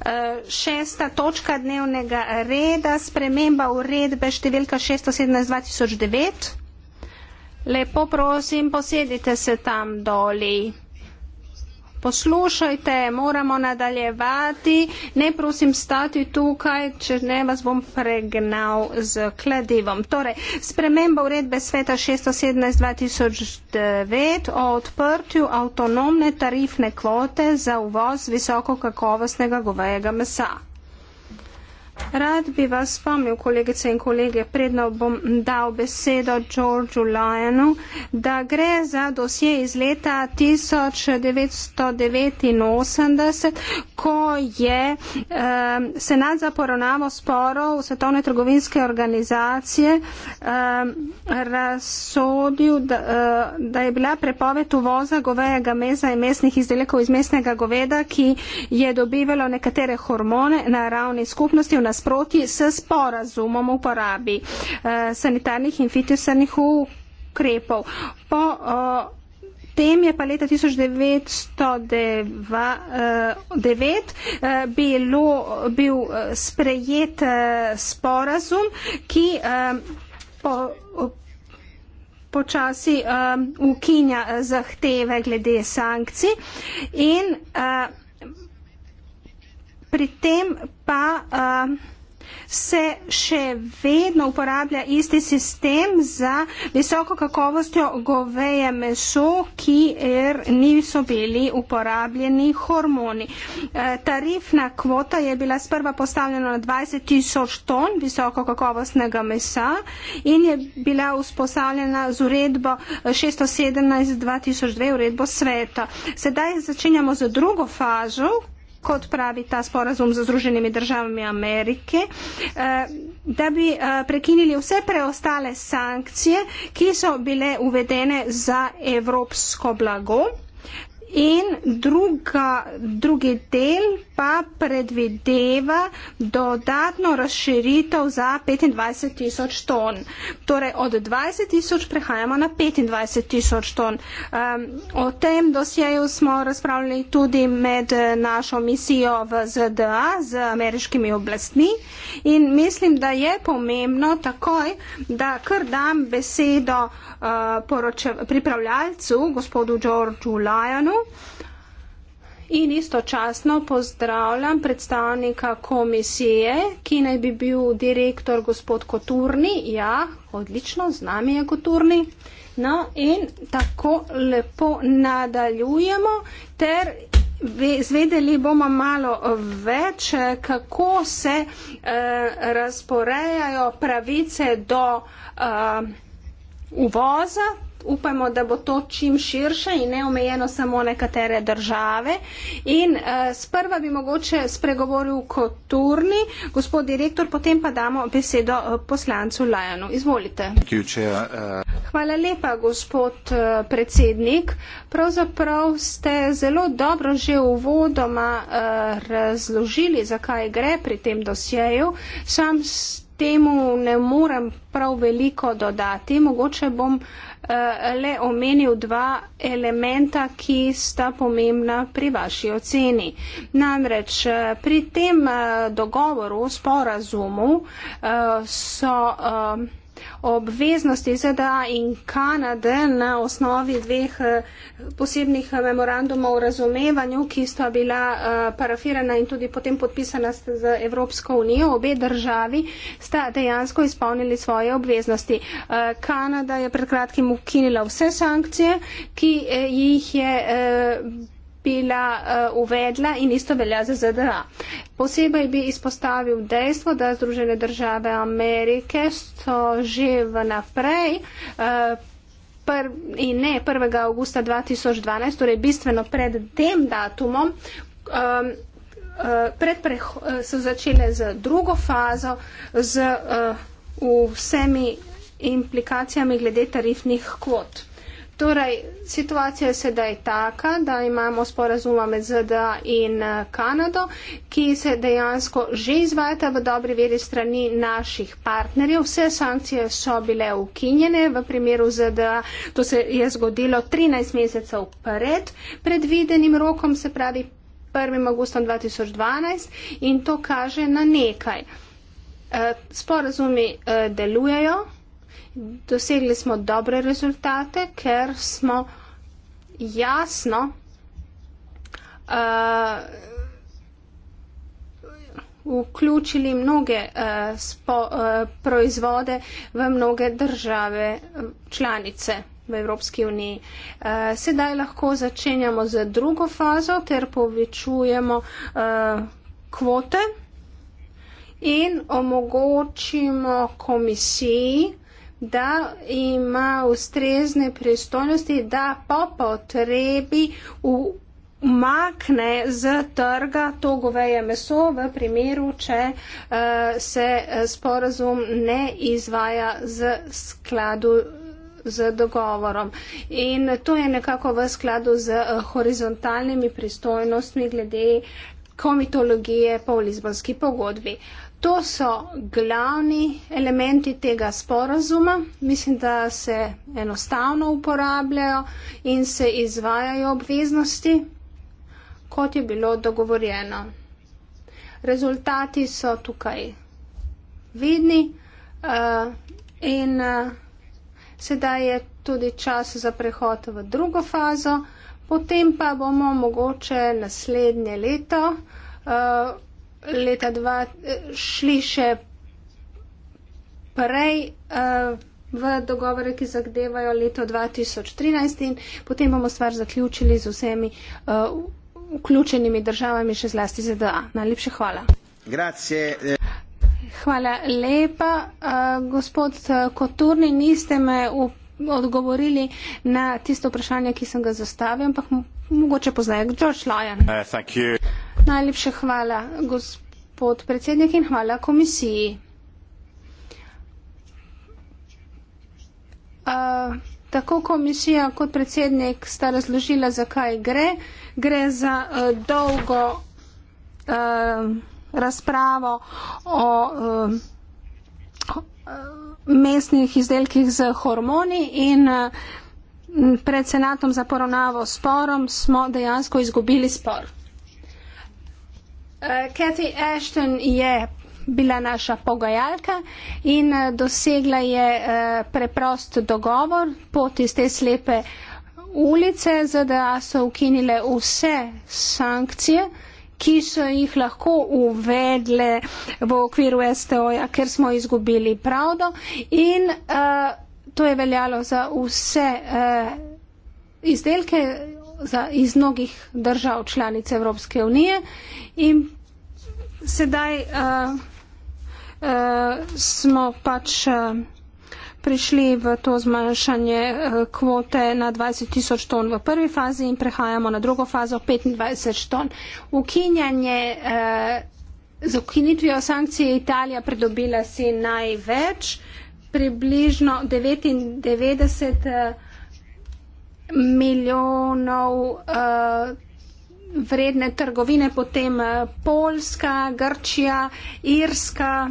Eh, šesta točka dnevnega reda, sprememba uredbe številka 617-2009. Lepo prosim, posedite se tam dolji poslušajte, moramo nadaljevati, ne prosim stati tukaj, če ne vas bom pregnal z kladivom. Torej, sprememba uredbe sveta 617-2009 o odprtju avtonomne tarifne kvote za uvoz visokokakovostnega govejega mesa. Rad bi vas spomnil, kolegice in kolege, predno bom dal besedo Georgeu Lyonu, da gre za dosje iz leta 1989, ko je eh, Senat za poravnavo sporov Svetovne trgovinske organizacije eh, razsodil, da, eh, da je bila prepoved uvoza govejega meza in mesnih izdelkov iz mesnega goveda, ki je dobivalo nekatere hormone na ravni skupnosti nasproti s sporazumom o uporabi uh, sanitarnih in fitosanih ukrepov. Po, uh, eh, Potem je pa leta 1909 eh, bilo, bil sprejet sporazum, ki po, počasi ukinja zahteve glede sankcij. In, pri tem pa uh, se še vedno uporablja isti sistem za visoko kakovostjo goveje meso, kjer niso bili uporabljeni hormoni. Uh, tarifna kvota je bila sprva postavljena na 20 tisoč ton visoko kakovostnega mesa in je bila usposabljena z uredbo 617-2002 eh, uredbo sveta. Sedaj začenjamo z drugo fazo kot pravi ta sporazum z Združenimi državami Amerike, eh, da bi eh, prekinili vse preostale sankcije, ki so bile uvedene za evropsko blago. In druga, drugi del pa predvideva dodatno razširitev za 25 tisoč ton. Torej od 20 tisoč prehajamo na 25 tisoč ton. Um, o tem dosjeju smo razpravljali tudi med eh, našo misijo v ZDA z ameriškimi oblastmi in mislim, da je pomembno takoj, da kar dam besedo uh, eh, poroče, pripravljalcu, gospodu Georgeu Lyonu, In istočasno pozdravljam predstavnika komisije, ki naj bi bil direktor gospod Koturni. Ja, odlično, z nami je Koturni. No in tako lepo nadaljujemo, ter zvedeli bomo malo več, kako se eh, razporejajo pravice do eh, uvoza upajmo, da bo to čim širše in ne omejeno samo nekatere države. In uh, sprva bi mogoče spregovoril kot turni, gospod direktor, potem pa damo besedo eh, poslancu Lajanu. Izvolite. Uh, Hvala lepa, gospod uh, predsednik. Pravzaprav ste zelo dobro že uvodoma uh, razložili, zakaj gre pri tem dosjeju. Sam temu ne morem prav veliko dodati. Mogoče bom uh, Eh, le omenil dva elementa, ki sta pomembna pri vaši oceni. Namreč eh, pri tem eh, dogovoru, sporazumu so obveznosti ZDA in Kanade na osnovi dveh eh, posebnih memorandumov o razumevanju, ki sta bila eh, parafirana in tudi potem podpisana z Evropsko unijo, obe državi sta dejansko izpolnili svoje obveznosti. Eh, Kanada je pred kratkim ukinila vse sankcije, ki jih je bila uh, uvedla in isto velja za ZDA. Posebej bi izpostavil dejstvo, da Združene države Amerike so že vnaprej uh, pr in ne 1. augusta 2012, torej bistveno pred tem datumom, um, Pred so začele z drugo fazo, z uh, vsemi implikacijami glede tarifnih kvot. Torej, situacija je sedaj taka, da imamo sporazuma med ZDA in eh, Kanado, ki se dejansko že izvajata v dobri veri strani naših partnerjev. Vse sankcije so bile ukinjene v primeru ZDA. To se je zgodilo 13 mesecev pred predvidenim rokom, se pravi 1. augustom 2012 in to kaže na nekaj. Eh, sporazumi eh, delujejo dosegli smo dobre rezultate, ker smo jasno uh, vključili mnoge uh, spo, uh, proizvode v mnoge države uh, članice v Evropski uniji. Uh, sedaj lahko začenjamo z drugo fazo, ker povečujemo uh, kvote in omogočimo komisiji, da ima ustrezne pristojnosti, da po potrebi umakne z trga to goveje meso v primeru, če eh, se eh, sporazum ne izvaja z skladu z dogovorom. In to je nekako v skladu z eh, horizontalnimi pristojnostmi glede komitologije po Lizbonski pogodbi. To so glavni elementi tega sporazuma. Mislim, da se enostavno uporabljajo in se izvajajo obveznosti, kot je bilo dogovorjeno. Rezultati so tukaj vidni uh, in uh, sedaj je tudi čas za prehod v drugo fazo, potem pa bomo mogoče naslednje leto. Uh, leta 2 eh, šli še prej eh, v dogovore, ki zahtevajo leto 2013 in potem bomo stvar zaključili z vsemi eh, vključenimi državami, še zlasti ZDA. Najlepše hvala.
Grazie.
Hvala lepa. Gospod Koturni, niste me odgovorili na tisto vprašanje, ki sem ga zastavil, ampak mogoče poznajem George Lyon.
Uh,
Najlepša hvala, gospod predsednik, in hvala komisiji. Uh, tako komisija kot predsednik sta razložila, zakaj gre. Gre za uh, dolgo uh, razpravo o uh, mestnih izdelkih z hormoni in uh, pred senatom za poravnavo sporom smo dejansko izgubili spor. Kathy Ashton je bila naša pogajalka in eh, dosegla je eh, preprost dogovor pot iz te slepe ulice, ZDA so ukinile vse sankcije ki so jih lahko uvedle v okviru STO-ja, ker smo izgubili pravdo in uh, to je veljalo za vse uh, izdelke za, iz mnogih držav članic Evropske unije in sedaj uh, uh, smo pač uh, prišli v to zmanjšanje uh, kvote na 20 tisoč ton v prvi fazi in prehajamo na drugo fazo 25 ton. Ukinjanje uh, Z ukinitvijo sankcij je Italija pridobila si največ, približno 99. Uh, milijonov uh, vredne trgovine, potem eh, Poljska, Grčija, Irska,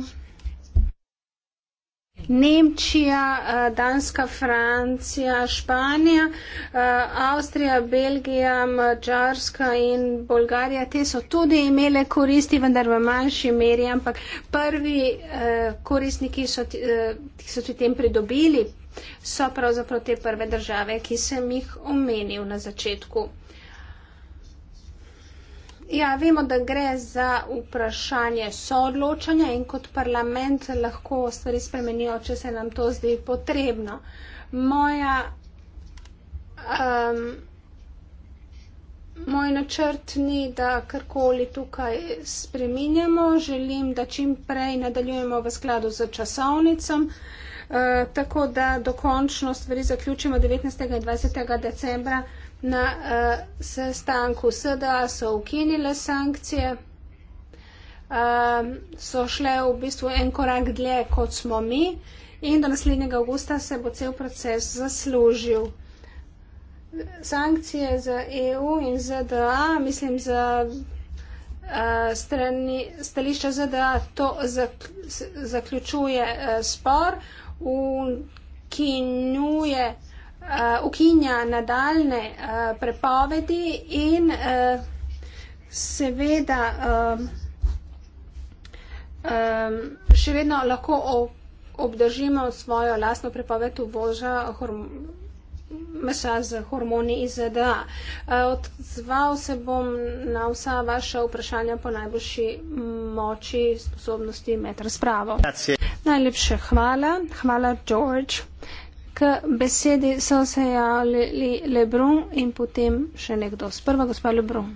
Nemčija, uh, Danska, Francija, Španija, uh, Avstrija, Belgija, Mačarska in Bolgarija. Te so tudi imele koristi, vendar v manjši meri, ampak prvi uh, koristniki, ki so, uh, so pri tem pridobili so pravzaprav te prve države, ki sem jih omenil na začetku. Ja, vemo, da gre za vprašanje soodločanja in kot parlament lahko stvari spremenijo, če se nam to zdi potrebno. Moja, um, moj načrt ni, da karkoli tukaj spreminjamo. Želim, da čim prej nadaljujemo v skladu z časovnicom. Uh, Eh, tako da dokončno stvari zaključimo 19. in 20. decembra na uh, sestanku SDA, so ukinile sankcije, uh, so šle v bistvu en korak dlje, kot smo mi in do naslednjega augusta se bo cel proces zaslužil. Sankcije za EU in ZDA, mislim, za uh, strani, stališča ZDA to zak, zaključuje uh, spor. Uh, ukinjuje, uh, ukinja nadaljne uh, prepovedi in uh, seveda um, um, še vedno lahko obdržimo svojo lastno prepoved uvoža mesa z hormoni iz ZDA. Odzval se bom na vsa vaša vprašanja po najboljši moči, sposobnosti med razpravo. Hvala. Najlepša hvala. Hvala, George. K besedi so se javili Lebrun in potem še nekdo. Sprva gospa Lebrun.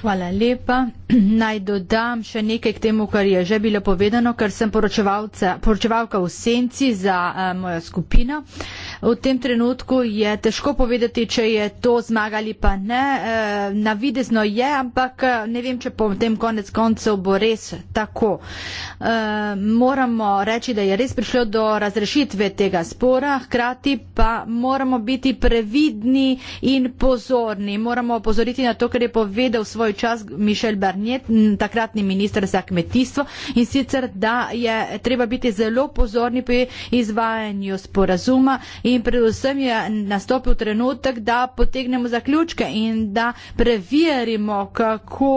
Hvala lepa. Naj dodam še nekaj k temu, kar je že bilo povedano, ker sem poročevalka v senci za uh, mojo skupino. Uh, v tem trenutku je težko povedati, če je to zmaga ali pa ne. E, Navidezno je, ampak e, ne vem, če potem konec koncev bo res tako. E, moramo reči, da je res prišlo do razrešitve tega spora, hkrati pa moramo biti previdni in pozorni. Moramo opozoriti na to, kar je povedal svoj čas Mišel Barnet, takratni minister za kmetijstvo in sicer, da je treba biti zelo pozorni pri izvajanju sporazuma. In in predvsem je nastopil trenutek, da potegnemo zaključke in da preverimo, kako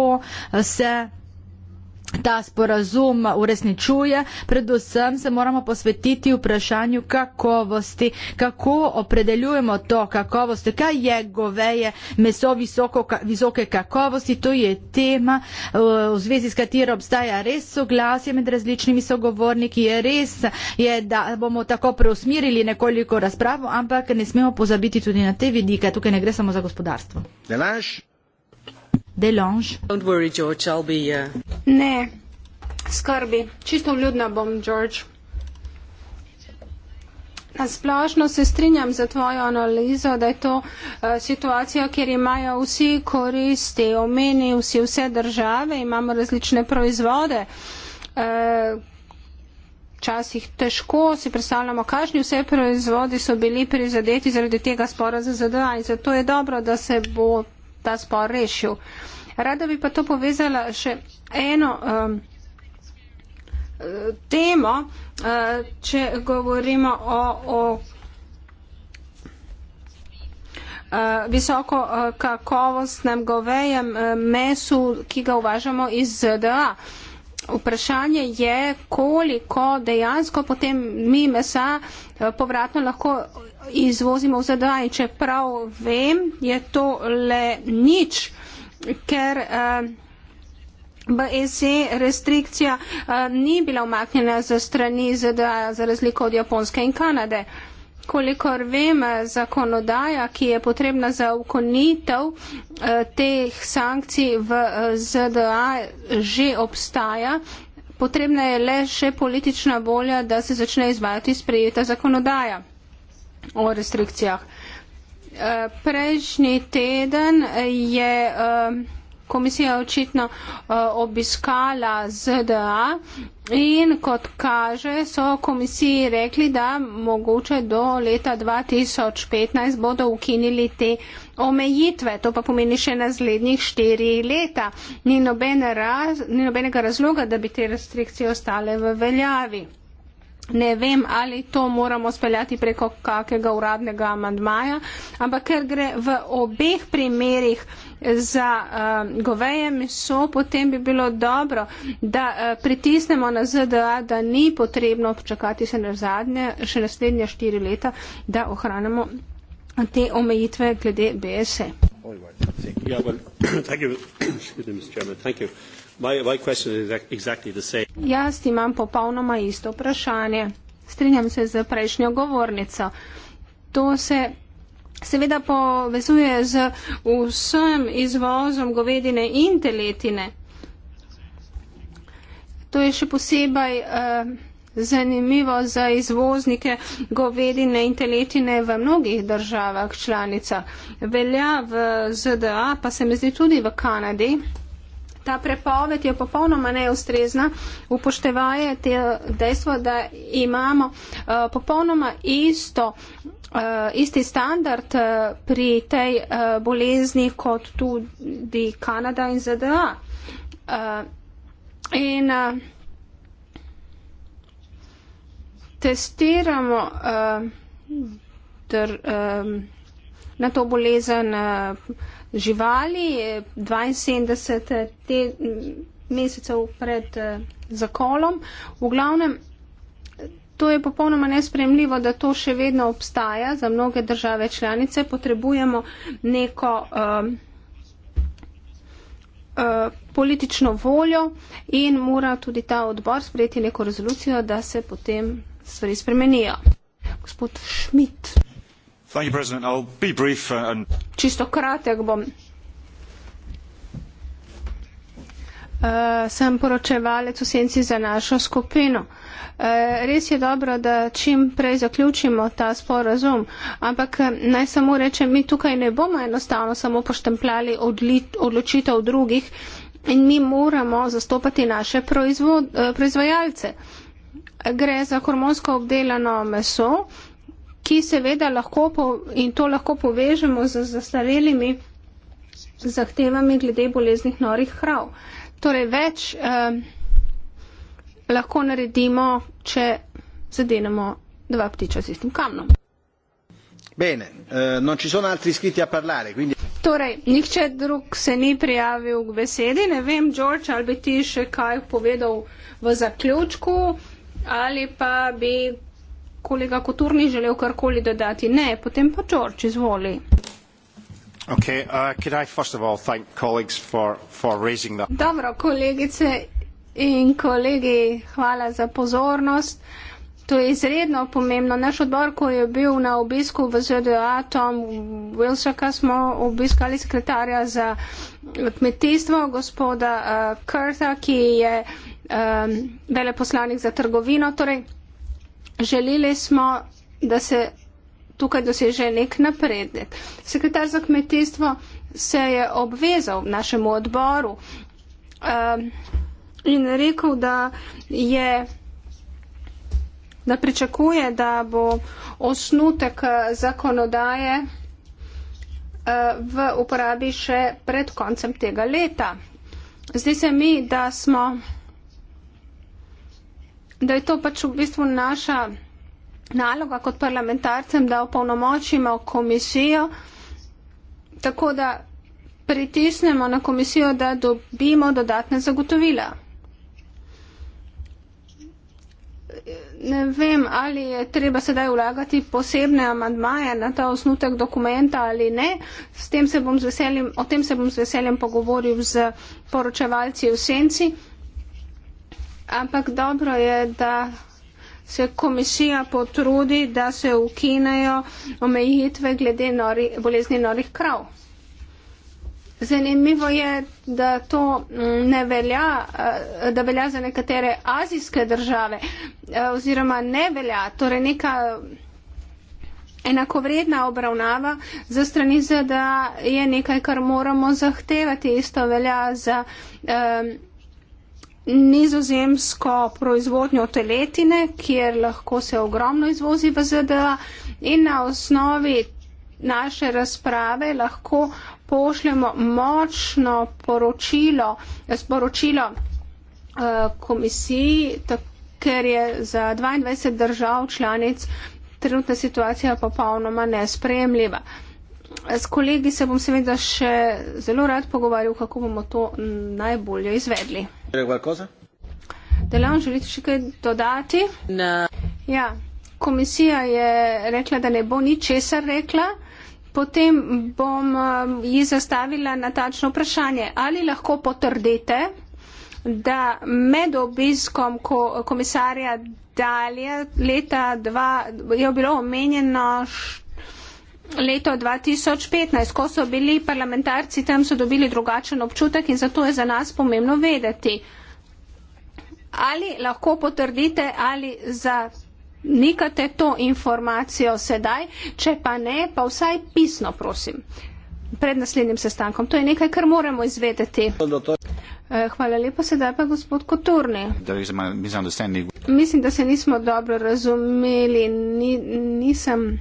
se ta sporazum uresničuje, predvsem se moramo posvetiti vprašanju kakovosti, kako opredeljujemo to kakovost, kaj je goveje meso visoko, visoke kakovosti, to je tema eh, v zvezi s katero obstaja res soglasje med različnimi sogovorniki, je res, je, da bomo tako preusmirili nekoliko razpravo, ampak ne smemo pozabiti tudi na te vidike, tukaj ne gre samo za gospodarstvo. Delaš? Delange. Don't worry, George, I'll be, uh...
Ne, skrbi, čisto vljudna bom, George. Na splošno se strinjam za tvojo analizo, da je to uh, situacija, kjer imajo vsi koristi, omeni vsi vse države, imamo različne proizvode. Uh, Včasih težko si predstavljamo, kakšni vse proizvodi so bili prizadeti zaradi tega spora za ZDA in zato je dobro, da se bo ta spor rešil. Rada bi pa to povezala še eno um, temo, uh, če govorimo o, o Uh, visoko uh, kakovostnem govejem uh, mesu, ki ga uvažamo iz ZDA. Vprašanje je, koliko dejansko potem mi mesa uh, povratno lahko izvozimo v ZDA in če prav vem, je to le nič, ker uh, eh, BSE restrikcija uh, ni bila omaknjena za strani ZDA za razliko od Japonske in Kanade. Kolikor vem, eh, zakonodaja, ki je potrebna za ukonitev eh, teh sankcij v ZDA, že obstaja. Potrebna je le še politična volja, da se začne izvajati sprejeta zakonodaja o restrikcijah. Eh, prejšnji teden je eh, komisija očitno eh, obiskala ZDA in kot kaže so komisiji rekli, da mogoče do leta 2015 bodo ukinili te omejitve. To pa pomeni še naslednjih štiri leta. Ni, nobene raz, ni nobenega razloga, da bi te restrikcije ostale v veljavi. Ne vem, ali to moramo speljati preko kakega uradnega amandmaja, ampak ker gre v obeh primerih za uh, goveje meso, potem bi bilo dobro, da uh, pritisnemo na ZDA, da ni potrebno počakati se na zadnje, še naslednje štiri leta, da ohranimo te omejitve glede BSE.
Right. Yeah, well, My, my question is exactly the same.
Jaz imam popolnoma isto vprašanje. Strinjam se z prejšnjo govornico. To se seveda povezuje z vsem izvozom govedine in teletine. To je še posebej uh, zanimivo za izvoznike govedine in teletine v mnogih državah članica. Velja v ZDA, pa se mi zdi tudi v Kanadi, ta prepoved je popolnoma neustrezna, upoštevaje te dejstvo, da imamo uh, popolnoma isto, uh, isti standard uh, pri tej uh, bolezni kot tudi Kanada in ZDA. Uh, in uh, testiramo uh, dr, uh, na to bolezen. Uh, živali 72 te, mesecev pred eh, zakolom. V glavnem, to je popolnoma nespremljivo, da to še vedno obstaja za mnoge države članice. Potrebujemo neko. Um, politično voljo in mora tudi ta odbor sprejeti neko rezolucijo, da se potem stvari spremenijo. Gospod Šmit. Uh, Čisto kratek bom. Uh, sem poročevalec v senci za našo skupino. Uh, res je dobro, da čim prej zaključimo ta sporazum, ampak um, naj samo rečem, mi tukaj ne bomo enostavno samo poštemplali odločitev drugih in mi moramo zastopati naše proizvo, uh, eh, proizvajalce. Gre za hormonsko obdelano meso, ki seveda lahko po, in to lahko povežemo z zastarelimi zahtevami glede boleznih norih krav. Torej več um, lahko naredimo, če zadenemo dva ptiča z istim kamnom. Bene, eh, non ci sono altri iscritti a parlare, quindi... Torej, nihče drug se ni prijavil k besedi. Ne vem, George, ali bi ti še kaj povedal v zaključku, ali pa bi kolega Kuturni želel karkoli dodati. Ne, potem pa George, izvoli. Uh, Dobro, kolegice in kolegi, hvala za pozornost. To je izredno pomembno. Naš odbor, ko je bil na obisku v ZDA, Tom Wilsaka, smo obiskali sekretarja za uh, kmetijstvo, gospoda uh, Kurta, ki je um, veleposlanik za trgovino. Torej, želeli smo, da se tukaj doseže nek napredek. Sekretar za kmetijstvo se je obvezal v našem odboru um, in rekel, da je da pričakuje, da bo osnutek uh, zakonodaje uh, v uporabi še pred koncem tega leta. Zdi se mi, da smo da je to pač v bistvu naša naloga kot parlamentarcem, da opolnomočimo komisijo, tako da pritisnemo na komisijo, da dobimo dodatne zagotovila. Ne vem, ali je treba sedaj vlagati posebne amadmaje na ta osnutek dokumenta ali ne. S tem se bom z veseljem, o tem se bom z veseljem pogovoril z poročevalci v senci ampak dobro je, da se komisija potrudi, da se ukinejo omejitve glede nori, bolezni norih krav. Zanimivo je, da to mm, ne velja, eh, da velja za nekatere azijske države eh, oziroma ne velja, torej neka enakovredna obravnava za strani ZDA je nekaj, kar moramo zahtevati. Isto velja za. Um, nizozemsko proizvodnjo teletine, kjer lahko se ogromno izvozi v ZDA in na osnovi naše razprave lahko pošljemo močno poročilo, sporočilo eh, komisiji, ker je za 22 držav članic trenutna situacija popolnoma nespremljiva s kolegi se bom seveda še zelo rad pogovarjal, kako bomo to najbolje izvedli.
Delavn,
želite še kaj dodati? No. Ja, komisija je rekla, da ne bo ničesar rekla. Potem bom um, ji zastavila natačno vprašanje, ali lahko potrdite, da med obiskom ko, komisarja Dalja leta 2 je bilo omenjeno leto 2015, ko so bili parlamentarci, tam so dobili drugačen občutek in zato je za nas pomembno vedeti. Ali lahko potrdite ali zanikate to informacijo sedaj, če pa ne, pa vsaj pisno prosim pred naslednjim sestankom. To je nekaj, kar moramo izvedeti. Hvala lepa, sedaj pa gospod Koturni. Mislim, da se nismo dobro razumeli, Ni, nisem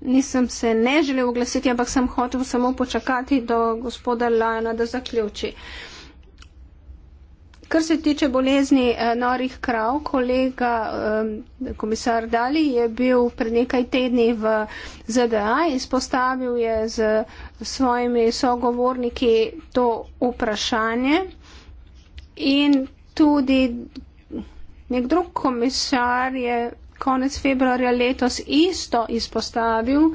nisem se ne želel oglasiti, ampak sem hotel samo počakati do gospoda Lajana, da zaključi. Kar se tiče bolezni eh, norih krav, kolega eh, komisar Dali je bil pred nekaj tedni v ZDA in spostavil je z svojimi sogovorniki to vprašanje in tudi nek drug komisar je konec februarja letos isto izpostavil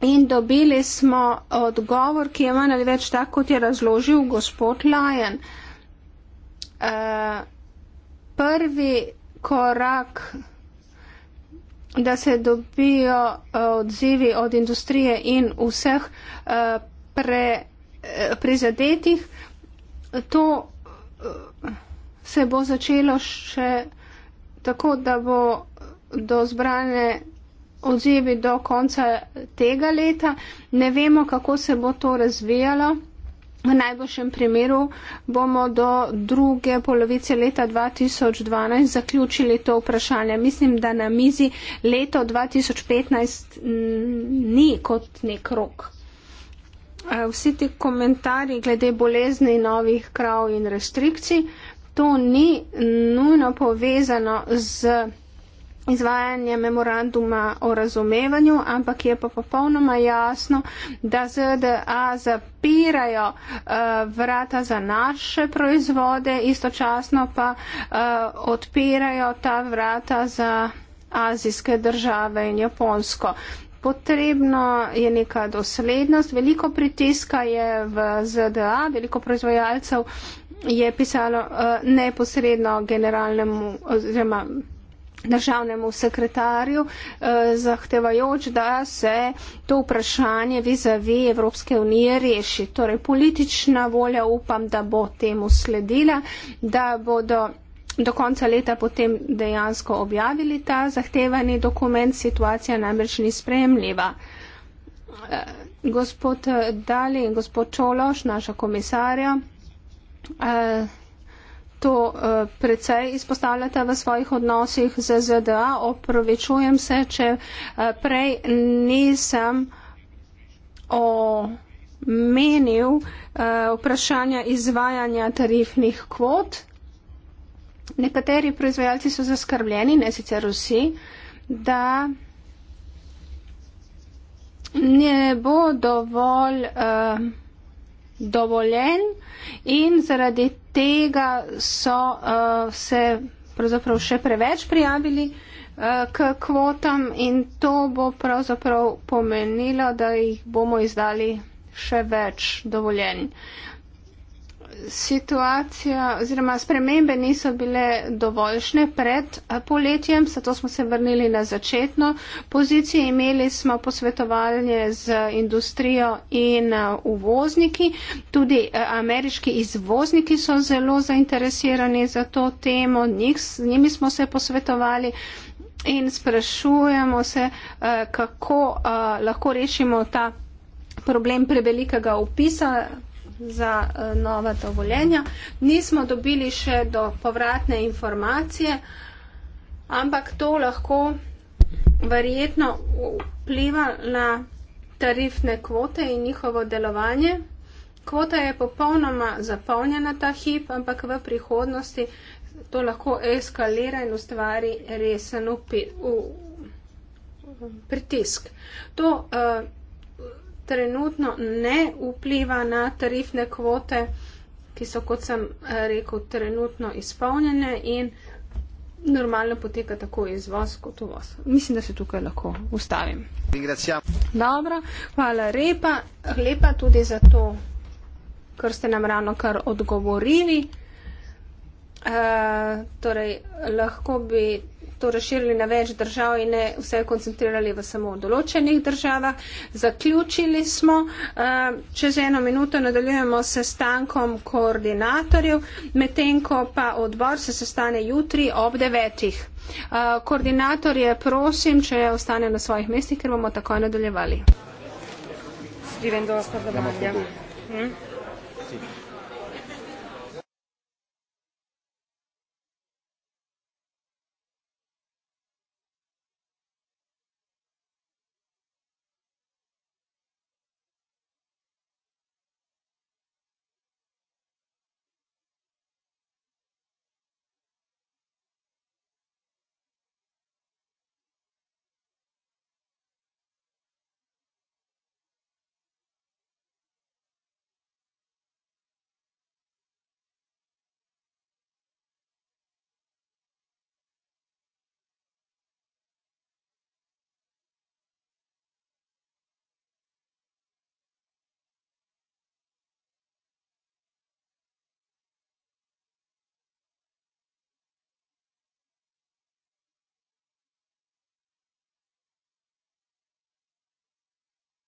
in dobili smo odgovor, ki je manj ali več tak, kot je razložil gospod Lajen. Uh, prvi korak, da se dobijo eh, odzivi od industrije in vseh uh, pre, prizadetih, to uh, se bo začelo še tako, da bo do zbrane odzivi do konca tega leta. Ne vemo, kako se bo to razvijalo. V najboljšem primeru bomo do druge polovice leta 2012 zaključili to vprašanje. Mislim, da na mizi leto 2015 ni kot nek rok. Eh, vsi ti komentarji glede bolezni novih krav in restrikcij to ni nujno povezano z izvajanje memoranduma o razumevanju, ampak je pa popolnoma jasno, da ZDA zapirajo uh, vrata za naše proizvode, istočasno pa uh, odpirajo ta vrata za azijske države in Japonsko. Potrebno je neka doslednost, veliko pritiska je v ZDA, veliko proizvajalcev uh, je pisalo uh, neposredno generalnemu oziroma državnemu sekretarju, uh, zahtevajoč, da se to vprašanje vizavi Evropske unije reši. Torej, politična volja upam, da bo temu sledila, da bodo. Do konca leta potem dejansko objavili ta zahtevani dokument, situacija namreč ni spremljiva. Eh, gospod Dali in gospod Čološ, naša komisarja. Eh, to eh, precej izpostavljate v svojih odnosih z ZDA. Opravičujem se, če eh, prej nisem omenil vprašanja izvajanja tarifnih kvot. Nekateri proizvajalci so zaskrbljeni, ne sicer vsi, da ne bo dovolj uh, dovoljen in zaradi tega so uh, se pravzaprav še preveč prijavili uh, k kvotam in to bo pravzaprav pomenilo, da jih bomo izdali še več dovoljenj. Uh, situacija oziroma spremembe niso bile dovoljšne pred eh, poletjem, zato smo se vrnili na začetno pozicijo. Imeli smo posvetovanje z industrijo in eh, uvozniki. Tudi eh, ameriški izvozniki so zelo zainteresirani za to temo. Njih, z njimi smo se posvetovali. In sprašujemo se, kako lahko rešimo ta problem prevelikega upisa za eh, nova dovoljenja. Nismo dobili še do povratne informacije, ampak to lahko verjetno vpliva na tarifne kvote in njihovo delovanje. Kvota je popolnoma zapolnjena ta hip, ampak v prihodnosti to lahko eskalira in ustvari resen upi, u, pritisk. To uh, trenutno ne vpliva na tarifne kvote, ki so, kot sem eh, rekel, trenutno izpolnjene in normalno poteka tako izvoz kot uvoz. Mislim, da se tukaj lahko ustavim. Dobro, hvala lepa. lepa tudi za to, kar ste nam ravno kar odgovorili. Uh, torej, lahko bi to razširili na več držav in ne vse koncentrirali v samo določenih državah. Zaključili smo, eh, čez eno minuto nadaljujemo s sestankom koordinatorjev, medtem ko pa odbor se sestane jutri ob devetih. Eh, koordinator je prosim, če je ostane na svojih mestih, ker bomo takoj nadaljevali. Steven, do ospodovanja. Hm?